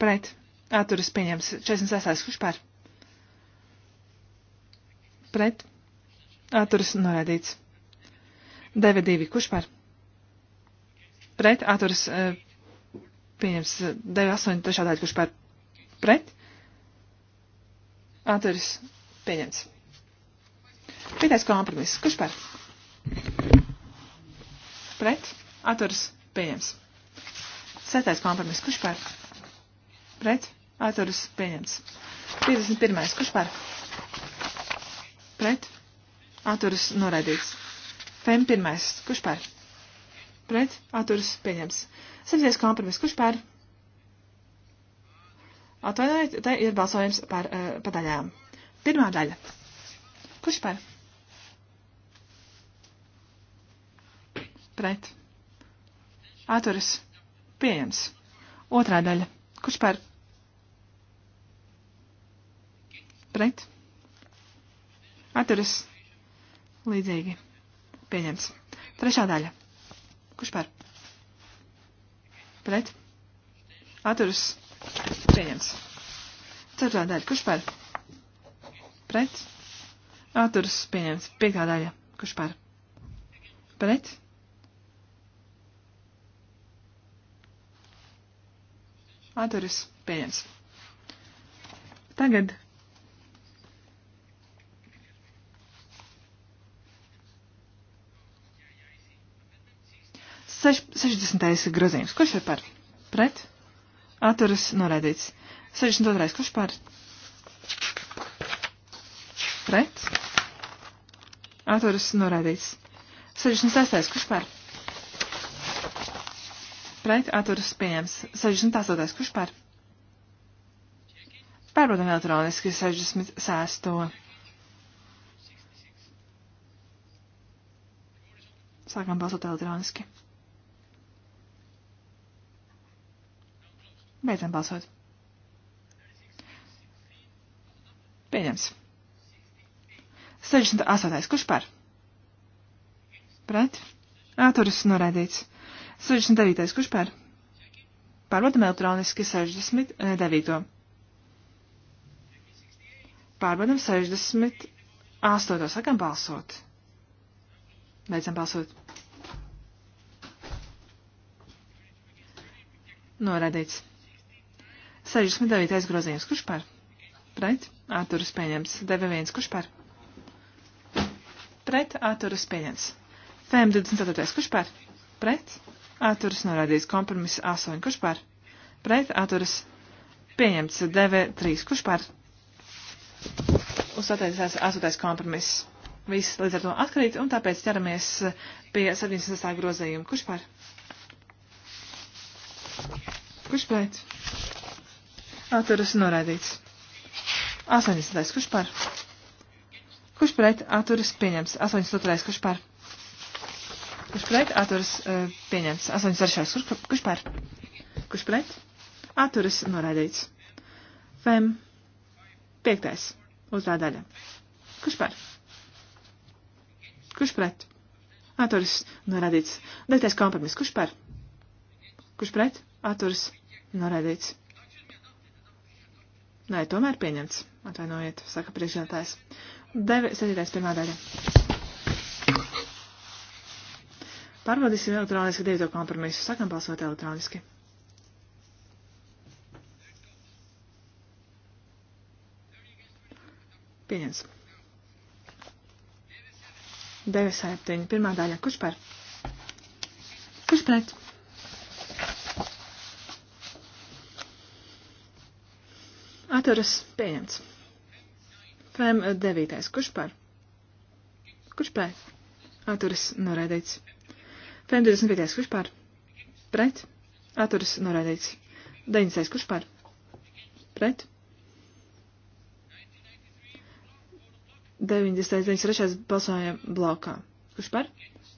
Pret Atturas pieņems. 46. Kurš pār? Pret. Atturas norādīts. 92. Kurš pār? Pret. Atturas eh, pieņems. 98. Trešā daļa. Kurš pār? Pret. Atturas pieņems. Pietais kompromiss. Kurš pār? Pret. Atturas pieņems. Sētais kompromiss. Kurš pār? Pret. Atturas pieņemts. 51. Kurš par? Pret. Atturas noraidīts. Fem 1. Kurš par? Pret. Atturas pieņemts. 7. kompromiss. Kurš par? Atvainojiet, te ir balsojums par, uh, eh, par daļām. Pirmā daļa. Kurš par? Pret. Atturas pieņemts. Otrā daļa. Kurš par? pret, atturas, līdzīgi, pieņemts. Trešā daļa. Kurš par? Pret, atturas, pieņemts. Ceturtā daļa. Kurš par? Pret, atturas, pieņemts. Piektā daļa. Kurš par? Pret, atturas, pieņemts. Tagad Seš, 60. grozījums. Kurš ir par? Pret? Atturas noraidīts. 62. Kurš par? Pret? Atturas noraidīts. 66. Kurš par? Pret? Atturas pieņems. 68. Kurš par? Pārbaudam elektroniski 66. Sākam balsot elektroniski. Beidzam balsot. Pieņems. 68. Kurš par? Pret. Āturis norēdīts. 69. Kurš par? Pārbaudam elektroniski 69. Pārbaudam 68. Sākam balsot. Beidzam balsot. Norēdīts. 69. grozījums. Kurš par? Pret. Atturas pieņemts. 91. Kurš par? Pret. Atturas pieņemts. Fēm 24. Kurš par? Pret. Atturas norādīts. Kompromiss 8. Kurš par? Pret. Atturas pieņemts. 93. Kurš par? Uz 8. kompromiss. Viss līdz ar to atkrīt, un tāpēc ķeramies pie 76. grozījuma. Kurš par? Kurš pret? atturas noraidīts. 80. kurš par? Kurš pret atturas pieņems? 82. kurš par? Kurš pret atturas uh, pieņems? 83. Kurš, kurš par? Kurš pret? Atturas noraidīts. Fem. 5. Otrā daļa. Kurš par? Kurš pret? Atturas noraidīts. 9. kompromiss. Kurš par? Kurš pret? Atturas noraidīts. Nē, tomēr pieņemts. Atvainojiet, saka priekšsēdētājs. 7.1. daļa. Pārbaudīsim elektroniski 9. kompromisu. Sakam balsot elektroniski. Pieņems. 9.7. Pirmā daļa. Kurš par? Kurš pret? atturas pieņemts. Fem 9. Kurš par? Kurš pret? Atturas noraidīts. Fem 25. Kurš par? Pret? Atturas noraidīts. 9. Kurš par? Pret? 90. 93. balsojam blokā. Kurš par?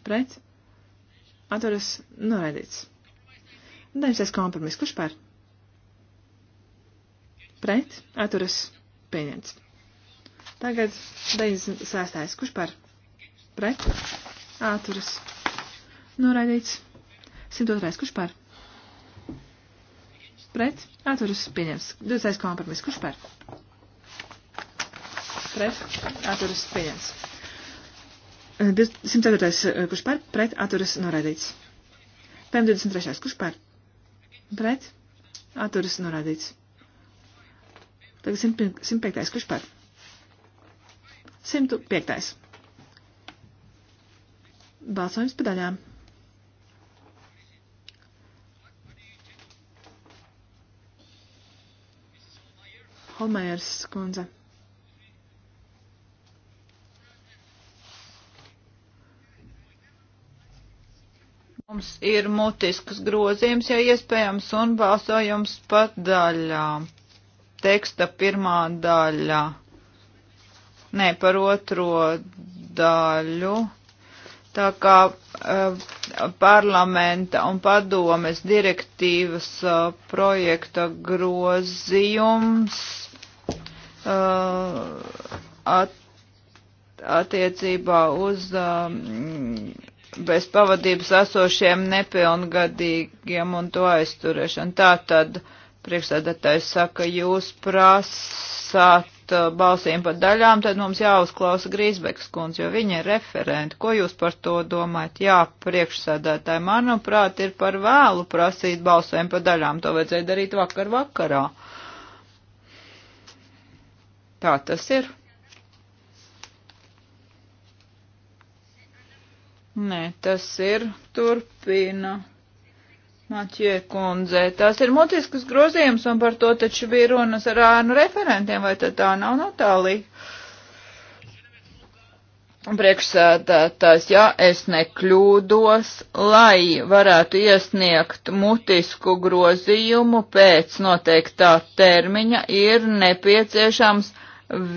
Pret? Atturas noraidīts. 9. kompromiss. Kurš par? pret, atturas, pieņemts. Tagad 96. Kurš par? Pret, atturas, noraidīts. 102. Kurš par? Pret, atturas, pieņemts. 20. kompromiss. Kurš par? Pret, atturas, pieņemts. 104. Eh, kurš par? Pret, atturas, noraidīts. PM23. Kurš par? Pret, atturas, noraidīts. Tagad 105. Kurš par? 105. Balsojums pa daļām. Holmējers kundze. Mums ir mutisks grozījums, ja iespējams, un balsojums pat daļām teksta pirmā daļa. Nē, par otro daļu. Tā kā uh, parlamenta un padomes direktīvas uh, projekta grozījums uh, at, attiecībā uz bez pavadības esošiem nepilngadīgiem un to aizturēšanu. Tātad Priekšsēdētājs saka, jūs prasāt uh, balsīm pa daļām, tad mums jāuzklausa Grīsbeks kundze, jo viņa ir referenta. Ko jūs par to domājat? Jā, priekšsēdētāji, manuprāt, ir par vēlu prasīt balsīm pa daļām. To vajadzēja darīt vakar vakarā. Tā tas ir. Nē, tas ir turpina. Maķie kundze, tās ir mutiskas grozījums, un par to taču bija runas ar ānu referentiem, vai tad tā nav Natālija? Priekšsēdētājs, ja es nekļūdos, lai varētu iesniegt mutisku grozījumu pēc noteiktā termiņa, ir nepieciešams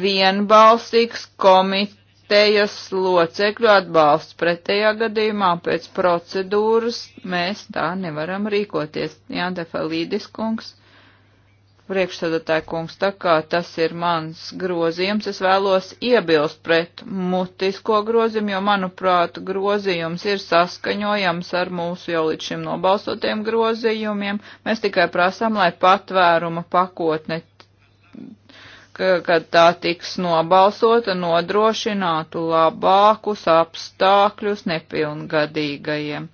vienbalsīgs komitejas komitejas locekļu atbalsts. Pretējā gadījumā pēc procedūras mēs tā nevaram rīkoties. Jāndefa Līdis kungs, priekšsēdētāja kungs, tā kā tas ir mans grozījums, es vēlos iebilst pret mutisko grozījumu, jo, manuprāt, grozījums ir saskaņojams ar mūsu jau līdz šim nobalstotiem grozījumiem. Mēs tikai prasām, lai patvēruma pakotne ka, kad tā tiks nobalsota, nodrošinātu labākus apstākļus nepilngadīgajiem.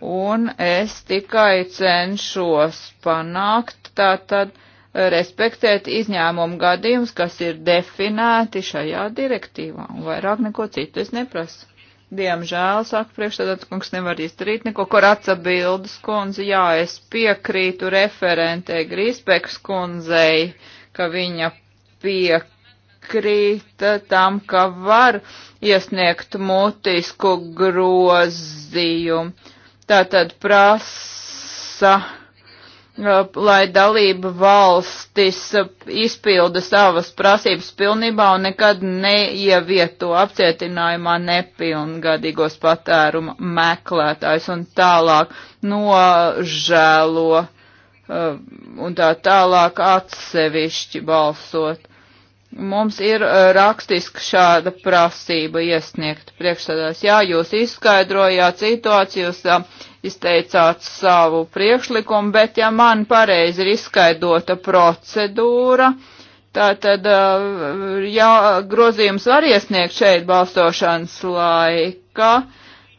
Un es tikai cenšos panākt tātad respektēt izņēmumu gadījumus, kas ir definēti šajā direktīvā, un vairāk neko citu es neprasu. Diemžēl, saka priekšstādāts kungs, nevar izdarīt neko, kur atsabildes kundze, jā, es piekrītu referentē Grīspeks kundzei, uh, ka viņa piekrīt tam, ka var iesniegt mutisku grozījumu. Tātad prasa, lai dalība valstis izpilda savas prasības pilnībā un nekad neievieto apcietinājumā nepilngadīgos patēruma meklētājs un tālāk nožēlo Uh, un tā tālāk atsevišķi balsot. Mums ir uh, rakstiska šāda prasība iesniegt priekšsēdās. Jā, jūs izskaidrojāt situāciju, jūs uh, izteicāt savu priekšlikumu, bet ja man pareizi ir izskaidrota procedūra, tātad jā, grozījums var iesniegt šeit balsošanas laikā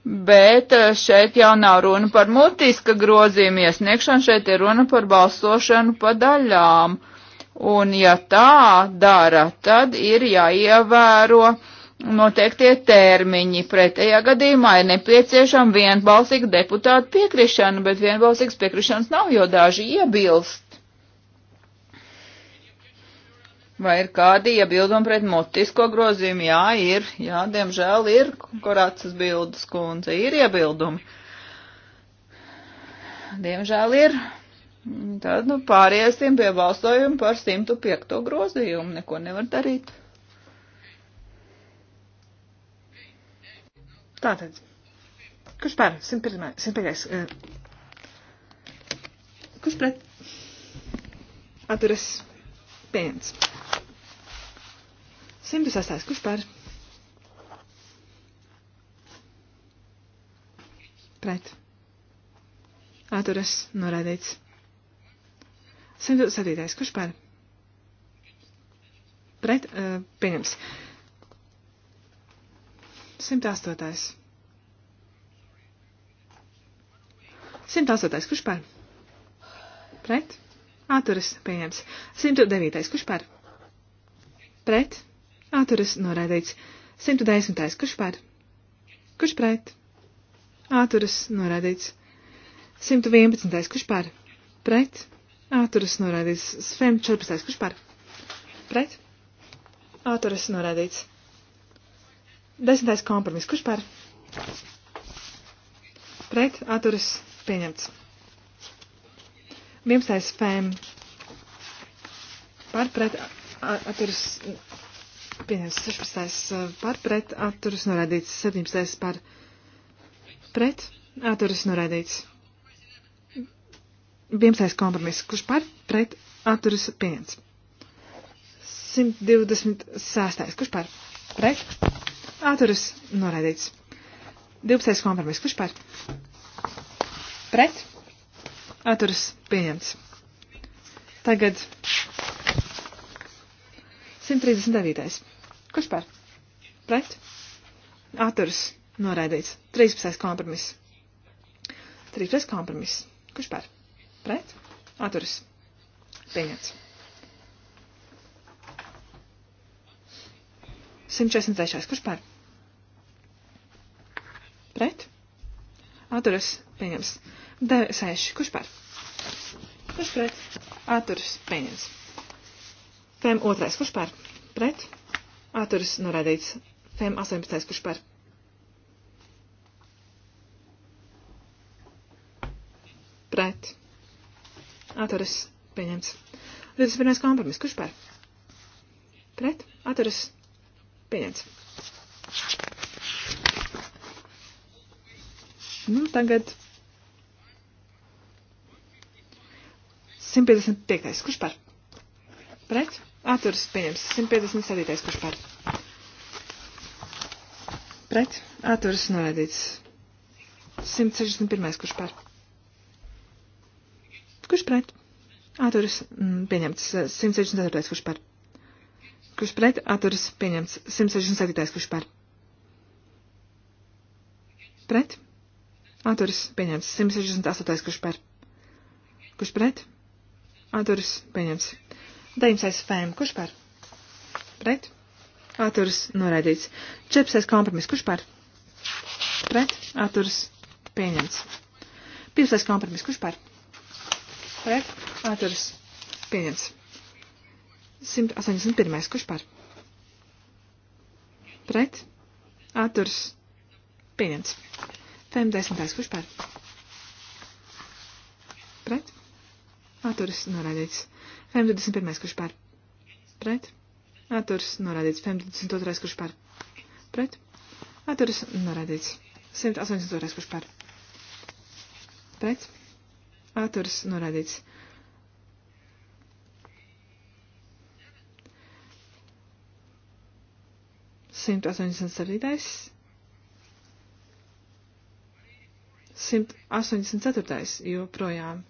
bet eh, šeit jau nav runa par mutiska grozījuma iesniegšanu, šeit ir runa par balsošanu pa daļām. Un ja tā dara, tad ir jāievēro noteiktie termiņi. Pretējā gadījumā ir nepieciešama vienbalsīga deputāta piekrišana, bet vienbalsīgas piekrišanas nav, jo daži iebilst. Vai ir kādi iebildumi pret motisko grozījumu? Jā, ir. Jā, diemžēl ir. Korācas bildes kundze ir iebildumi. Diemžēl ir. Tad nu, pāriesim pie balsojuma par 105. grozījumu. Neko nevar darīt. Tātad. Kurš par? 101. 105. Eh, kurš pret? Atturas. Pieņemts. 106. Kurš par? Pret. Atturas norādīts. 107. Kurš par? Pret. Uh, pieņems. 108. 108. Kurš par? Pret. Atturas pieņems. 109. Kurš par? Pret. Āturas norādīts. 110. Kurš pār? Kurš pret? Āturas norādīts. 111. Kurš pār? Pret? Āturas norādīts. 114. Kurš pār? Pret? Āturas norādīts. 10. kompromiss. Kurš pār? Pret? Āturas pieņemts. 11. fēm. Par pret atturas Pieņems 16. Eh, par pret atturas norādīts. 17. par pret atturas norādīts. 11. kompromiss. Kurš par pret atturas pieņems? 126. Kurš par pret atturas norādīts. 12. kompromiss. Kurš par pret atturas pieņemts. Tagad 139. Kurš par? Pret? Atturs noraidīts. 13. kompromiss. 13. kompromiss. Kurš par? Pret? Atturs. Pieņemts. 143. Kurš par? Pret? Atturas pieņems. 6. Kurš par? Kurš pret? Atturas pieņems. Fem otrais. Kurš par? Pret? Atturis norādīts. Fem 18. Kurš par? Pret. Atturis pieņemts. 21. kompromis. Kurš par? Pret. Atturis pieņemts. Nu, tagad 155. Kurš par? Pret. Atturas pieņems. 157. kurš par. Pret. Atturas noraidīts. 161. kurš par. Kurš pret? Atturas mm, pieņemts. 164. kurš par. Kurš pret? Atturas pieņemts. 167. kurš par. Pret. Atturas pieņemts. 168. kurš par. Kurš pret? Atturas pieņemts. 9. fēm, kurš par? Pret. Atturs noraidīts. 14. kompromiss, kurš par? Pret. Atturs pieņemts. 15. kompromiss, kurš par? Pret. Atturs pieņemts. 181. kurš par? Pret. Atturs pieņemts. 50. kurš par? Pret. Atturis norādīts. 521. kurš pār pret. Atturs norādīts. 522. kurš pār pret. Atturs norādīts. 182. kurš pār pret. Atturs norādīts. 187. 184. joprojām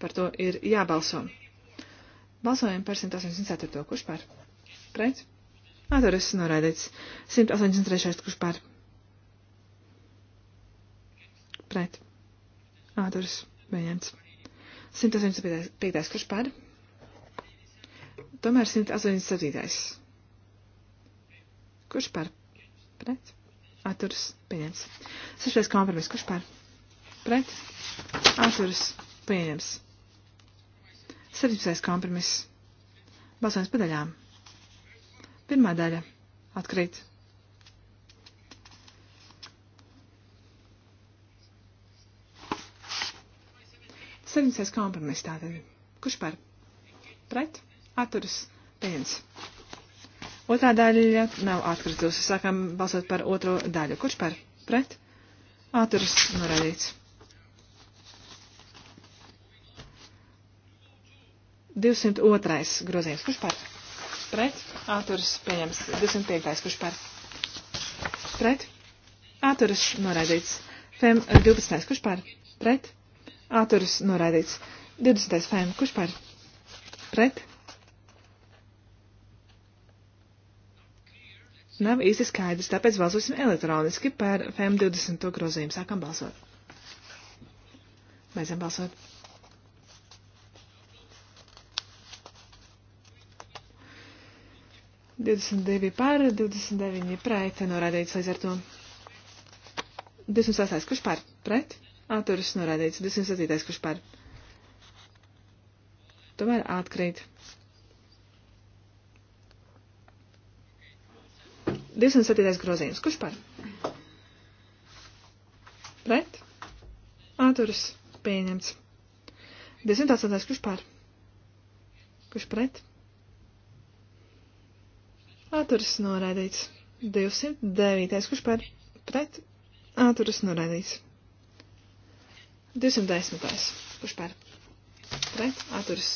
par to ir jābalso. Balsojam par 184. kurš par? Pret? Atturis noraidīts. 183. kurš par? Pret. Atturis pieņemts. 185. kurš par? Tomēr 187. Kurš par? Pret. Atturis pieņemts. 6. kompromiss. Kurš par? Pret. Atturis pieņemts. 17. kompromiss. Balsojums pa daļām. Pirmā daļa. Atkrīt. Seviņsies kompromiss tātad. Kurš par? Pret? Atturas. Pieņems. Otrā daļa nav atkritusi. Sākam balsot par otro daļu. Kurš par? Pret? Atturas. Norādīts. 202. grozījums. Kurš par? Pret. Atturas pieņems. 205. Kurš par? Pret. Atturas noraidīts. Fem 12. Eh, kurš par? Pret. Atturas noraidīts. 20. Fem. Kurš par? Pret. Nav īsti skaidrs, tāpēc balsosim elektroniski par FM 20. grozījumu. Sākam balsot. Beidzam balsot. 22 pār, 29 pret, norādīts līdz ar to. 28. kurš pār? Pret? Atturis norādīts. 27. kurš pār? Tomēr atkrīt. 27. grozījums. Kurš par? Pret? Atturis pieņemts. 28. kurš par? Kurš pret? Atturas noraidīts. 209. Kurš par? Pret. Atturas noraidīts. 210. Kurš par? Pret. Atturas.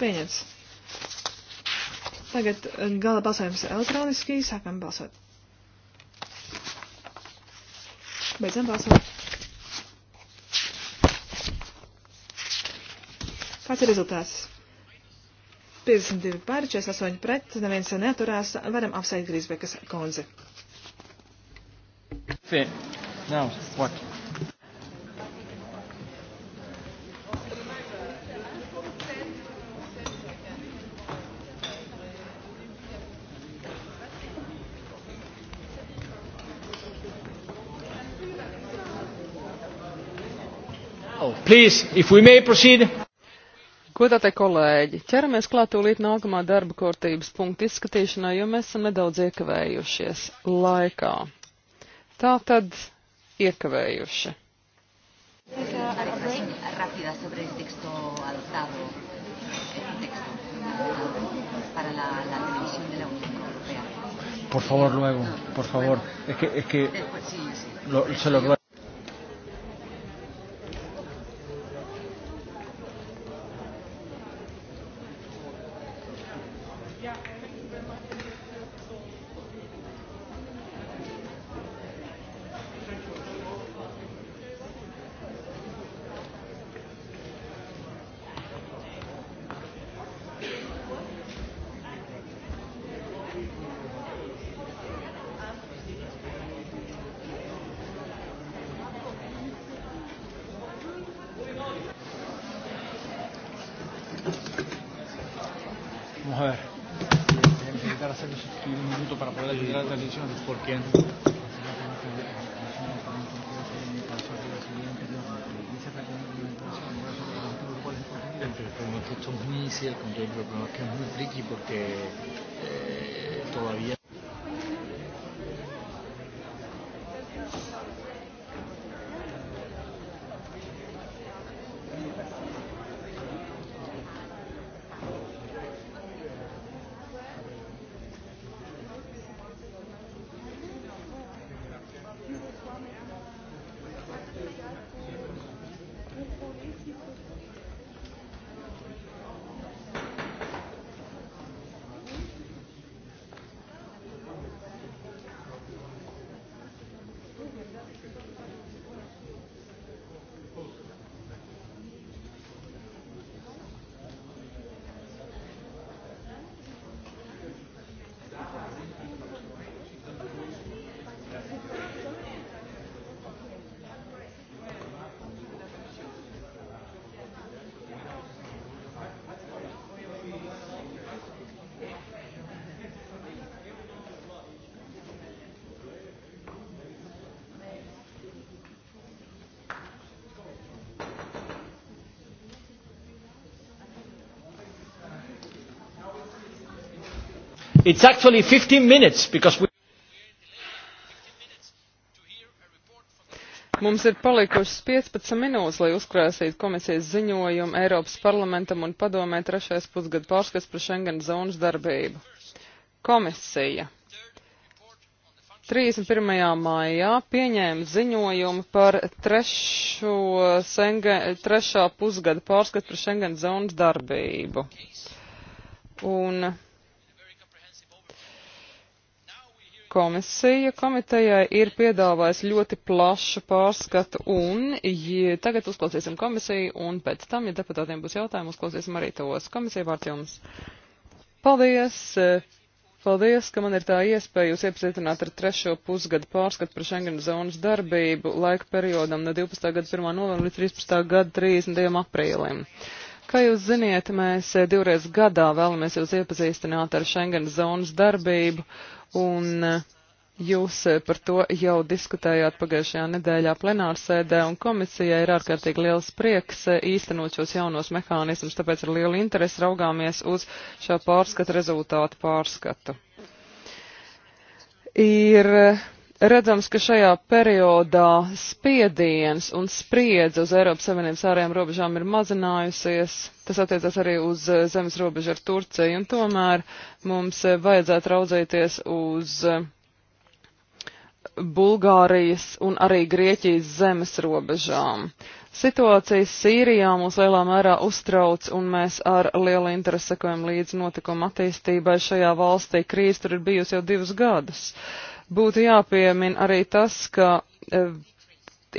Pieņemts. Tagad uh, gala balsojums elektroniski. Sākam balsot. Beidzam balsot. Kāds ir rezultāts? 52 pār, 48 pret, neviens neaturās, varam apsveikt Grīsbekas konzi. Now, what? Oh, please, if we may proceed. Ko tātad, kolēģi, ķeramies klāt tūlīt nākamā darba kārtības punkta izskatīšanai, jo mēs esam nedaudz iekavējušies laikā. Tā tad iekavējuši. Por favor, luego, por favor. Es que, es que lo, se lo ruego. It's actually 15 minutes because we Mums ir palikušas 15 minūtes, lai uzkrāsītu komisijas ziņojumu Eiropas parlamentam un padomē trešais pusgadu pārskats par Schengen zonas darbību. Komisija 31. maijā pieņēma ziņojumu par trešo Schengen, trešā pusgada pārskatu par Schengen zonas darbību. Un Komisija komitejai ir piedāvājusi ļoti plašu pārskatu un ja tagad uzklausīsim komisiju un pēc tam, ja deputātiem būs jautājumi, uzklausīsim arī tos. Komisija vārds jums. Paldies! Paldies, ka man ir tā iespēja jūs iepazīstināt ar trešo pusgadu pārskatu par Schengen zonas darbību laika periodam no 12. gada 1. novembra līdz 13. gada 30. aprīlim. Kā jūs ziniet, mēs divreiz gadā vēlamies jūs iepazīstināt ar Schengen zonas darbību un eh, jūs eh, par to jau diskutējāt pagājušajā nedēļā plenārsēdē, un komisijai ir ārkārtīgi liels prieks eh, īstenot šos jaunos mehānismus, tāpēc ar lielu interesi raugāmies uz šo pārskatu rezultātu pārskatu. Ir Redzams, ka šajā periodā spiediens un spriedze uz Eiropas Savienības ārējām robežām ir mazinājusies. Tas attiecas arī uz eh, zemes robežu ar Turciju, un tomēr mums eh, vajadzētu raudzīties uz eh, Bulgārijas un arī Grieķijas zemes robežām. Situācija Sīrijā mūs lielā mērā uztrauc, un mēs ar lielu interesi sekojam līdz notikuma attīstībai šajā valstī. Krīze tur ir bijusi jau divus gadus. Uh, Būtu jāpiemina arī tas, ka e,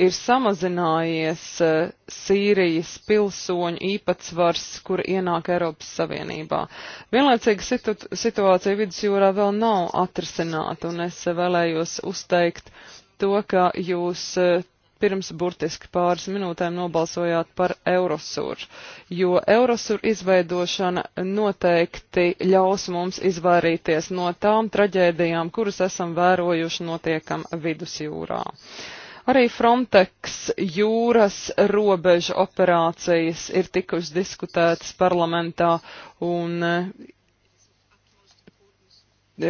ir samazinājies e, Sīrijas pilsoņu īpatsvars, kur ienāk Eiropas Savienībā. Vienlaicīgi situ situācija vidusjūrā vēl nav atrisināta, un es vēlējos uzteikt to, ka jūs e, pirms burtiski pāris minūtēm nobalsojāt par Eurosur, jo Eurosur izveidošana noteikti ļaus mums izvairīties no tām traģēdijām, kuras esam vērojuši notiekam vidusjūrā. Arī Frontex jūras robežu operācijas ir tikušas diskutētas parlamentā un e,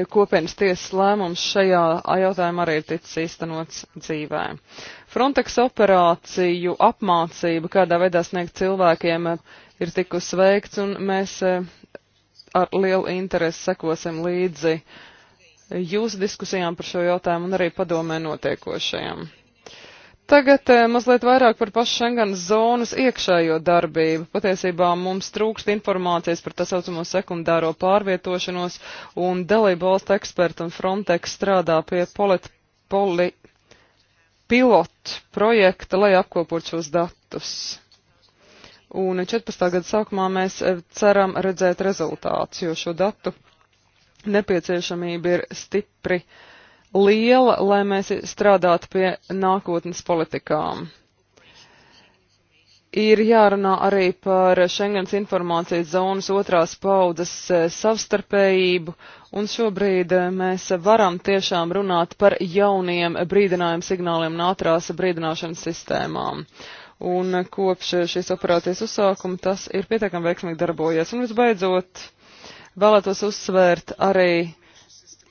kopienas tiesas lēmums šajā jautājumā arī ir ticis īstenots dzīvē. Frontex operāciju apmācība, kādā veidā sniegt cilvēkiem, eh, ir tikusi veikts, un mēs eh, ar lielu interesi sekosim līdzi jūsu diskusijām par šo jautājumu un arī padomē notiekošajam. Tagad eh, mazliet vairāk par pašu Schengenas zonas iekšējo darbību. Patiesībā mums trūkst informācijas par tā saucamo sekundāro pārvietošanos, un dalību valstu eksperti un Frontex strādā pie polit, poli, pilotu projekta, lai apkopot šos datus. Un 14. gada sākumā mēs eh, ceram redzēt rezultātus, jo šo datu nepieciešamība ir stipri liela, lai mēs strādātu pie nākotnes politikām ir jārunā arī par Schengens informācijas zonas otrās paudzes eh, savstarpējību, un šobrīd eh, mēs varam tiešām runāt par jauniem brīdinājumu signāliem un ātrās brīdināšanas sistēmām. Un eh, kopš šīs operācijas uzsākuma tas ir pietiekami veiksmīgi darbojies. Un visbeidzot, vēlētos uzsvērt arī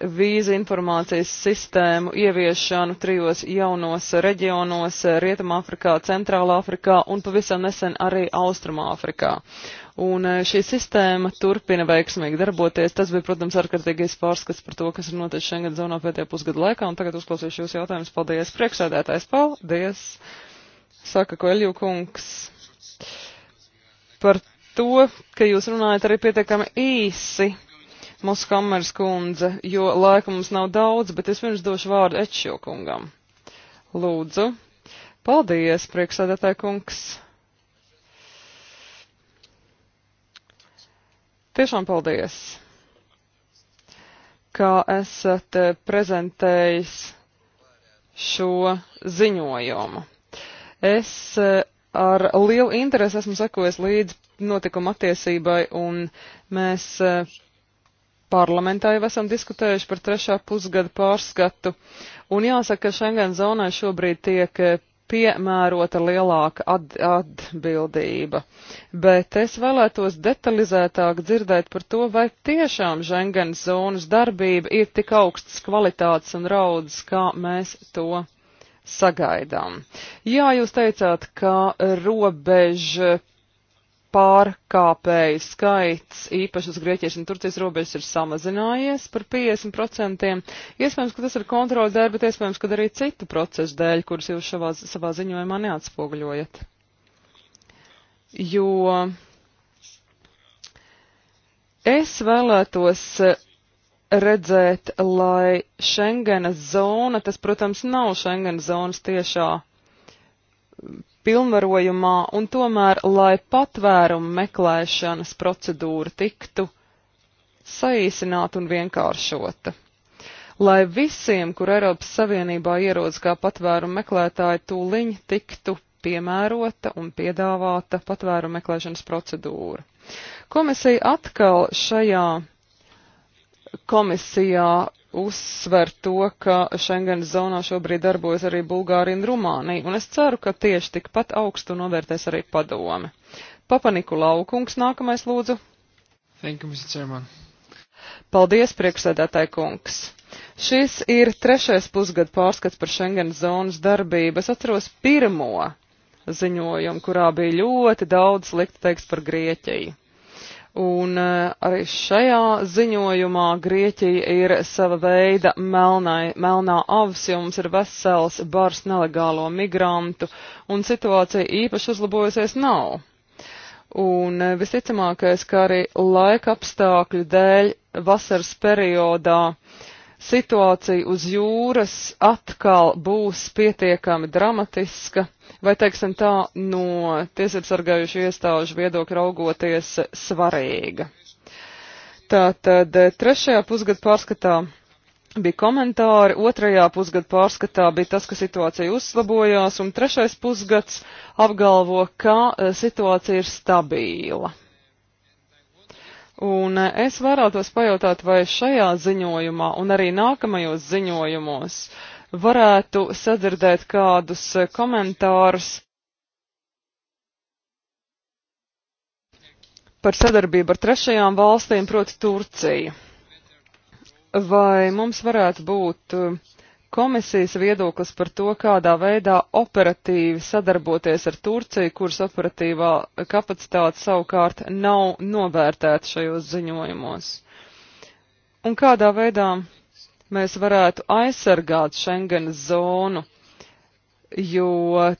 vīza informācijas sistēmu ieviešanu trijos jaunos reģionos - Rietumāfrikā, Centrālāfrikā un pavisam nesen arī Austrumāfrikā. Un e, šī sistēma turpina veiksmīgi darboties. Tas bija, protams, ārkārtīgais pārskats par to, kas ir noticis Schengen zonā pēdējā pusgada laikā, un tagad uzklausīšu jūs jautājumus. Paldies, priekšsēdētājs, paldies, saka Koeļu kungs, par to, ka jūs runājat arī pietiekami īsi mūsu kameras kundze, jo laika mums nav daudz, bet es pirms došu vārdu Ečio kungam. Lūdzu. Paldies, priekšsēdētāji kungs. Tiešām paldies, kā esat prezentējis šo ziņojumu. Es eh, ar lielu interesi esmu sekojis līdz notikuma attiesībai, un mēs eh, parlamentā jau esam diskutējuši par trešā pusgada pārskatu, un jāsaka, ka Schengen zonai šobrīd tiek eh, piemērota lielāka at atbildība, bet es vēlētos detalizētāk dzirdēt par to, vai tiešām Schengen zonas darbība ir tik augstas kvalitātes un raudzes, kā mēs to sagaidām. Jā, jūs teicāt, ka robeža pārkāpēju skaits īpaši uz Grieķijas un Turcijas robežas ir samazinājies par 50%. Iespējams, ka tas ir kontrola dēļ, bet iespējams, ka arī citu procesu dēļ, kurus jūs šavā, savā ziņojumā neatspoguļojat. Jo es vēlētos redzēt, lai Schengenas zona, tas, protams, nav Schengenas zonas tiešā pilnvarojumā, un tomēr, lai patvērumu meklēšanas procedūra tiktu saīsināta un vienkāršota. Lai visiem, kur Eiropas Savienībā ierodas kā patvērumu meklētāji, tūliņ tiktu piemērota un piedāvāta patvērumu meklēšanas procedūra. Komisija atkal šajā komisijā uzsver to, ka Schengenas zonā šobrīd darbojas arī Bulgārija un Rumānija, un es ceru, ka tieši tikpat augstu novērtēs arī padome. Papaniku laukungs nākamais lūdzu. Thank you, Mr. Chairman. Paldies, priekšsēdētāji kungs. Šis ir trešais pusgada pārskats par Schengenas zonas darbību. Es atceros pirmo ziņojumu, kurā bija ļoti daudz slikta teiks par Grieķiju. Un e, arī šajā ziņojumā Grieķija ir sava veida melnai, melnā avs, jo mums ir vesels bars nelegālo migrantu, un situācija īpaši uzlabojusies nav. Un e, visticamākais, ka arī laika apstākļu dēļ vasaras periodā uh, situācija uz jūras atkal būs pietiekami dramatiska, vai, teiksim tā, no tiesībsargājušu iestāžu viedokļa raugoties svarīga. Tātad eh, trešajā pusgada pārskatā bija komentāri, otrajā pusgada pārskatā bija tas, ka situācija uzlabojās, un trešais pusgads apgalvo, ka eh, situācija ir stabīla. Un eh, es vēlētos pajautāt, vai šajā ziņojumā un arī nākamajos ziņojumos varētu sadzirdēt kādus eh, komentārus par sadarbību ar trešajām valstīm, proti Turciju. Vai mums varētu būt uh, komisijas viedoklis par to, kādā veidā operatīvi sadarboties ar Turciju, kuras operatīvā kapacitāte savukārt nav novērtēta šajos ziņojumos. Un kādā veidā mēs varētu aizsargāt Schengenas zonu, jo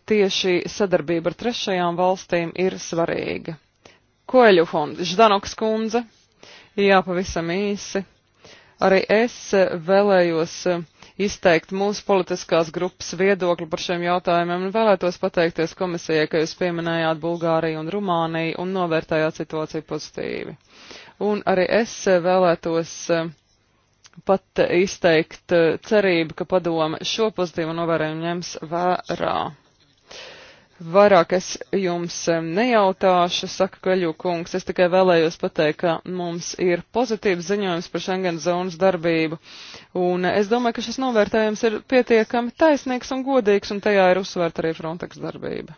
tieši sadarbība ar trešajām valstīm ir svarīga. Koeļu fonds, Ždanoks kundze, jā, pavisam īsi. Arī es vēlējos uh, izteikt mūsu politiskās grupas viedokli par šiem jautājumiem un vēlētos pateikties komisijai, ka jūs pieminējāt Bulgāriju un Rumāniju un novērtējāt situāciju pozitīvi. Un arī es vēlētos eh, pat izteikt eh, cerību, ka padome šo pozitīvu novērojumu ņems vērā. Vairāk es jums nejautāšu, saka Kaļu kungs, es tikai vēlējos pateikt, ka mums ir pozitīvs ziņojums par Schengen zonas darbību, un es domāju, ka šis novērtējums ir pietiekami taisnīgs un godīgs, un tajā ir uzsvērta arī Frontex darbība.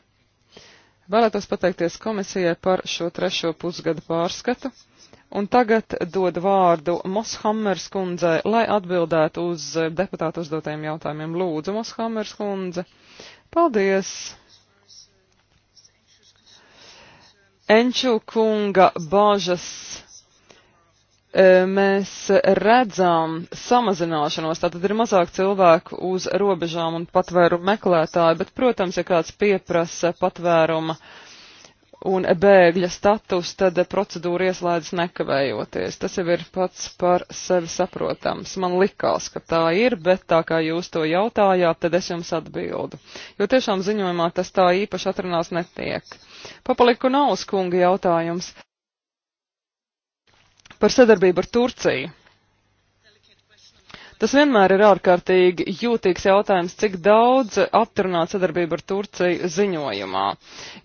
Vēlētos pateikties komisijai par šo trešo pusgada pārskatu, un tagad dod vārdu Moshammers kundzei, lai atbildētu uz eh, deputātu uzdotajiem jautājumiem. Lūdzu, Moshammers kundze, paldies! Enču kunga bāžas e, mēs redzam samazināšanos, tātad ir mazāk cilvēku uz robežām un patvērumu meklētāju, bet, protams, ja kāds pieprasa patvēruma un bēgļa status, tad procedūra ieslēdzas nekavējoties. Tas jau ir pats par sevi saprotams. Man likās, ka tā ir, bet tā kā jūs to jautājāt, tad es jums atbildu. Jo tiešām ziņojumā tas tā īpaši atrunās netiek. Papaliku Nauskunga jautājums par sadarbību ar Turciju. Tas vienmēr ir ārkārtīgi jūtīgs jautājums, cik daudz apturunāt sadarbību ar Turciju ziņojumā.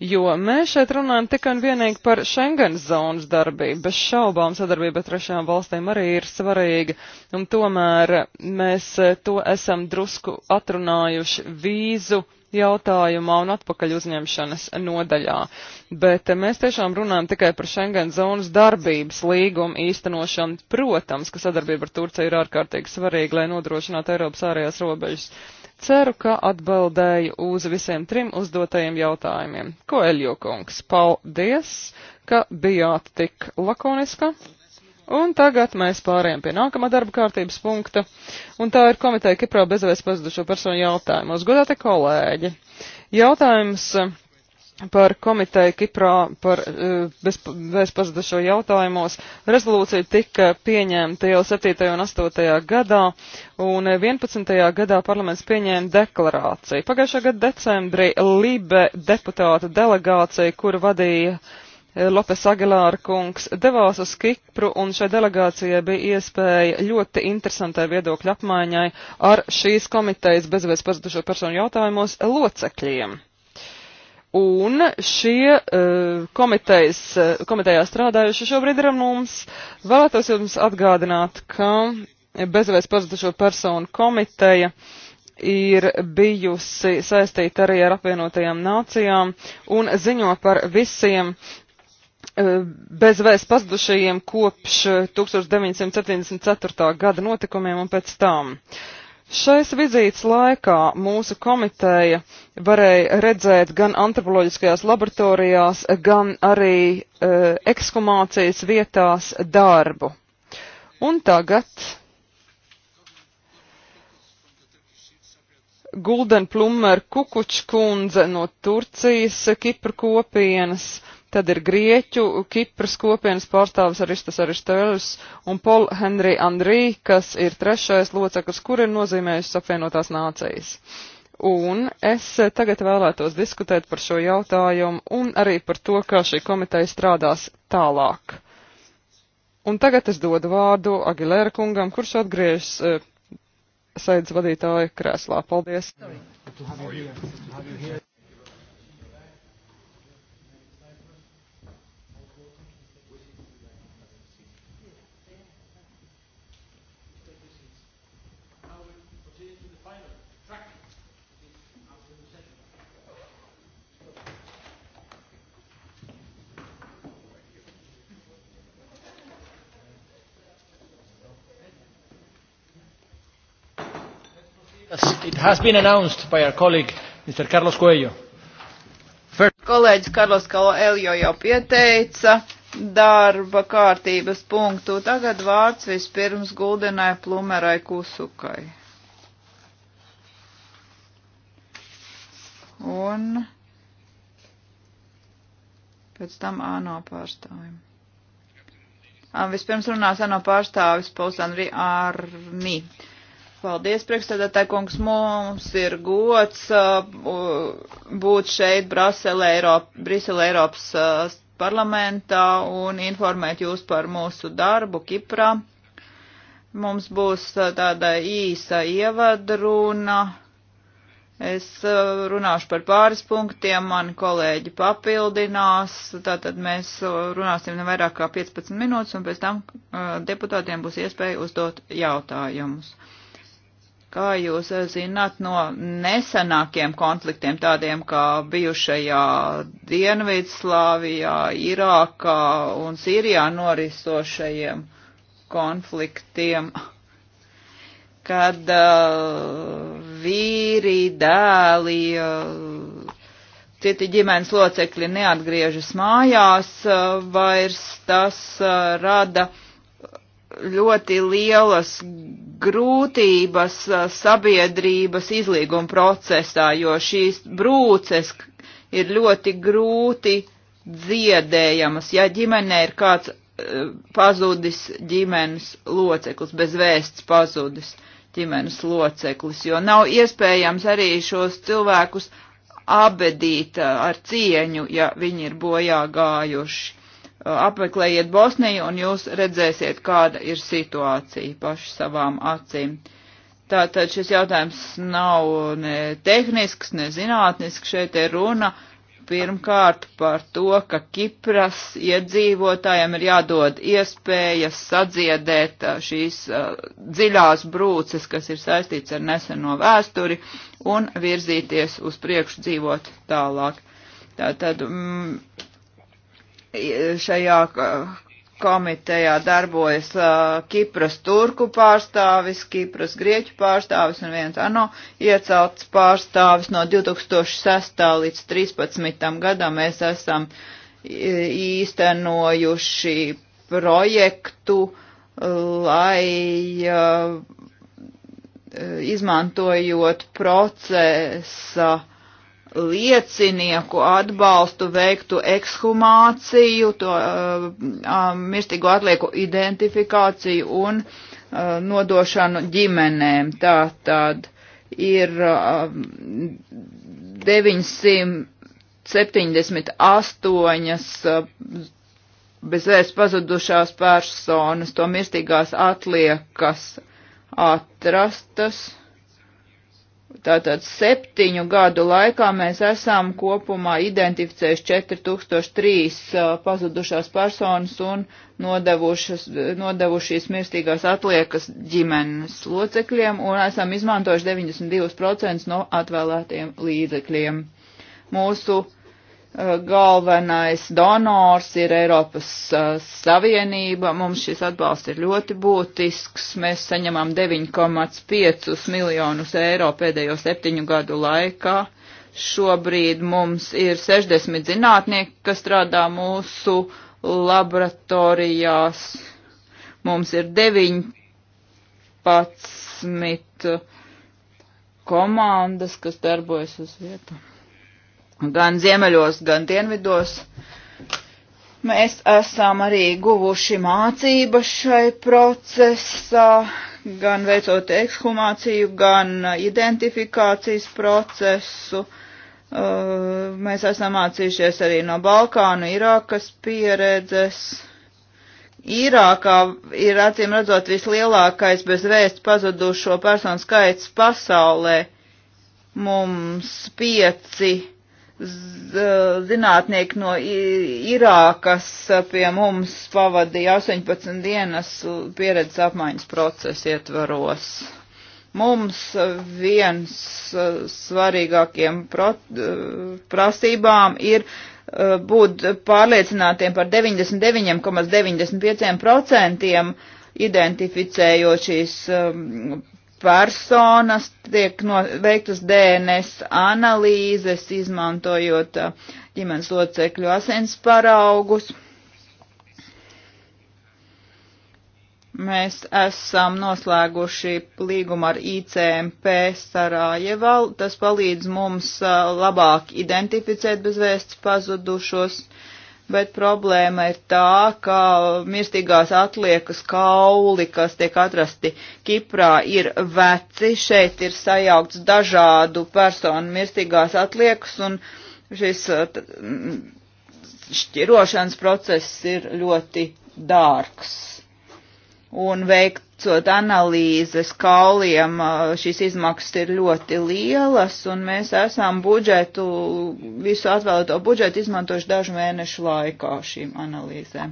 Jo mēs šeit runājam tikai un vienīgi par Schengen zonas darbību. Bez šaubām sadarbība ar trešajām valstīm arī ir svarīga, un tomēr mēs to esam drusku atrunājuši vīzu jautājumā un atpakaļ uzņemšanas nodaļā. Bet mēs tiešām runājam tikai par Schengen zonas darbības līgumu īstenošanu. Protams, ka sadarbība ar Turciju ir ārkārtīgi svarīga, lai nodrošinātu Eiropas ārējās robežas. Ceru, ka atbildēju uz visiem trim uzdotajiem jautājumiem. Ko Eljo kungs, paldies, ka bijāt tik lakoniska. Un tagad mēs pārējām pie nākamā darba kārtības punkta, un tā ir komiteja Kiprā bezvēs pazudušo personu jautājumos. Godāte kolēģi, jautājums eh, par komiteju Kiprā par eh, bezvēs pazudušo jautājumos. Rezolūcija tika pieņemta jau 7. un 8. gadā, un 11. gadā parlaments pieņēma deklarāciju. Pagājušā gada decembrī Libe deputāta delegācija, kuru vadīja Eh, Lopes Agilāra kungs devās uz Kipru, un šai delegācijai bija iespēja ļoti interesantai viedokļu apmaiņai ar šīs komitejas bezvēs pazudušo personu jautājumos locekļiem. Un šie uh, komitejas, eh, komitejā strādājuši šobrīd ir mums. Vēlētos jums atgādināt, ka bezvēs pazudušo personu komiteja ir bijusi saistīta arī ar apvienotajām nācijām un ziņo par visiem bezvēs pazudušajiem kopš 1974. gada notikumiem un pēc tam. Šais vizītes laikā mūsu komiteja varēja redzēt gan antropoloģiskajās laboratorijās, gan arī uh, ekskumācijas vietās darbu. Un tagad Gulden Plummer Kukučkundze no Turcijas Kipru kopienas uh, Tad ir Grieķu, Kipras kopienas pārstāvis Aristas Aristoelis un Pol Henry Andrī, kas ir trešais loceklis, kur ir nozīmējušas apvienotās nācijas. Un es tagad vēlētos diskutēt par šo jautājumu un arī par to, kā šī komiteja strādās tālāk. Un tagad es dodu vārdu Agilēra kungam, kurš atgriežas e, eh, saidz vadītāja krēslā. Paldies! Sorry. It has been announced by our colleague, Mr. Carlos Coelho. First... Kolēģis Karlos Kaleljo jau pieteica darba kārtības punktu. Tagad vārds vispirms Guldenai Plumerai Kusukai. Un pēc tam āno pārstāvim. Vispirms runās āno pārstāvis Pauls Andri Arni. Ar Paldies, priekšstādātāji kungs, mums ir gods uh, būt šeit Brasele, Eiropa, Brisele Eiropas uh, parlamentā un informēt jūs par mūsu darbu Kiprā. Mums būs uh, tāda īsa ievadruna. Es runāšu par pāris punktiem, mani kolēģi papildinās, tātad mēs runāsim ne vairāk kā 15 minūtes, un pēc tam deputātiem būs iespēja uzdot jautājumus. Kā jūs eh, zināt no nesenākiem konfliktiem, tādiem kā bijušajā Dienvidslāvijā, Irākā un Sīrijā norisošajiem konfliktiem, kad uh, vīri, dēli, uh, citi ģimenes locekļi neatgriežas mājās, uh, vairs tas uh, rada uh, ļoti lielas grūtības sabiedrības izlīguma procesā, jo šīs brūces ir ļoti grūti dziedējamas, ja ģimenē ir kāds e, pazudis ģimenes loceklis, bez vēsts pazudis ģimenes loceklis, jo nav iespējams arī šos cilvēkus abedīt ar cieņu, ja viņi ir bojā gājuši apmeklējiet Bosniju un jūs redzēsiet, kāda ir situācija paši savām acīm. Tātad šis jautājums nav ne tehnisks, ne zinātnisks, šeit ir runa pirmkārt par to, ka Kipras iedzīvotājiem ir jādod iespējas sadziedēt uh, šīs uh, dziļās brūces, kas ir saistīts ar neseno vēsturi, un virzīties uz priekšu dzīvot tālāk. Tātad mm, šajā komitejā darbojas Kipras turku pārstāvis, Kipras grieķu pārstāvis un viens ANO iecelts pārstāvis no 2006. līdz 2013. gadam. Mēs esam īstenojuši projektu, lai izmantojot procesa liecinieku atbalstu veiktu ekshumāciju, to uh, mirstīgo atlieku identifikāciju un uh, nodošanu ģimenēm. Tā tad ir uh, 978 bezvēst pazudušās personas, to mirstīgās atliekas atrastas Tātad septiņu gadu laikā mēs esam kopumā identificējuši 4003 pazudušās personas un nodevuši šīs mirstīgās atliekas ģimenes locekļiem un esam izmantojuši 92% no atvēlētiem līdzekļiem. Mūsu uh, Eh, galvenais donors ir Eiropas eh, Savienība. Mums šis atbalsts ir ļoti būtisks. Mēs saņemam 9,5 miljonus eiro pēdējo septiņu gadu laikā. Šobrīd mums ir 60 zinātnieki, kas strādā mūsu laboratorijās. Mums ir 19 komandas, kas darbojas uz vietām gan ziemeļos, gan dienvidos. Mēs esam arī guvuši mācības šai procesā, gan veicot ekshumāciju, gan identifikācijas procesu. Uh, mēs esam mācījušies arī no Balkānu, Irākas pieredzes. Irākā ir acīm redzot vislielākais bez vēsts pazudušo personu skaits pasaulē. Mums pieci zinātnieki no Irākas uh, pie mums pavadīja 18 dienas uh, pieredzes apmaiņas procesa ietvaros. Mums uh, viens svarīgākiem prasībām ir būt pārliecinātiem par 99,95% identificējot šīs um, personas, tiek no, veiktas DNS analīzes, izmantojot uh, ģimenes locekļu asins paraugus. Mēs esam noslēguši līgumu ar ICMP Sarajevā. Tas palīdz mums uh, labāk identificēt bezvēsts pazudušos bet problēma ir tā, ka mirstīgās atliekas kauli, kas tiek atrasti Kiprā, ir veci. Šeit ir sajaukts dažādu personu mirstīgās atliekas, un šis uh, mm, šķirošanas process ir ļoti dārgs. Un veikt veicot analīzes kauliem, šīs izmaksas ir ļoti lielas, un mēs esam budžetu, visu atvēlēto budžetu izmantojuši dažu mēnešu laikā šīm analīzēm.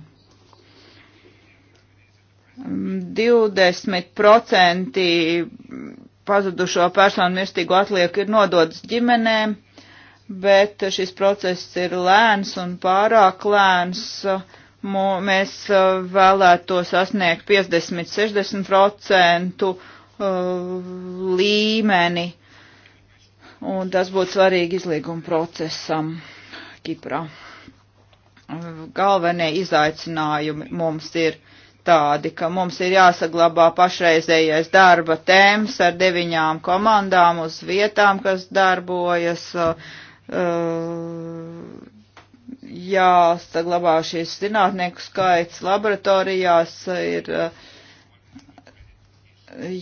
20% pazudušo personu mirstīgo atlieku ir nododas ģimenēm, bet šis process ir lēns un pārāk lēns. Uh, mēs uh, vēlētos sasniegt 50-60% uh, līmeni, un tas būtu svarīgi izlīguma procesam Kiprā. Galvenie izaicinājumi mums ir tādi, ka mums ir jāsaglabā pašreizējais darba tēms ar deviņām komandām uz vietām, kas darbojas. Uh, jāsaglabā šīs zinātnieku skaits laboratorijās, ir eh,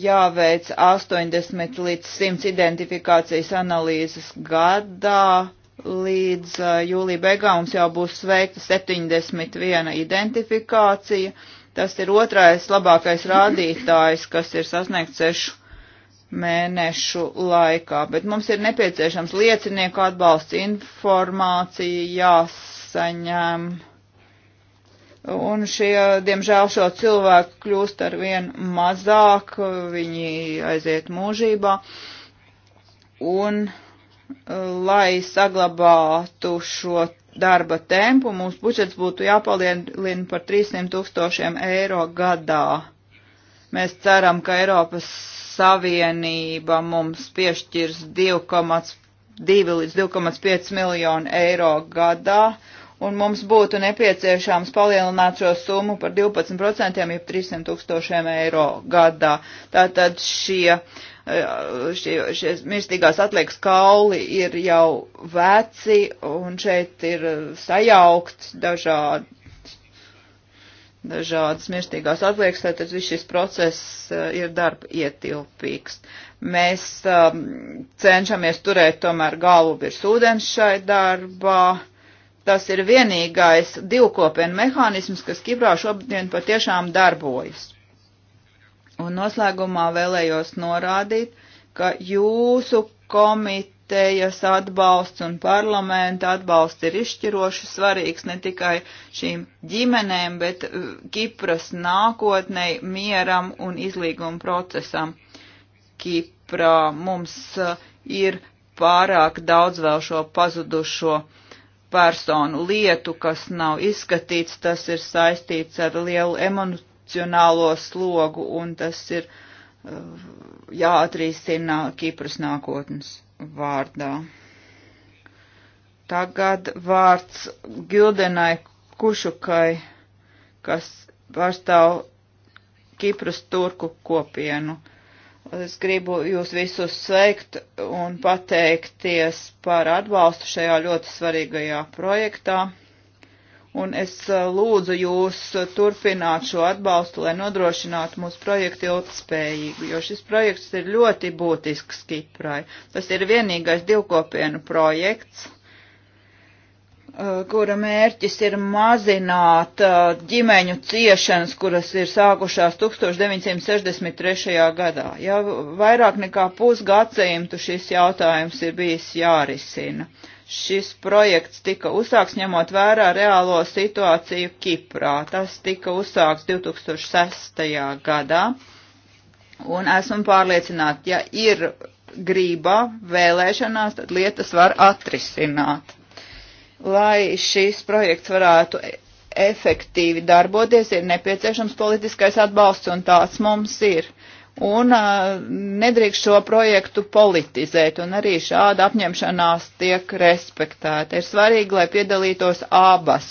jāveic 80 līdz 100 identifikācijas analīzes gadā. Līdz eh, jūlija beigām mums jau būs sveikta 71 identifikācija. Tas ir otrais labākais rādītājs, kas ir sasniegts sešu mēnešu laikā, bet mums ir nepieciešams liecinieku atbalsts, informācija, jās jāsaņem. Un šie, diemžēl, šo cilvēku kļūst ar vien mazāk, viņi aiziet mūžībā. Un, lai saglabātu šo darba tempu, mūsu budžets būtu jāpalielina par 300 tūkstošiem eiro gadā. Mēs ceram, ka Eiropas Savienība mums piešķirs 2,2 līdz 2,5 miljonu eiro gadā un mums būtu nepieciešams palielināt šo summu par 12%, jeb 300 tūkstošiem eiro gadā. Tātad šie, eh, šie, šie mirstīgās atliekas kauli ir jau veci, un šeit ir sajaukts dažādi dažādas mirstīgās atliekas, tātad viss šis process eh, ir darba ietilpīgs. Mēs um, cenšamies turēt tomēr galvu virs ūdens šai darbā Tas ir vienīgais divkopienu mehānisms, kas Kiprā šobrīd patiešām darbojas. Un noslēgumā vēlējos norādīt, ka jūsu komitejas atbalsts un parlamenta atbalsts ir izšķiroši svarīgs ne tikai šīm ģimenēm, bet uh, Kipras nākotnei, mieram un izlīguma procesam. Kiprā mums uh, ir pārāk daudz vēl šo pazudušo personu lietu, kas nav izskatīts, tas ir saistīts ar lielu emocionālo slogu un tas ir uh, jāatrīstina Kipras nākotnes vārdā. Tagad vārds Gildenai Kušukai, kas pārstāv Kipras turku kopienu. Uh, Es gribu jūs visus sveikt un pateikties par atbalstu šajā ļoti svarīgajā projektā. Un es eh, lūdzu jūs turpināt šo atbalstu, lai nodrošinātu mūsu projektu ilgspējīgu, jo šis projekts ir ļoti būtisks Kiprai. Tas ir vienīgais divkopienu projekts Eh, kura mērķis ir mazināt eh, ģimeņu ciešanas, kuras ir sākušās 1963. gadā. Ja vairāk nekā pusgadsimtu šis jautājums ir bijis jārisina. Šis projekts tika uzsāks ņemot vērā reālo situāciju Kiprā. Tas tika uzsāks 2006. gadā. Un esmu pārliecināta, ja ir grība, vēlēšanās, tad lietas var atrisināt lai šis projekts varētu e- efektīvi darboties, ir nepieciešams politiskais atbalsts, un tāds mums ir. Un uh, nedrīkst šo projektu politizēt, un arī šāda apņemšanās tiek respektēta. Ir svarīgi, lai piedalītos abas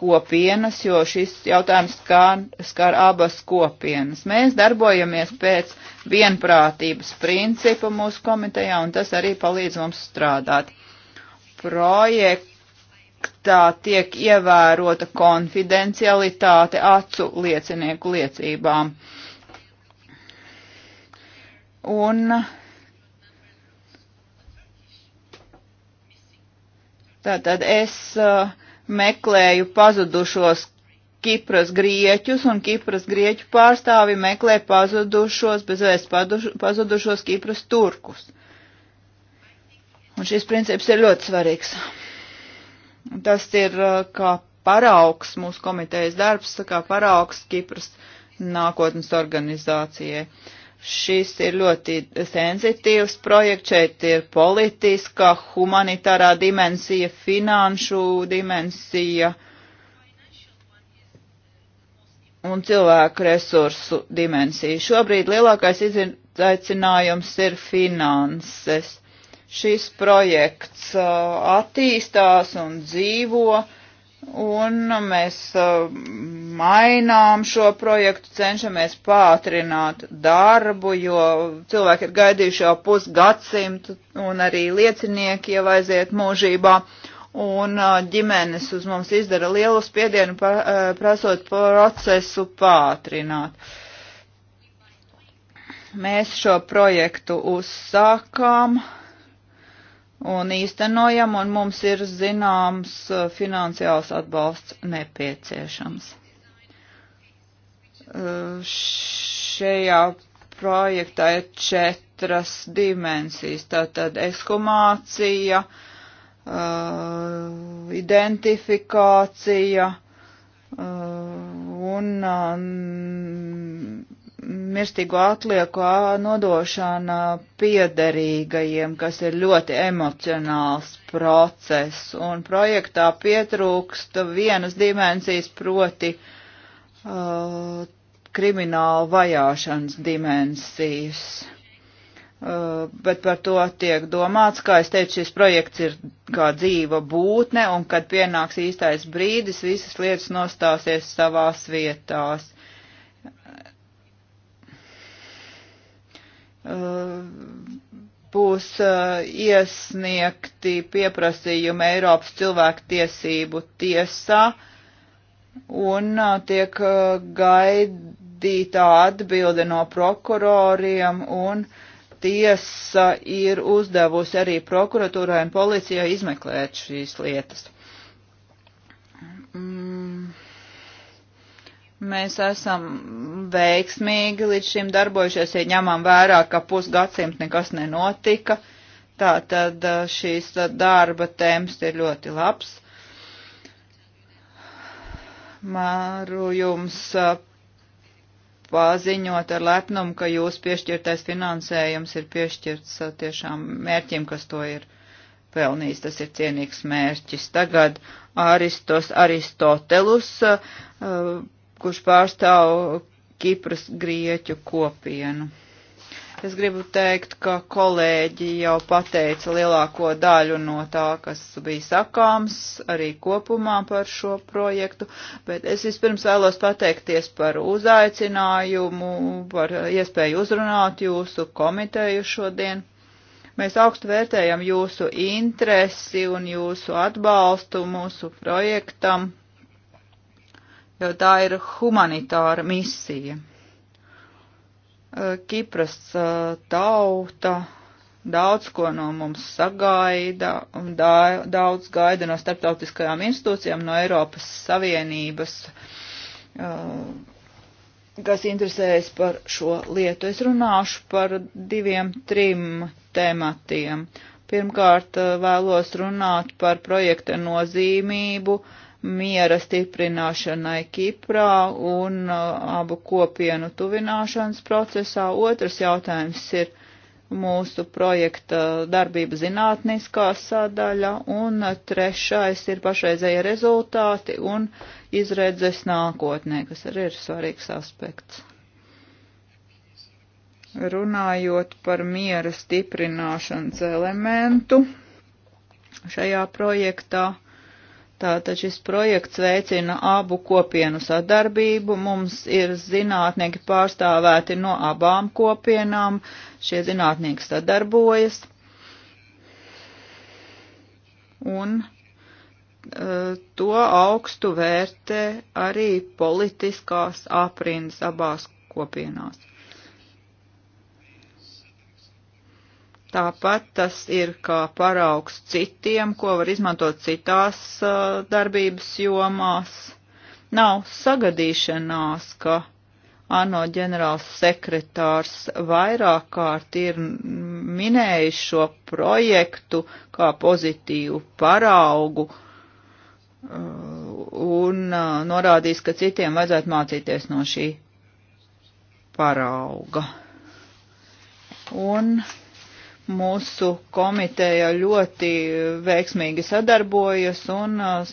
kopienas, jo šis jautājums skar, skar abas kopienas. Mēs darbojamies pēc vienprātības principa mūsu komitejā, un tas arī palīdz mums strādāt projektā tiek ievērota konfidencialitāte acu liecinieku liecībām. Un tātad es uh, meklēju pazudušos Kipras grieķus un Kipras grieķu pārstāvi meklē pazudušos, bezvēst pazudušos Kipras turkus. Un šis princips ir ļoti svarīgs. Tas ir uh, kā paraugs mūsu komitejas darbs, kā paraugs Kipras nākotnes organizācijai. Šis ir ļoti sensitīvs projekts, šeit ir politiskā, humanitārā dimensija, finanšu dimensija un cilvēku resursu dimensija. Šobrīd lielākais izaicinājums ir finanses šis projekts uh, attīstās un dzīvo, un mēs uh, mainām šo projektu, cenšamies pātrināt darbu, jo cilvēki ir gaidījuši jau pusgadsimtu, un arī liecinieki jau aiziet mūžībā, un uh, ģimenes uz mums izdara lielu spiedienu, prasot procesu pātrināt. Mēs šo projektu uzsākām. Uh, un īstenojam, un mums ir zināms eh, finansiāls atbalsts nepieciešams. Eh, šajā projektā ir četras dimensijas, tātad ekshumācija, eh, identifikācija un mm, mirstīgo atlieku nodošana piederīgajiem, kas ir ļoti emocionāls process, un projektā pietrūkst vienas dimensijas, proti uh, krimināla vajāšanas dimensijas. Uh, bet par to tiek domāts, kā es teicu, šis projekts ir kā dzīva būtne, un kad pienāks īstais brīdis, visas lietas nostāsies savās vietās. Uh, būs uh, iesniegti pieprasījumi Eiropas cilvēktiesību tiesā un uh, tiek gaidītā atbilde no prokuroriem un tiesa ir uzdevusi arī prokuratūrai un policijai izmeklēt šīs lietas. Mm Mēs esam veiksmīgi līdz šim darbojušies, ja ņemam vērā, ka pusgadsimt nekas nenotika. Tātad eh, šīs darba tēmas ir ļoti labs. Māru jums eh, paziņot ar lepnumu, ka jūs piešķirtais finansējums ir piešķirts eh, tiešām mērķim, kas to ir pelnījis, tas ir cienīgs mērķis. Tagad Aristos Aristotelus uh, kurš pārstāv Kipras grieķu kopienu. Es gribu teikt, ka kolēģi jau pateica lielāko daļu no tā, kas bija sakāms arī kopumā par šo projektu, bet es vispirms vēlos pateikties par uzaicinājumu, par iespēju uzrunāt jūsu komiteju šodien. Mēs augstu vērtējam jūsu interesi un jūsu atbalstu mūsu projektam jo tā ir humanitāra misija. Kipras tauta daudz ko no mums sagaida un daudz gaida no starptautiskajām institūcijām, no Eiropas Savienības, kas interesējas par šo lietu. Es runāšu par diviem, trim tematiem. Pirmkārt, vēlos runāt par projekta nozīmību, uh, miera stiprināšanai Kiprā un uh, abu kopienu tuvināšanas procesā. Otrs jautājums ir mūsu projekta darbība zinātniskā sadaļa, un uh, trešais ir pašreizēja rezultāti un izredzes nākotnē, kas arī ir svarīgs aspekts. Runājot par miera stiprināšanas elementu šajā projektā, uh, Tātad šis projekts veicina abu kopienu sadarbību. Mums ir zinātnieki pārstāvēti no abām kopienām. Šie zinātnieki sadarbojas. Un uh, to augstu vērtē arī politiskās aprindas abās kopienās. Tāpat tas ir kā paraugs citiem, ko var izmantot citās uh, darbības jomās. Nav sagadīšanās, ka ANO ģenerāls sekretārs vairāk kārt ir minējis šo projektu kā pozitīvu paraugu uh, un uh, norādījis, ka citiem vajadzētu mācīties no šī parauga. Un mūsu komiteja ļoti veiksmīgi sadarbojas un uh,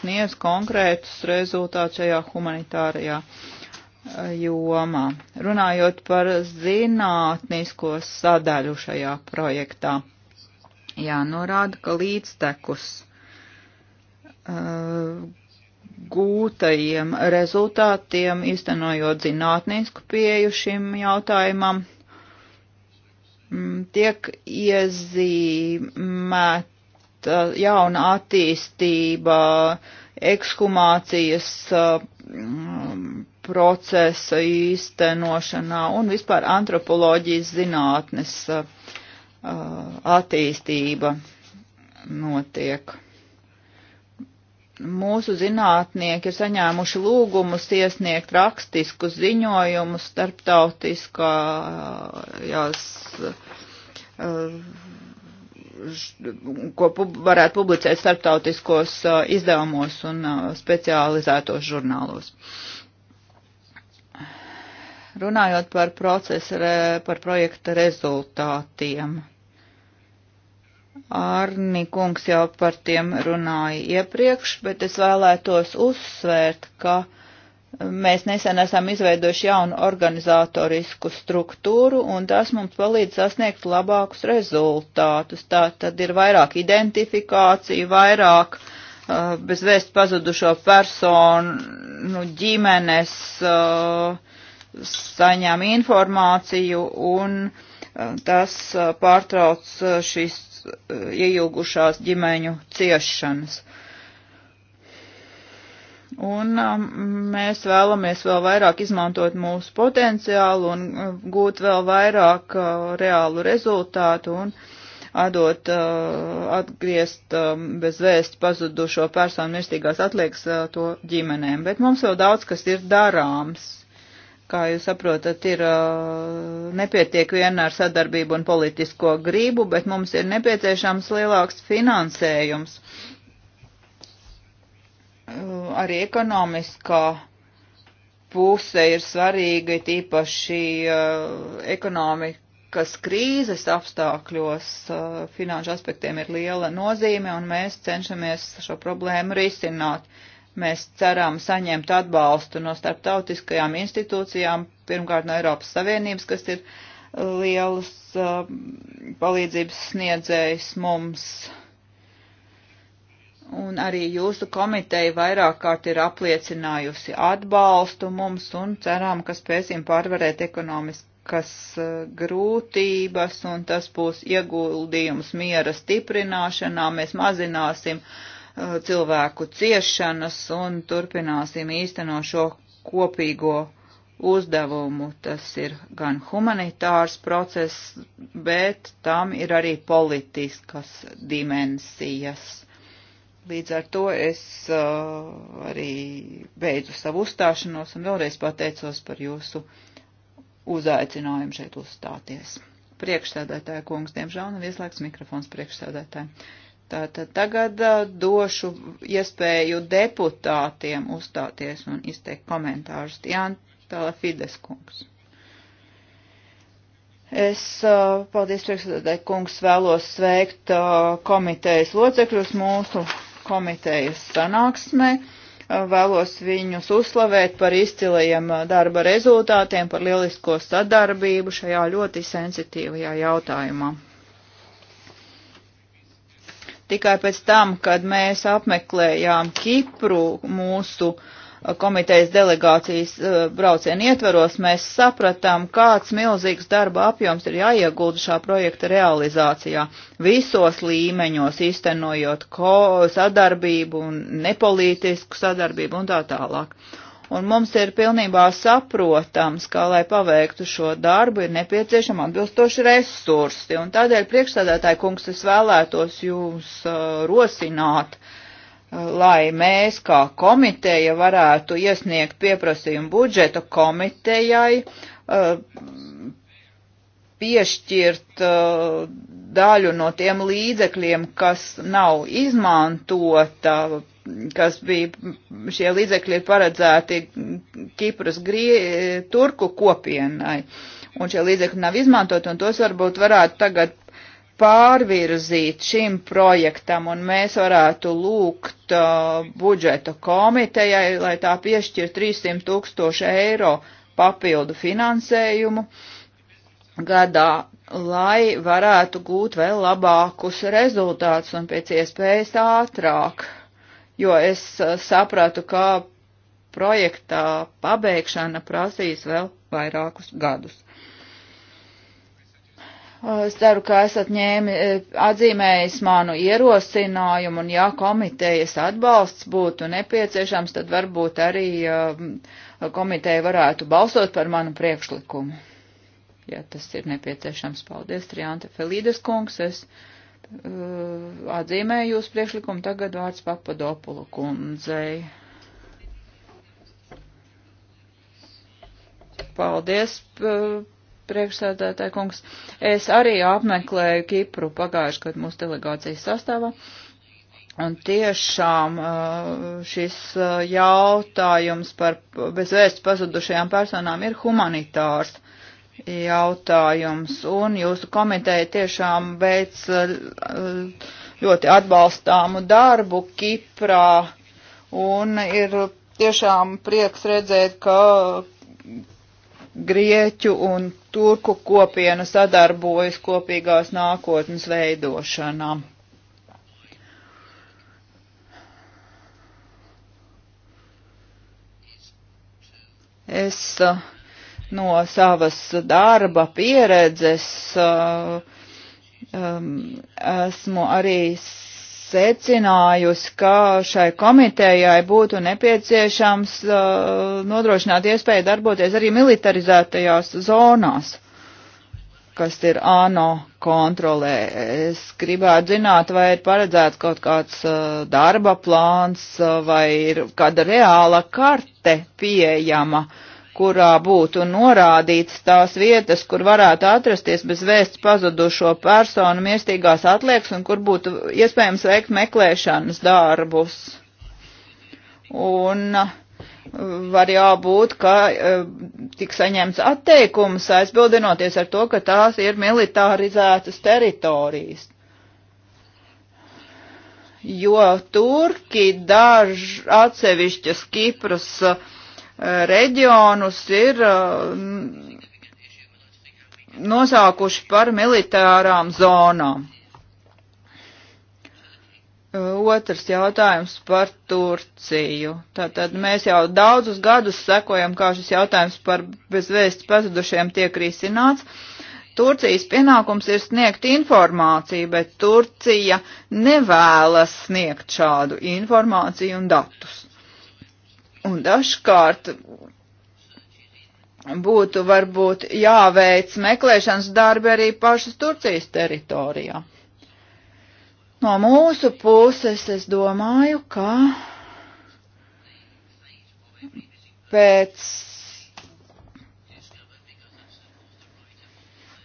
sniedz konkrētus rezultātus šajā humanitārajā uh, jomā. Runājot par zinātnisko sadaļu šajā projektā, jānorāda, ka līdztekus uh, gūtajiem rezultātiem, iztenojot zinātnisku pieju šim jautājumam, Mm, tiek iezīmēta jauna attīstība, ekshumācijas mm, procesa īstenošanā un vispār antropoloģijas zinātnes uh, attīstība notiek mūsu zinātnieki ir saņēmuši lūgumus iesniegt rakstiskus ziņojumus starptautiskās, eh, ko pub varētu publicēt starptautiskos eh, izdevumos un eh, specializētos žurnālos. Runājot par procesa, par projekta rezultātiem. Arni kungs jau par tiem runāja iepriekš, bet es vēlētos uzsvērt, ka mēs nesen esam izveidojuši jaunu organizatorisku struktūru, un tas mums palīdz sasniegt labākus rezultātus. Tā tad ir vairāk identifikācija, vairāk uh, bezvēst pazudušo personu ģimenes uh, saņem informāciju un uh, tas uh, pārtrauc uh, šīs Eh, ieilgušās ģimeņu ciešanas. Un um, mēs vēlamies vēl vairāk izmantot mūsu potenciālu un eh, gūt vēl vairāk eh, reālu rezultātu un atdot, atgriezt um, bez vēsts pazudušo personu mirstīgās atliekas to ģimenēm. Bet mums vēl daudz kas ir darāms kā jūs saprotat, ir nepietiek vien ar sadarbību un politisko gribu, bet mums ir nepieciešams lielāks finansējums. Arī ekonomiskā puse ir svarīga, tīpaši ekonomikas krīzes apstākļos finanšu aspektiem ir liela nozīme, un mēs cenšamies šo problēmu risināt. Uh, Mēs ceram saņemt atbalstu no starptautiskajām institūcijām, pirmkārt no Eiropas Savienības, kas ir liels uh, palīdzības sniedzējs mums. Un arī jūsu komiteja vairāk kārt ir apliecinājusi atbalstu mums un ceram, ka spēsim pārvarēt ekonomiskas uh, grūtības un tas būs ieguldījums miera stiprināšanā. Mēs mazināsim uh, Uh, cilvēku ciešanas un turpināsim īsteno šo kopīgo uzdevumu. Tas ir gan humanitārs process, bet tam ir arī politiskas dimensijas. Līdz ar to es uh, arī beidzu savu uzstāšanos un vēlreiz pateicos par jūsu uzaicinājumu šeit uzstāties. Priekšsēdētāja kungs, diemžēl nav ieslēgts mikrofons priekšsēdētājai. Tātad tagad uh, došu iespēju deputātiem uzstāties un izteikt komentārus. Jāntala Fides kungs. Es, uh, paldies priekšsēdētāji kungs, vēlos sveikt uh, komitejas locekļus mūsu komitejas sanāksmē. Vēlos viņus uzslavēt par izcilajiem darba rezultātiem, par lielisko sadarbību šajā ļoti sensitīvajā jautājumā. Tikai pēc tam, kad mēs apmeklējām Kipru mūsu uh, komitejas delegācijas uh, braucienu ietveros, mēs sapratām, kāds milzīgs darba apjoms ir jāiegulda šā projekta realizācijā. Visos līmeņos īstenojot ko, sadarbību un nepolitisku sadarbību un tā tālāk. Uh, un mums ir pilnībā saprotams, ka, lai paveiktu šo darbu, ir nepieciešama atbilstoši resursi, un tādēļ priekšstādātāji kungs es vēlētos jūs uh, rosināt, uh, lai mēs kā komiteja varētu iesniegt pieprasījumu budžeta komitejai, uh, piešķirt uh, daļu no tiem līdzekļiem, kas nav izmantota kas bija, šie līdzekļi ir paredzēti Kipras grie, turku kopienai, un šie līdzekļi nav izmantot, un tos varbūt varētu tagad pārvirzīt šim projektam, un mēs varētu lūgt uh, budžeta komitejai, lai tā piešķir 300 tūkstoši eiro papildu finansējumu gadā, lai varētu gūt vēl labākus rezultātus un pēc iespējas ātrāk jo es eh, sapratu, ka projektā pabeigšana prasīs vēl vairākus gadus. Eh, es ceru, ka esat ņēmi, eh, atzīmējis manu ierosinājumu, un ja komitejas atbalsts būtu nepieciešams, tad varbūt arī komiteja varētu balsot par manu priekšlikumu. Ja tas ir nepieciešams, paldies, Triante Felīdes kungs, es Uh, atzīmēju jūs priekšlikumu, tagad vārds Papadopulu kundzei. Paldies, priekšsēdētāji kungs. Es arī apmeklēju Kipru pagājuši, kad mūsu delegācijas sastāvā. Un tiešām uh, šis uh, jautājums par bezvēsts pazudušajām personām ir humanitārs jautājums, un jūsu komiteja tiešām veic eh, ļoti atbalstāmu darbu Kiprā, un ir tiešām prieks redzēt, ka Grieķu un Turku kopiena sadarbojas kopīgās nākotnes veidošanā. Es uh, no savas darba pieredzes uh, um, esmu arī secinājusi, ka šai komitejai būtu nepieciešams uh, nodrošināt iespēju darboties arī militarizētajās zonās kas ir ANO kontrolē. Es gribētu zināt, vai ir paredzēts kaut kāds uh, darba plāns, uh, vai ir kāda reāla karte pieejama, kurā būtu norādīts tās vietas, kur varētu atrasties bez vēsts pazudušo personu mirstīgās atlieks un kur būtu iespējams veikt meklēšanas darbus. Un uh, var jābūt, ka uh, tik saņemts atteikums aizbildinoties ar to, ka tās ir militarizētas teritorijas jo Turki daž atsevišķas Kipras uh, reģionus ir uh, nosaukuši par militārām zonām. Uh, otrs jautājums par Turciju. Tātad mēs jau daudzus gadus sekojam, kā šis jautājums par bezvēsts pazudušiem tiek risināts. Turcijas pienākums ir sniegt informāciju, bet Turcija nevēlas sniegt šādu informāciju un datus. Un dažkārt būtu varbūt jāveic meklēšanas darbi arī pašas Turcijas teritorijā. No mūsu puses es domāju, ka pēc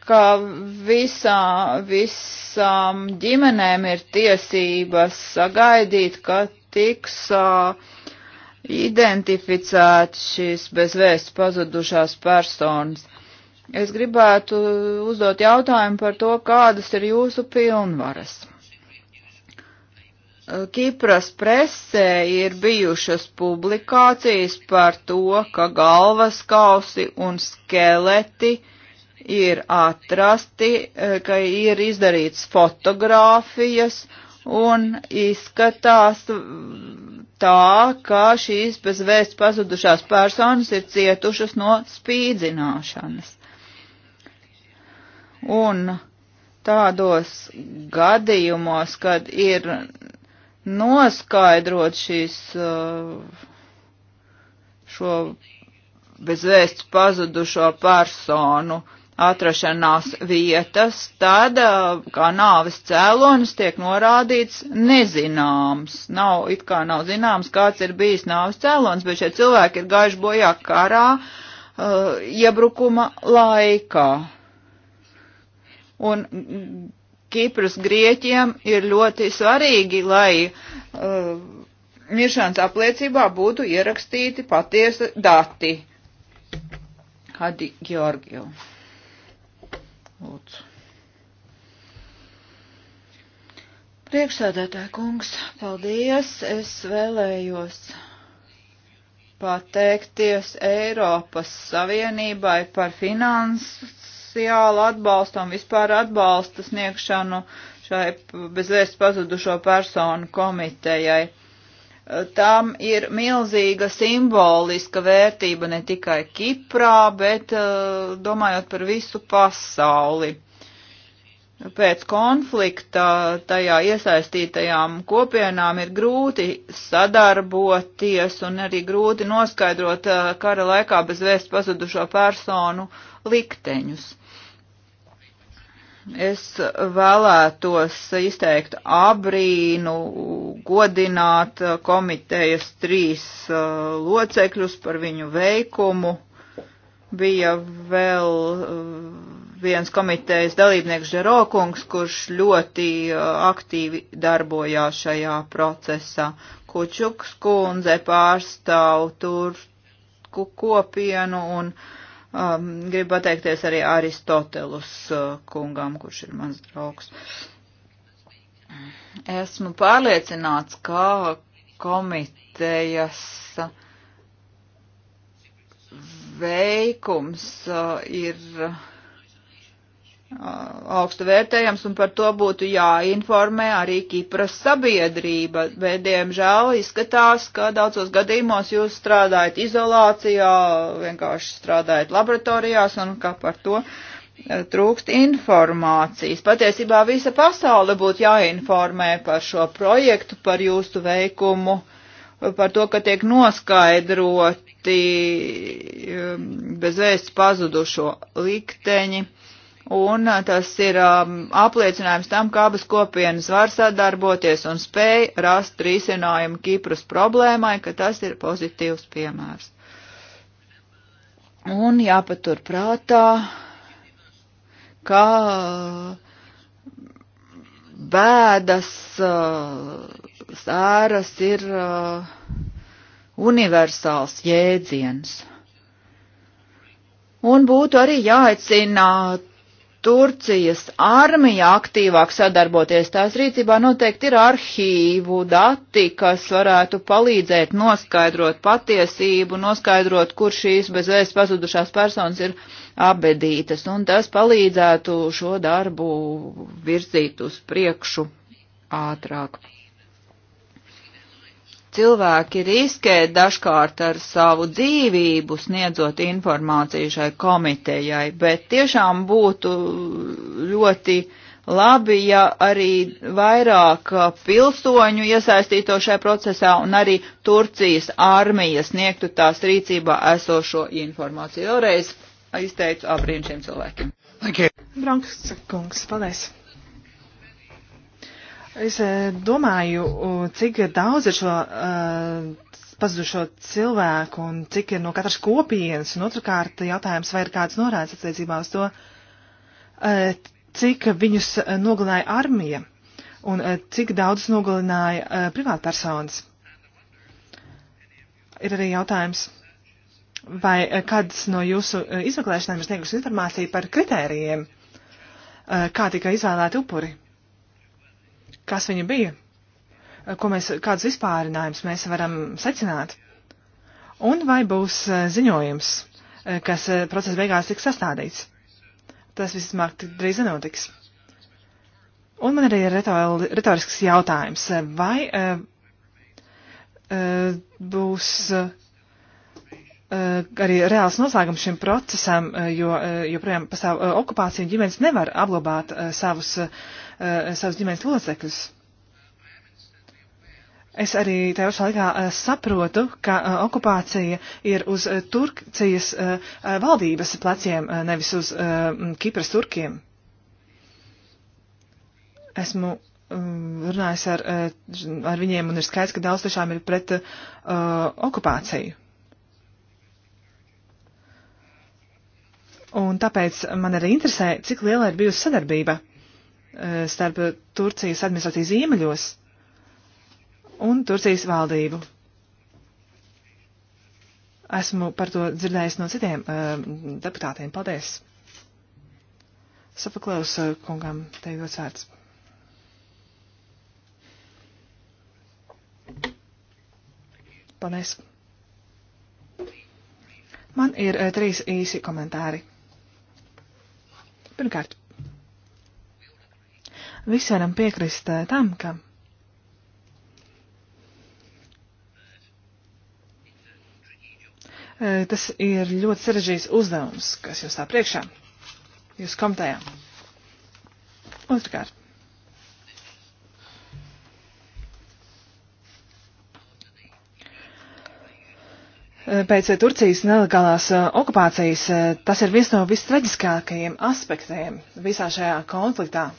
ka visā, visām ģimenēm ir tiesības sagaidīt, ka tiks uh, identificēt šīs bezvēsts pazudušās personas. Es gribētu uzdot jautājumu par to, kādas ir jūsu pilnvaras. Kipras presē ir bijušas publikācijas par to, ka galvaskausi un skeleti ir atrasti, ka ir izdarīts fotogrāfijas, uh, un izskatās tā, ka šīs bezvēsts pazudušās personas ir cietušas no spīdzināšanas. Un tādos gadījumos, kad ir noskaidrot šīs uh, šo bezvēsts pazudušo personu, uh, atrašanās vietas, tad uh, kā nāves cēlonis tiek norādīts nezināms. Nav, it kā nav zināms, kāds ir bijis nāves cēlonis, bet šie cilvēki ir gājuši bojā karā, uh, iebrukuma laikā. Un mm, Kipras grieķiem ir ļoti svarīgi, lai uh, miršanas apliecībā būtu ierakstīti patiesi dati. Hadi Georgiju. Lūdzu. Priekšsēdētāja kungs, paldies. Es vēlējos pateikties Eiropas Savienībai par finansiālu atbalstu un vispār atbalsta sniegšanu šai bezvēst pazudušo personu komitejai. Tām ir milzīga simboliska vērtība ne tikai Kiprā, bet eh, domājot par visu pasauli. Pēc konflikta tajā iesaistītajām kopienām ir grūti sadarboties un arī grūti noskaidrot eh, kara laikā bez vēsts pazudušo personu likteņus. Es vēlētos izteikt abrīnu, godināt komitejas trīs uh, locekļus par viņu veikumu. Bija vēl uh, viens komitejas dalībnieks Žerokungs, kurš ļoti uh, aktīvi darbojās šajā procesā. Kučuks kundze pārstāv turku kopienu un uh, Um, gribu pateikties arī Aristotelus uh, kungam, kurš ir mans draugs. Esmu pārliecināts, ka komitejas veikums uh, ir. Uh, augstu vērtējams un par to būtu jāinformē arī Kipras sabiedrība, bet diemžēl izskatās, ka daudzos gadījumos jūs strādājat izolācijā, vienkārši strādājat laboratorijās un ka par to e, trūkst informācijas. Patiesībā visa pasaule būtu jāinformē par šo projektu, par jūsu veikumu, par to, ka tiek noskaidroti e, bezvēsts pazudušo likteņi un uh, tas ir um, apliecinājums tam, kā abas kopienas var sadarboties un spēj rast risinājumu Kipras problēmai, ka tas ir pozitīvs piemērs. Un jāpatur prātā, ka uh, bēdas uh, sēras ir universāls jēdziens. Un būtu arī jāaicina Turcijas armija aktīvāk sadarboties tās rīcībā noteikti ir arhīvu dati, kas varētu palīdzēt noskaidrot patiesību, noskaidrot, kur šīs bezvēst pazudušās personas ir abedītas, un tas palīdzētu šo darbu virzīt uz priekšu ātrāk cilvēki riskē dažkārt ar savu dzīvību sniedzot informāciju šai komitejai, bet tiešām būtu ļoti labi, ja arī vairāk pilsoņu iesaistīto šajā procesā un arī Turcijas armija sniegtu tās rīcībā esošo informāciju. Vēlreiz izteicu abrīnu šiem cilvēkiem. Okay. Branks kungs, paldies! Es eh, domāju, cik daudz ir šo uh, pazudušo cilvēku un cik ir no katras kopienas, un otrkārt jautājums, vai ir kāds norādes attiecībā uz to, uh, cik viņus nogalināja armija un uh, cik daudz nogalināja uh, privātpersonas. Ir arī jautājums, vai uh, kādas no jūsu uh, izmeklēšanām ir sniegusi informāciju par kritērijiem, uh, kā tika izvēlēti upuri kas viņa bija, ko mēs, kādus vispārinājums mēs varam secināt, un vai būs ziņojums, kas procesa beigās tiks sastādīts. Tas vismaz drīz nenotiks. Un man arī ir retorisks jautājums, vai uh, uh, būs uh, arī reāls noslēgums šim procesam, jo joprojām pastāv okupācija un ģimenes nevar apglabāt savus Uh, savus ģimenes locekļus. Es arī tajā pašā laikā uh, saprotu, ka uh, okupācija ir uz Turcijas valdības pleciem, nevis uz Kipras turkiem. Esmu runājis ar, ar viņiem un ir skaidrs, ka daudz tiešām ir pret uh, okupāciju. Un tāpēc man arī interesē, cik liela ir bijusi sadarbība Eh, starp Turcijas administrācijas ziemeļos un Turcijas valdību. Esmu par to dzirdējis no citiem uh, deputātiem. Paldies! Safaklēvs uh, eh, kungam te jūtas vērts. Paldies! Man ir uh, trīs īsi komentāri. Pirmkārt, Visi varam piekrist eh, tam, ka eh, tas ir ļoti sarežģīts uzdevums, kas jums tā priekšā, jūs komitējā. Otrkārt. Eh, pēc Turcijas nelegālās okupācijas tas ir viens no vistraģiskākajiem aspektiem visā šajā konfliktā.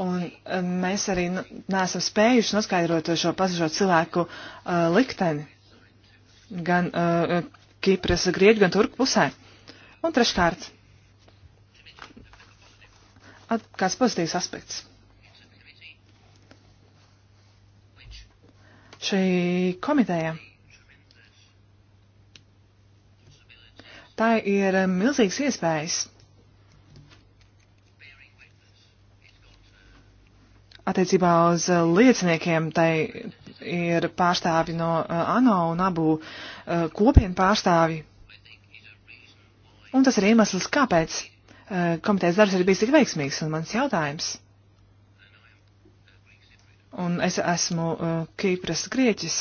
Un e, mēs arī nu, neesam spējuši noskaidrot šo pazušo cilvēku uh, likteni gan uh, Kipras, Grieķu, gan Turku pusē. Un treškārt, at, kāds pozitīvs aspekts. Šī komiteja. Tā ir milzīgs iespējas Attiecībā uz lieciniekiem tai ir pārstāvi no eh, ANO un abu eh, kopienu pārstāvi. Un tas ir iemesls, kāpēc eh, komitejas darbs ir bijis tik veiksmīgs un mans jautājums. Un es esmu Kīpras grieķis.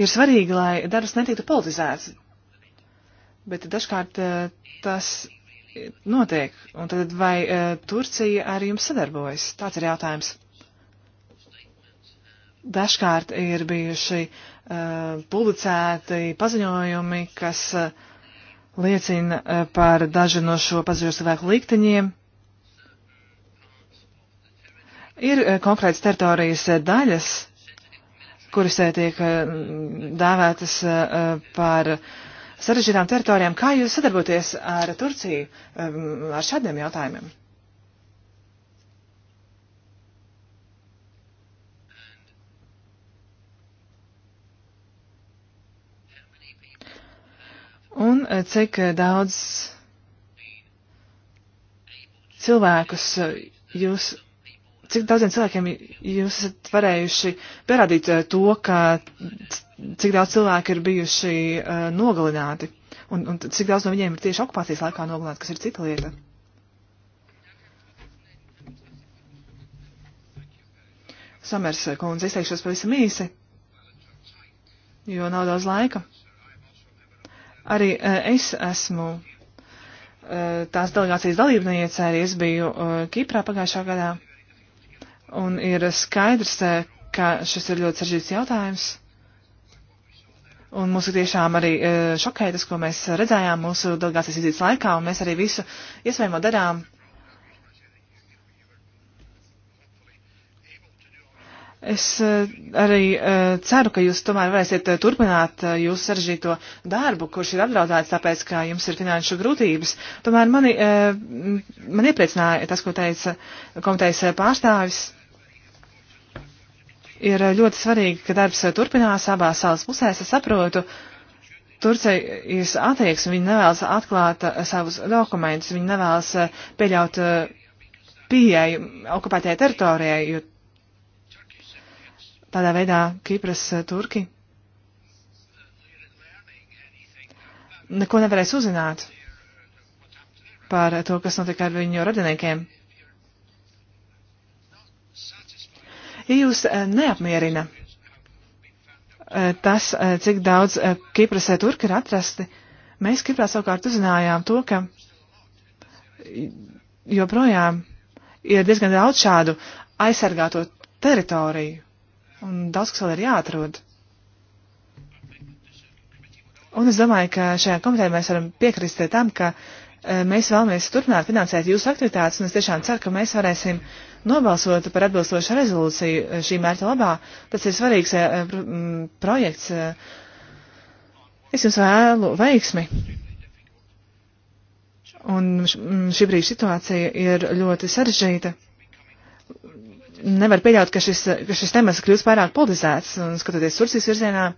Ir svarīgi, lai darbs netiktu politizēts, bet dažkārt tas notiek? Un tad vai uh, Turcija ar jums sadarbojas? Tāds ir jautājums. Dažkārt ir bijuši uh, publicēti paziņojumi, kas uh, liecina uh, par dažu no šo pazudušo cilvēku likteņiem. Ir uh, konkrētas teritorijas uh, daļas, kuras tiek dāvētas par uh, sarežģītām teritorijām. Kā jūs sadarboties ar Turciju um, ar šādiem jautājumiem? Un uh, cik uh, daudz cilvēkus uh, jūs cik daudziem cilvēkiem jūs esat varējuši pierādīt eh, to, ka cik daudz cilvēku ir bijuši uh, nogalināti un, un cik daudz no viņiem ir tieši okupācijas laikā nogalināti, kas ir cita lieta? Samers eh, kundze, izteikšos pavisam īsi, jo nav daudz laika. Arī uh, es esmu uh, tās delegācijas dalībniece, arī es biju Kiprā pagājušā gadā. Un ir skaidrs, eh, ka šis ir ļoti saržģīts jautājums. Un mūs tiešām arī eh, šokēja tas, ko mēs redzējām mūsu delegācijas vizītes laikā, un mēs arī visu iespējamo darām. Es eh, arī ceru, ka jūs tomēr varēsiet turpināt jūsu saržīto darbu, kurš ir apdraudēts tāpēc, ka jums ir finanšu grūtības. Tomēr mani, man iepriecināja tas, ko teica komitejas pārstāvis ir eh, ļoti svarīgi, ka darbs eh, turpinās abās salas pusēs. Es saprotu, Turcijas attieksme, viņi nevēlas atklāt eh, savus dokumentus, viņi nevēlas pieļaut pieeju okupētajai teritorijai, jo tādā veidā Kipras turki neko nevarēs uzzināt par to, kas notika ar viņu radiniekiem. jūs eh, neapmierina eh, tas, eh, cik daudz Kiprasē turki ir atrasti. Mēs Kiprā savukārt uzzinājām to, ka joprojām ir diezgan daudz šādu aizsargāto teritoriju, un daudz kas vēl ir jāatrod. Un es domāju, ka šajā komitejā mēs varam piekrist tam, ka mēs vēlamies turpināt finansēt jūsu aktivitātes, un es tiešām ceru, ka mēs varēsim uh, nobalsot par atbilstošu rezolūciju eh, šī mērķa labā. Tas ir svarīgs eh, mm, projekts. Eh. Es jums vēlu veiksmi. Un mm, šī brīža situācija ir ļoti sarežģīta. Nevar pieļaut, ka šis, ka šis temats kļūst pārāk politizēts un skatoties Turcijas virzienā.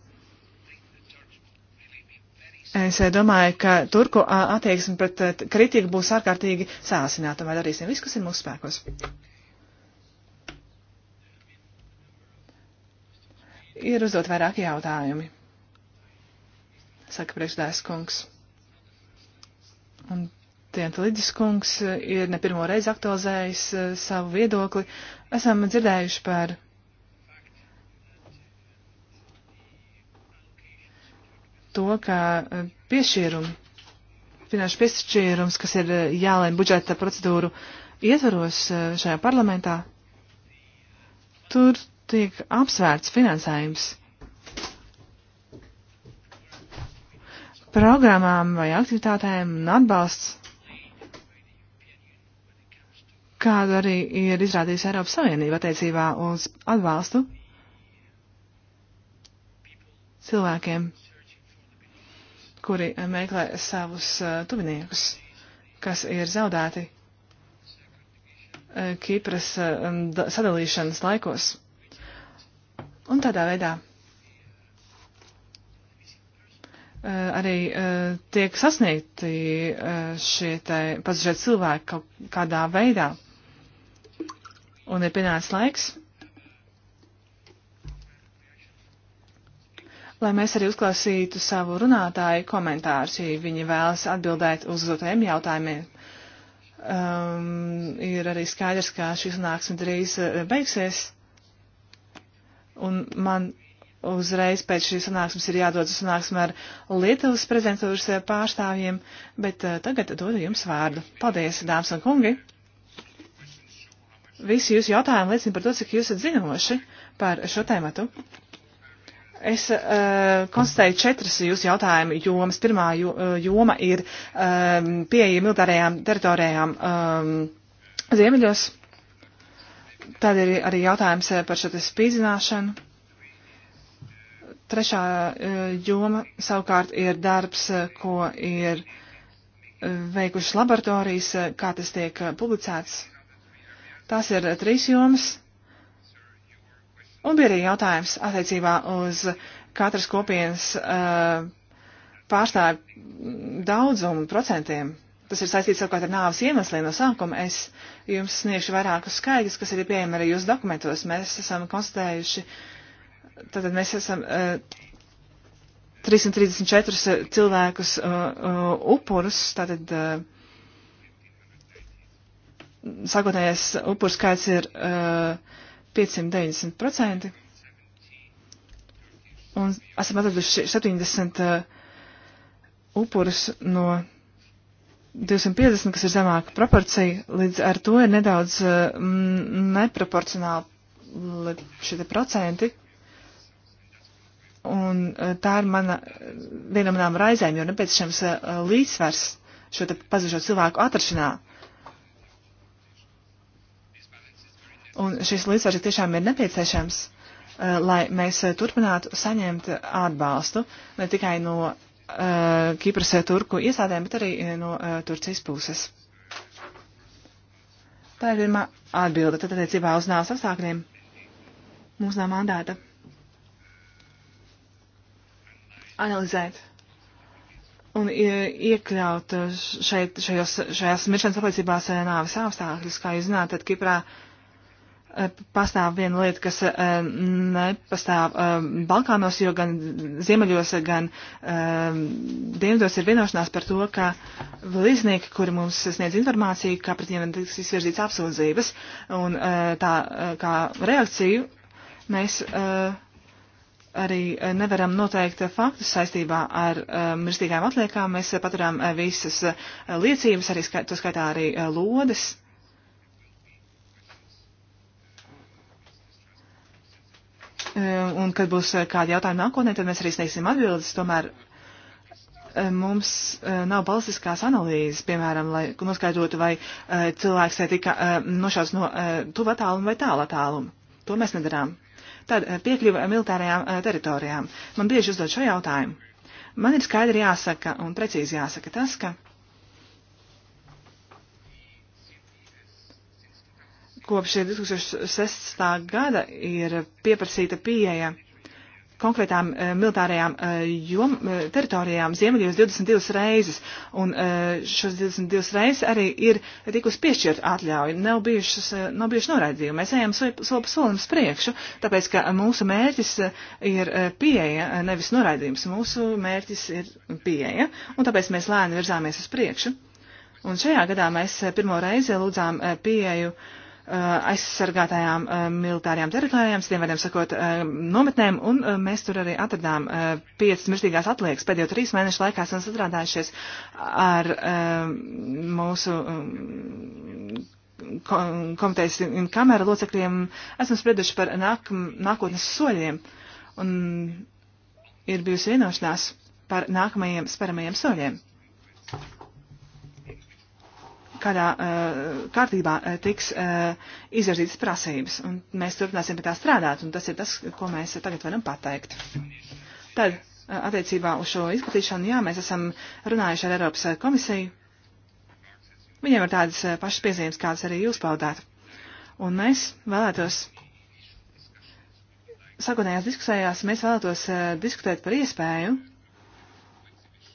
Es domāju, ka turku attieksme pret kritiku būs ārkārtīgi sāsināta, vai darīsim visu, kas ir mūsu spēkos. ir uzdot vairāki jautājumi, saka priekšdājas kungs. Un Tienta Lidis kungs ir ne pirmo reizi aktualizējis eh, savu viedokli. Esam dzirdējuši par to, ka eh, piešķīrumi, finanšu piešķīrums, kas ir eh, jālēm budžeta procedūru ietvaros šajā parlamentā, tur tiek apsvērts finansējums programām vai aktivitātēm un atbalsts, kādu arī ir izrādījusi Eiropas Savienība attiecībā uz atbalstu cilvēkiem, kuri meklē savus uh, tuviniekus, kas ir zaudēti uh, Kīpras uh, sadalīšanas laikos. Un tādā veidā eh, arī eh, tiek sasniegti eh, šie pasažieru cilvēki kaut kādā veidā. Un ir pienācis laiks, lai mēs arī uzklausītu savu runātāju komentārus, ja viņi vēlas atbildēt uz uzdotajiem jautājumiem. Um, ir arī skaidrs, ka šī sanāksme drīz beigsies un man uzreiz pēc šīs sanāksmes ir jādod uz sanāksmi ar Lietuvas prezidentūras eh, pārstāvjiem, bet uh, tagad dodu jums vārdu. Paldies, dāmas un kungi! Visi jūsu jautājumi liecina par to, cik jūs esat zinoši par šo tēmatu. Es uh, konstatēju četras jūsu jautājumu jomas. Pirmā jū, joma ir um, pieeja militārajām teritorijām um, ziemeļos. Tad ir arī jautājums eh, par šo spīdzināšanu. Trešā eh, joma savukārt ir darbs, eh, ko ir veikušas laboratorijas, kā tas tiek publicēts. Tās ir trīs jomas. Un bija arī jautājums attiecībā uz katras kopienas pārstāvju daudzumu procentiem. Tas ir saistīts savukārt ar nāves iemesliem. No sākuma es jums sniegšu vairākus skaidrs, kas ir pieejami arī jūsu dokumentos. Mēs esam konstatējuši, tātad mēs esam uh, eh, 334 eh, cilvēkus uh, uh, upurus, tātad. Uh, Sākotnējais upuru skaits ir uh, 590%, un esam atraduši 70 uh, upurus no 250, kas ir zemāka proporcija, līdz ar to ir nedaudz eh, neproporcionāli šie procenti. Un eh, tā ir mana, viena no manām raizēm, jo nepieciešams eh, līdzsvars šo te pazudušo cilvēku atrašanā. Un šis līdzsvars tiešām ir nepieciešams, lai mēs turpinātu saņemt atbalstu ne tikai no Eh, Kipras eh, turku iestādēm, bet arī eh, no Turcijas puses. Tā ir pirmā atbilde. Tad attiecībā uz nāves apstākļiem mums nav mandāta analizēt un iekļaut šeit, šajos, šajās miršanas apliecībās nāves apstākļus. Kā jūs zināt, tad Kiprā uh, Eh, pastāv viena lieta, kas eh, nepastāv eh, Balkānos, jo gan ziemeļos, gan dienvidos ir vienošanās par to, ka līdznieki, kuri mums sniedz informāciju, ka pret viņiem tiks izvirzīts apsūdzības, un tā kā reakciju mēs arī nevaram noteikt faktus saistībā ar mirstīgām atliekām. Mēs paturām visas liecības, arī skait, to skaitā arī lodes Ehm, un kad būs eh, kādi jautājumi nākotnē, tad mēs arī sniegsim atbildes. Tomēr eh, mums eh, nav balstiskās analīzes, piemēram, lai noskaidrotu, vai cilvēks tika nošauts no tuva tāluma vai tāla tāluma. To mēs nedarām. Tad piekļuva militārajām teritorijām. Man bieži uzdod šo jautājumu. Man ir skaidri jāsaka un precīzi jāsaka tas, ka kopš 2006. gada ir pieprasīta pieeja konkrētām uh, militārajām uh, jom, uh, teritorijām Ziemeļos 22 reizes, un uh, šos 22 reizes arī ir tikus piešķirt atļauju, nav bijušas, uh, nav bijuši noraidījumi. Mēs ejam soli pa soli solim spriekšu, tāpēc, ka mūsu mērķis ir uh, pieeja, nevis noraidījums, mūsu mērķis ir pieeja, un tāpēc mēs lēni virzāmies uz priekšu. Un šajā gadā mēs pirmo reizi lūdzām pieeju uh, Uh, aizsargātajām uh, militārajām teritorijām, citiem vārdiem sakot, uh, nometnēm, un mēs tur arī atradām piecas mirstīgās atliekas. Pēdējo trīs mēnešu laikā esam sastrādājušies ar mūsu um, komitejas kamera locekļiem, esam sprieduši par nāk, nākotnes soļiem, un ir bijusi vienošanās par nākamajiem speramajiem soļiem kādā eh, kārtībā eh, tiks eh, izvirzītas prasības. Un mēs turpināsim pie tā strādāt, un tas ir tas, ko mēs tagad varam pateikt. Tad, attiecībā uz šo izplatīšanu, jā, mēs esam runājuši ar Eiropas komisiju. Viņiem ir tādas pašas piezīmes, kādas arī jūs paudāt. Un mēs vēlētos sākotnējās diskusējās mēs vēlētos uh, diskutēt par iespēju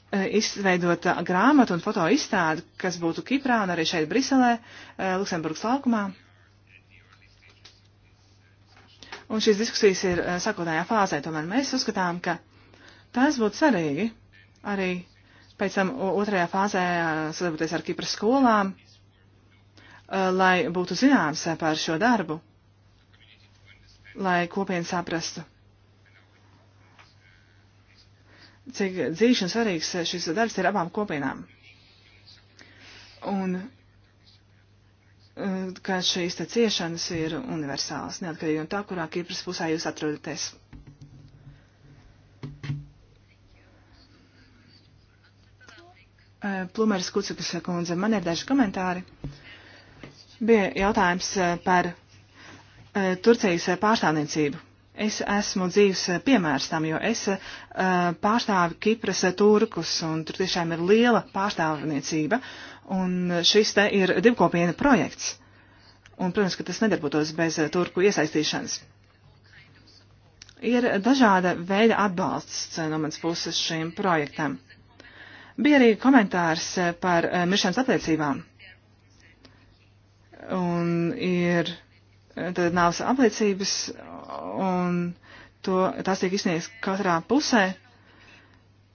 Eh, izveidot eh, grāmatu un foto izstādi, kas būtu Kiprā un arī šeit Briselē, eh, Luksemburgas laukumā. Un šīs diskusijas ir sakotājā fāzē, tomēr mēs uzskatām, ka tās būtu svarīgi arī pēc tam otrajā fāzē sadarboties ar Kipras skolām, lai būtu zināms par šo darbu, lai kopien saprastu. cik dzīves un svarīgs šis darbs ir abām kopienām. Un eh, ka šīs te ciešanas ir universālas, neatkarīgi no tā, kurā Kipras pusē jūs atrodaties. Eh, Plumērs Kucikas kundze, man ir daži komentāri. Bija jautājums eh, par Turcijas pārstāvniecību. Es esmu dzīves eh, piemērs tam, jo es uh, pārstāvu Kipras eh, turkus, un tur tiešām ir liela pārstāvniecība, un šis te ir divkopiena projekts. Un, protams, ka tas nedarbotos bez turku iesaistīšanas. Ir dažāda veida atbalsts no manas puses šim projektam. Bija arī komentārs par miršanas apliecībām. Un ir tad nāvs apliecības un to, tās tiek izsniegts katrā pusē.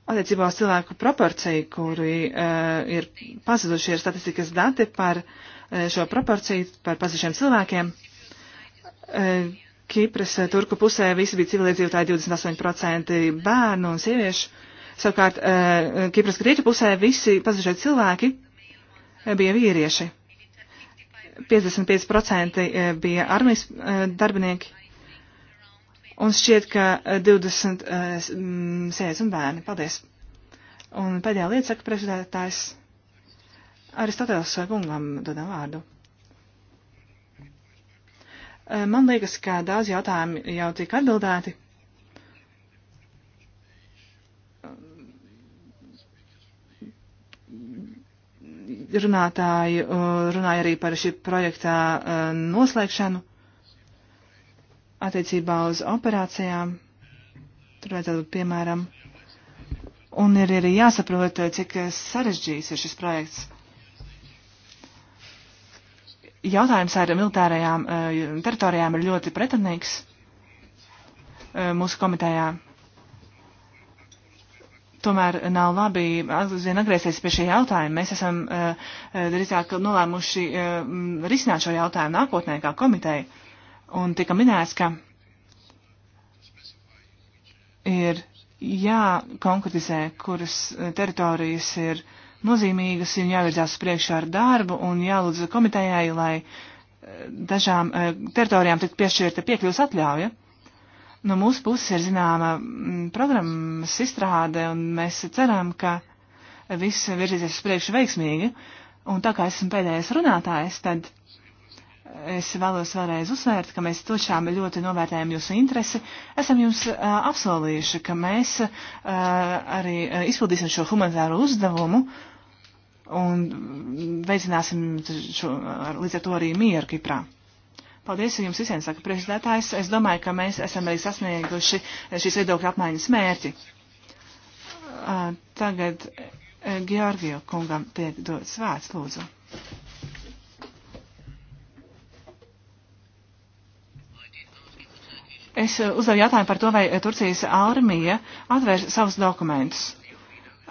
Attiecībā uz cilvēku proporciju, kuri uh, ir pazudušie statistikas dati par uh, šo proporciju, par pazudušiem cilvēkiem, uh, Kipras uh, turku pusē visi bija civilizētāji 28% bērnu un sieviešu. Savukārt, uh, Kipras grieķu pusē visi pazudušie cilvēki bija vīrieši. 55% eh, bija armijas eh, darbinieki, un šķiet, ka 20 eh, mm, sēdz un bērni. Paldies! Un pēdējā lieta, saka prezidētājs, Aristoteles kungam dodam vārdu. Man liekas, ka daudz jautājumu jau tika atbildēti. runātāji uh, runāja arī par šī projektā uh, noslēgšanu attiecībā uz operācijām. Tur vajadzētu, piemēram, un ir arī jāsaprot, uh, cik sarežģījis ir šis projekts. Jautājums ar militārajām teritorijām ir ļoti pretrunīgs mūsu komitējā tomēr nav labi atzien atgriezties pie šī jautājuma. Mēs esam uh, drīzāk nolēmuši uh, risināt šo jautājumu nākotnē kā komiteja. Un tika minēts, ka ir jākonkretizē, kuras teritorijas ir nozīmīgas un jāvirdzās uz priekšu ar darbu un jālūdz komitejai, lai dažām uh, teritorijām tiktu piešķirta piekļuvas atļauja no mūsu puses ir zināma mm, programmas izstrāde, un mēs ceram, ka viss virzīsies uz priekšu veiksmīgi. Un tā kā esmu pēdējais runātājs, tad es vēlos vēlreiz uzsvērt, ka mēs tiešām ļoti novērtējam jūsu interesi. Esam jums uh, apsolījuši, ka mēs uh, arī uh, izpildīsim šo humanitāru uzdevumu un veicināsim šo, līdz ar to arī mieru Kiprā. Paldies jums visiem, saka priekšsēdētājs. Es domāju, ka mēs esam arī sasnieguši šīs viedokļa apmaiņas mērķi. Tagad e, Georgiju kungam tiek dots vārds, lūdzu. Es e, uzdevu jautājumu par to, vai Turcijas armija atvērs savus dokumentus.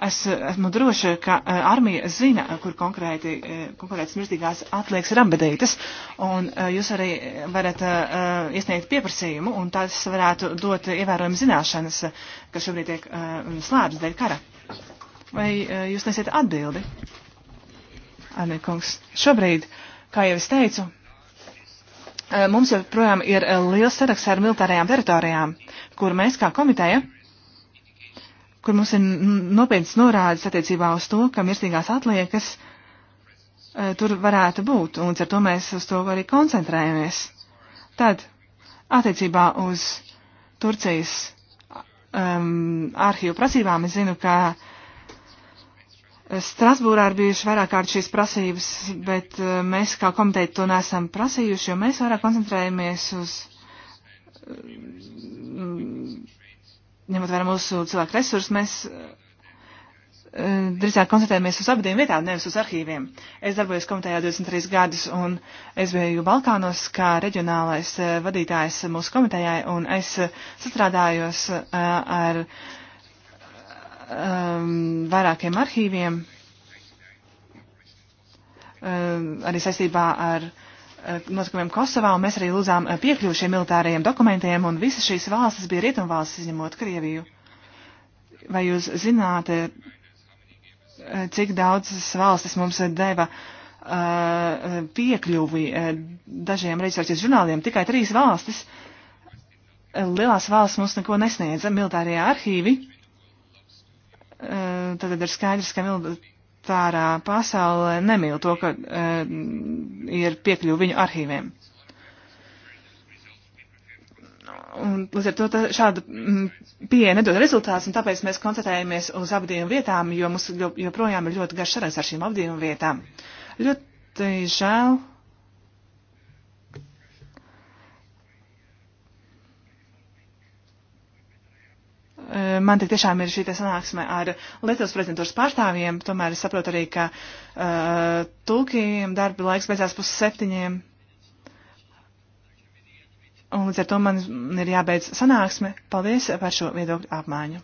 Es esmu droša, ka eh, armija zina, kur konkrēti, eh, konkrēti smirdzīgās atliekas ir apbedītas, un eh, jūs arī varat iesniegt pieprasījumu, un tas varētu dot ievērojumu zināšanas, kas šobrīd tiek slēptas dēļ kara. Vai jūs nesiet atbildi? Arnija kungs, šobrīd, kā jau es teicu, mums joprojām ir liels saraksts ar militārajām teritorijām, kur mēs kā komiteja kur mums ir nopietnas norādes attiecībā uz to, ka mirstīgās atliekas e, tur varētu būt, un ar to mēs uz to arī koncentrējamies. Tad, attiecībā uz Turcijas um, arhīvu prasībām, es zinu, ka Strasbūrā ir bijuši vairāk kārt šīs prasības, bet uh, mēs kā komiteja to nesam prasījuši, jo mēs vairāk koncentrējamies uz um, ņemot vērā mūsu cilvēku resursus, mēs eh, drīzāk koncentrējamies uz abiem vietām, nevis uz arhīviem. Es darbojos komitejā 23 gadus, un es biju Balkānos kā reģionālais eh, vadītājs mūsu komitejai, un es sastrādājos eh, ar um, vairākiem arhīviem, um, arī saistībā ar uh, Eh, notikumiem Kosovā, un mēs arī lūdzām eh, piekļuvu šiem militārajiem dokumentiem, un visas šīs valstis bija rietumvalstis, izņemot Krieviju. Vai jūs zināt, eh, cik daudzas valstis mums deva piekļuvi dažiem reģistrācijas žurnāliem? Tikai trīs valstis. Lielās valsts mums neko nesniedza. Militārie arhīvi. Tad ir skaidrs, ka pārā pasaulē nemīl to, ka uh, ir piekļuvi viņu arhīviem. Un, līdz ar to tā, šāda mm, pieeja nedod rezultātus, un tāpēc mēs koncentrējamies uz apdījumu vietām, jo mums joprojām ir ļoti garš saraksts ar šīm apdījumu vietām. Ļoti žēl, Eh, man tik tiešām ir šī sanāksme ar Lietuvas prezidentūras pārstāvjiem, tomēr es saprotu arī, ka uh, tulkiem darba laiks beidzās pus septiņiem. Un līdz ar to man ir jābeidz sanāksme. Paldies par šo viedokļu apmaiņu.